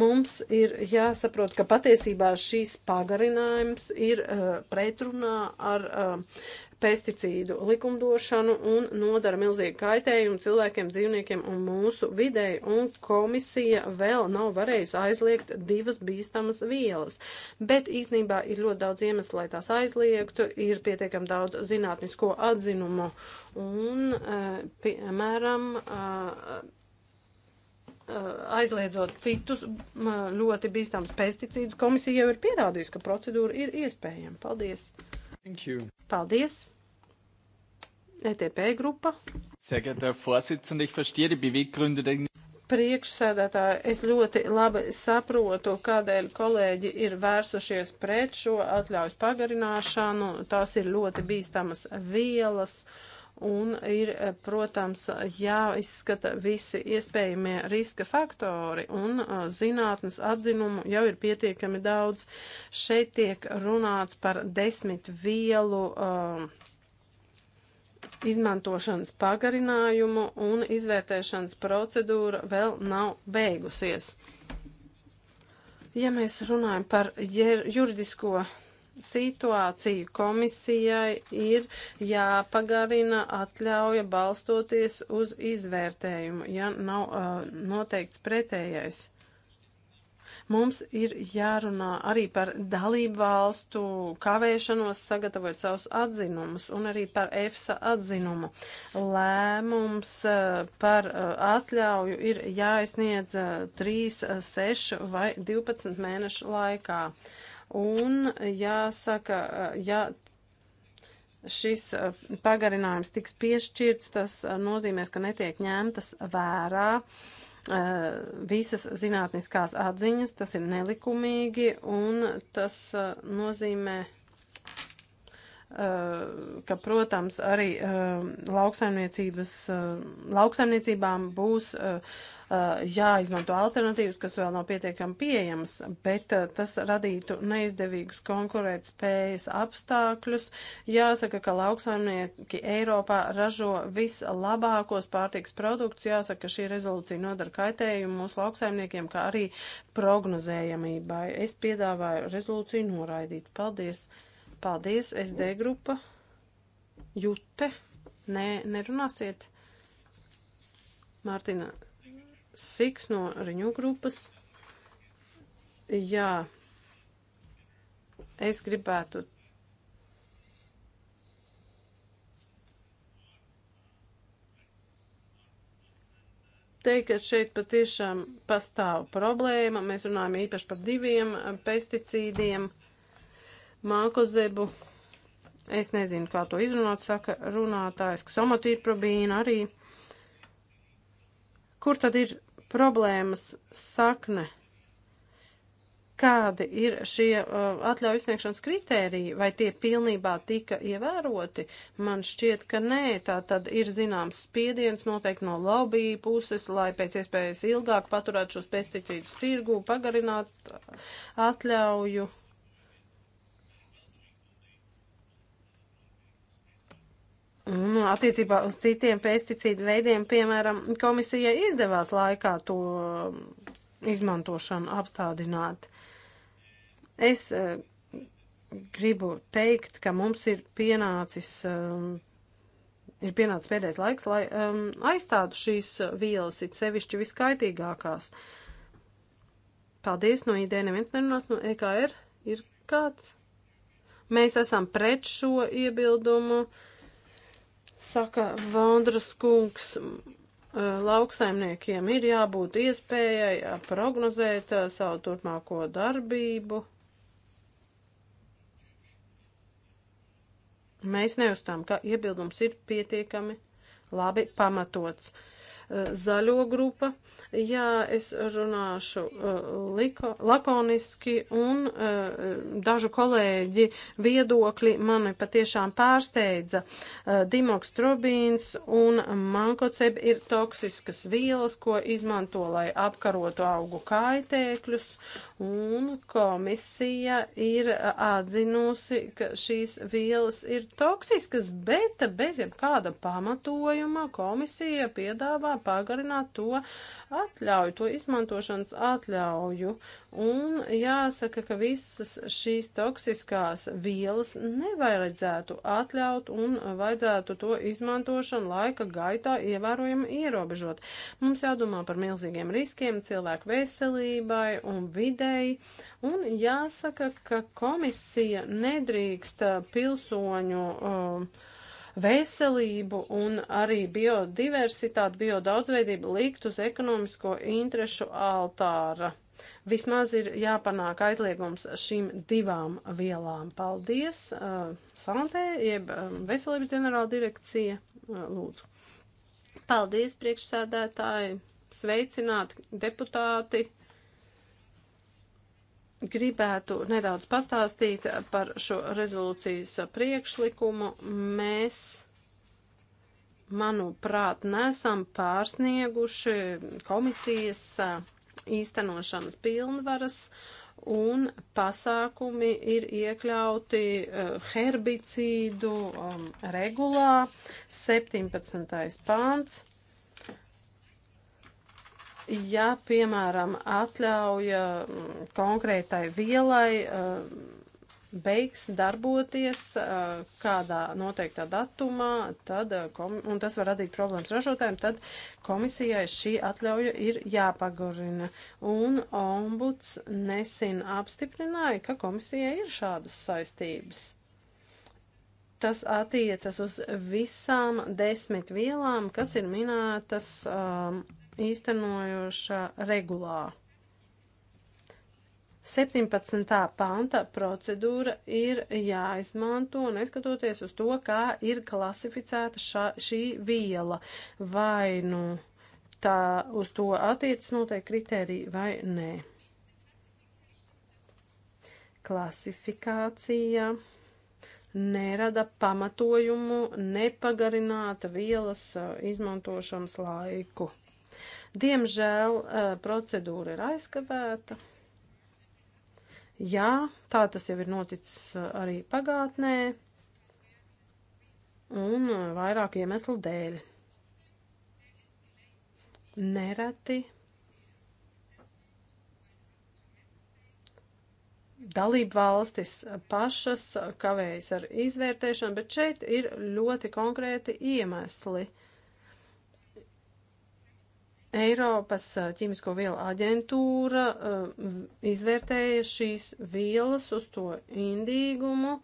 Mums ir jāsaprot, ka patiesībā šīs pagarinājums ir uh, pretrunā ar uh, pesticīdu likumdošanu un nodara milzīgu kaitējumu cilvēkiem, dzīvniekiem un mūsu videi, un komisija vēl nav varējusi aizliegt divas bīstamas vielas. Bet īsnībā ir ļoti daudz iemeslu, lai tās aizliegtu, ir pietiekam daudz zinātnisko atzinumu un, eh, piemēram, eh, eh, aizliedzot citus ļoti bīstams pesticīdus, komisija jau ir pierādījusi, ka procedūra ir iespējama. Paldies! Thank you. Paldies. ETP grupa. Sehr geehrter Herr Vorsitzender, ich verstehe die Beweggründe der priekšsēdētāji, es ļoti labi saprotu, kādēļ kolēģi ir vērsušies pret šo atļaujas pagarināšanu. Tās ir ļoti bīstamas vielas. Uh, un ir, eh, protams, jāizskata visi iespējamie riska faktori, un eh, zinātnes atzinumu jau ir pietiekami daudz. Šeit tiek runāts par desmit vielu uh, izmantošanas pagarinājumu, un izvērtēšanas procedūra vēl nav beigusies. Ja mēs runājam par juridisko situāciju. Komisijai ir jāpagarina atļauja balstoties uz izvērtējumu, ja nav uh, noteikts pretējais. Mums ir jārunā arī par dalību valstu kavēšanos, sagatavot savus atzinumus un arī par EFSA atzinumu. Lēmums uh, par uh, atļauju ir jāizniedz uh, 3, 6 uh, vai 12 mēnešu laikā. Uh, Un jāsaka, ja šis pagarinājums tiks piešķirts, tas nozīmēs, ka netiek ņemtas vērā visas zinātniskās atziņas, tas ir nelikumīgi un tas nozīmē, ka, protams, arī lauksaimniecības, lauksaimniecībām būs Eh, jāizmanto alternatīvas, kas vēl nav pietiekami pieejamas, bet eh, tas radītu neizdevīgus konkurēt spējas apstākļus. Jāsaka, ka lauksaimnieki Eiropā ražo vislabākos pārtiks produktus. Jāsaka, ka šī rezolūcija nodara kaitējumu mūsu lauksaimniekiem, kā arī prognozējamībai. Es piedāvāju rezolūciju noraidīt. Paldies! Paldies, SD grupa! Jute! Nē, nerunāsiet. Mārtiņa Siks no riņu grupas. Jā, es gribētu teikt, ka šeit patiešām pastāv problēma. Mēs runājam īpaši par diviem pesticīdiem. Mākozebu, es nezinu, kā to izrunāt, saka runātājs, ksomatīrprobīna arī. Kur tad ir problēmas sakne? Kādi ir šie uh, atļauju izsniegšanas kritēriji, vai tie pilnībā tika ievēroti? Man šķiet, ka nē, tā tad ir zināms spiediens noteikti no lobby puses, lai pēc iespējas ilgāk paturētu šos pesticīdus tirgū, pagarināt uh, atļauju. Uh, Un attiecībā uz citiem pesticīdu veidiem, piemēram, komisijai izdevās laikā to um, izmantošanu apstādināt. Es uh, gribu teikt, ka mums ir pienācis, um, ir pienācis pēdējais laiks, lai um, aizstādu šīs vielas, it sevišķi viskaitīgākās. Paldies, no ID neviens nerunās, no EKR ir kāds. Mēs esam pret šo iebildumu. Uh, Saka Vondras kungs, e, lauksaimniekiem ir jābūt iespējai prognozēt savu turpmāko darbību. Mēs neuzstām, ka iebildums ir pietiekami labi pamatots. Uh, zaļo grupa. Jā, es runāšu eh, liko, lakoniski un eh, dažu kolēģi viedokļi mani patiešām pārsteidza. Eh, Dimoks trobīns un mankoceb ir toksiskas vielas, ko izmanto, lai apkarotu augu kaitēkļus Un komisija ir atzinusi, ka šīs vielas ir toksiskas, bet bez jebkāda pamatojuma komisija piedāvā pagarināt to atļauju, to izmantošanas atļauju. Un jāsaka, ka visas šīs toksiskās vielas nevajadzētu atļaut un vajadzētu to izmantošanu laika gaitā ievērojami ierobežot. Mums jādomā par milzīgiem riskiem cilvēku veselībai un vidē vidēji, un jāsaka, ka komisija nedrīkst uh, pilsoņu um, veselību un arī biodiversitāti, biodaudzveidību likt uz ekonomisko interešu altāra. Vismaz ir jāpanāk aizliegums šīm divām vielām. Paldies, uh, Santē, jeb uh, veselības ģenerāla direkcija, uh, lūdzu. Paldies, priekšsēdētāji, sveicināti deputāti gribētu nedaudz pastāstīt par šo rezolūcijas priekšlikumu. Mēs, manuprāt, nesam pārsnieguši komisijas īstenošanas pilnvaras un pasākumi ir iekļauti eh, herbicīdu um, regulā 17. pāns ja, piemēram, atļauja mm, konkrētai vielai mm, beigs darboties mm, kādā noteiktā datumā, tad, un tas var radīt problēmas ražotājiem, tad komisijai šī atļauja ir jāpagarina. Un ombuds nesen apstiprināja, ka komisijai ir šādas saistības. Tas attiecas uz visām desmit vielām, kas ir minētas um, īstenojošā regulā. 17. panta procedūra ir jāizmanto, neskatoties uz to, kā ir klasificēta šā, šī viela. Vai nu tā uz to attiecas noteikti kritērija vai nē klasifikācija nerada pamatojumu nepagarināt vielas izmantošanas laiku. Diemžēl eh, procedūra ir aizkavēta. Jā, tā tas jau ir noticis eh, arī pagātnē un eh, vairāku iemeslu dēļ. Nereti dalību valstis pašas kavējas ar izvērtēšanu, bet šeit ir ļoti konkrēti iemesli. Uh, Eiropas ķīmisko vielu aģentūra uh, izvērtēja šīs vielas uz to indīgumu,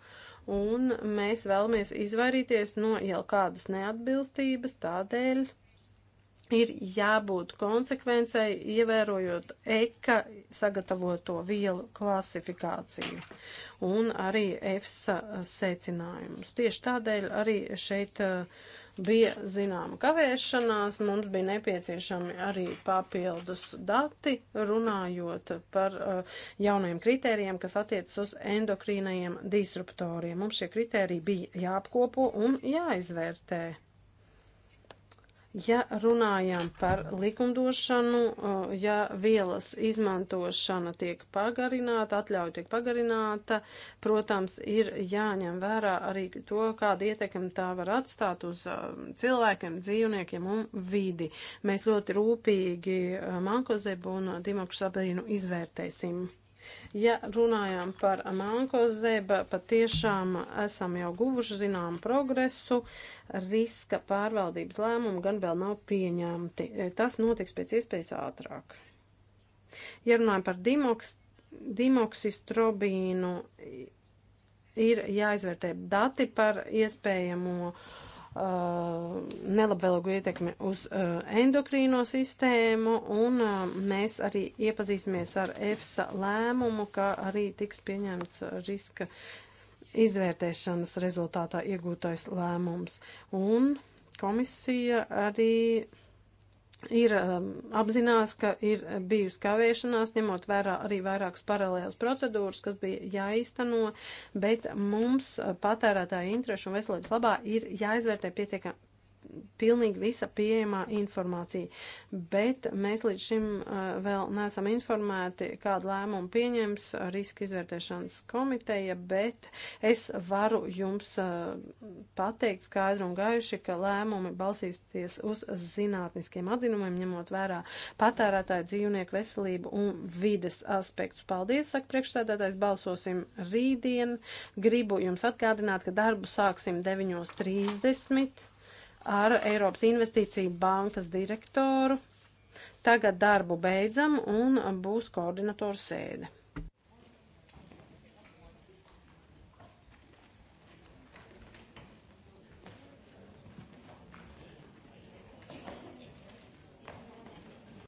un mēs vēlamies izvairīties no jau kādas neatbilstības, tādēļ ir jābūt konsekvencei, ievērojot eka sagatavoto vielu klasifikāciju un arī EFSA secinājumus. Tieši tādēļ arī šeit uh, bija zināma kavēšanās, mums bija nepieciešami arī papildus dati, runājot par uh, jauniem kritērijiem, kas attiecas uz endokrīnajiem disruptoriem. Mums šie kritēriji bija jāapkopo un jāizvērtē. Ja runājam par likumdošanu, ja vielas izmantošana tiek pagarināta, atļauja tiek pagarināta, protams, ir jāņem vērā arī to, kāda ietekme tā var atstāt uz cilvēkiem, dzīvniekiem un vidi. Mēs ļoti rūpīgi Mankozebu un Dimapšu sabiedrību izvērtēsim. Ja runājām par Manko Zeba, patiešām esam jau guvuši zinām progresu, riska pārvaldības lēmumu gan vēl nav pieņemti. E, tas notiks pēc iespējas ātrāk. Ja runājam par dimoks, dimoksistrobīnu, ir jāizvērtē dati par iespējamo uh, Uh, nelabvēlīgu ietekmi uz uh, endokrīno sistēmu, un uh, mēs arī iepazīsimies ar EFSA lēmumu, ka arī tiks pieņemts riska izvērtēšanas rezultātā iegūtais lēmums. Un komisija arī ir um, apzinās, ka ir bijusi kavēšanās, ņemot vērā arī vairākas paralēlas procedūras, kas bija jāizteno, bet mums uh, patērētāja interešu un veselības labā ir jāizvērtē pietiekam, pilnīgi visa pieejamā informācija. Bet mēs līdz šim uh, vēl neesam informēti, kādu lēmumu pieņems riska izvērtēšanas komiteja, bet es varu jums uh, pateikt skaidru un gaiši, ka lēmumi balsīsies uz zinātniskiem atzinumiem, ņemot vērā patērētāju dzīvnieku veselību un vides aspektus. Paldies, saka priekšsēdētājs, balsosim rītdien. Gribu jums atgādināt, ka darbu sāksim 9.30 ar Eiropas investīciju bankas direktoru. Tagad darbu beidzam un būs koordinatoru sēde.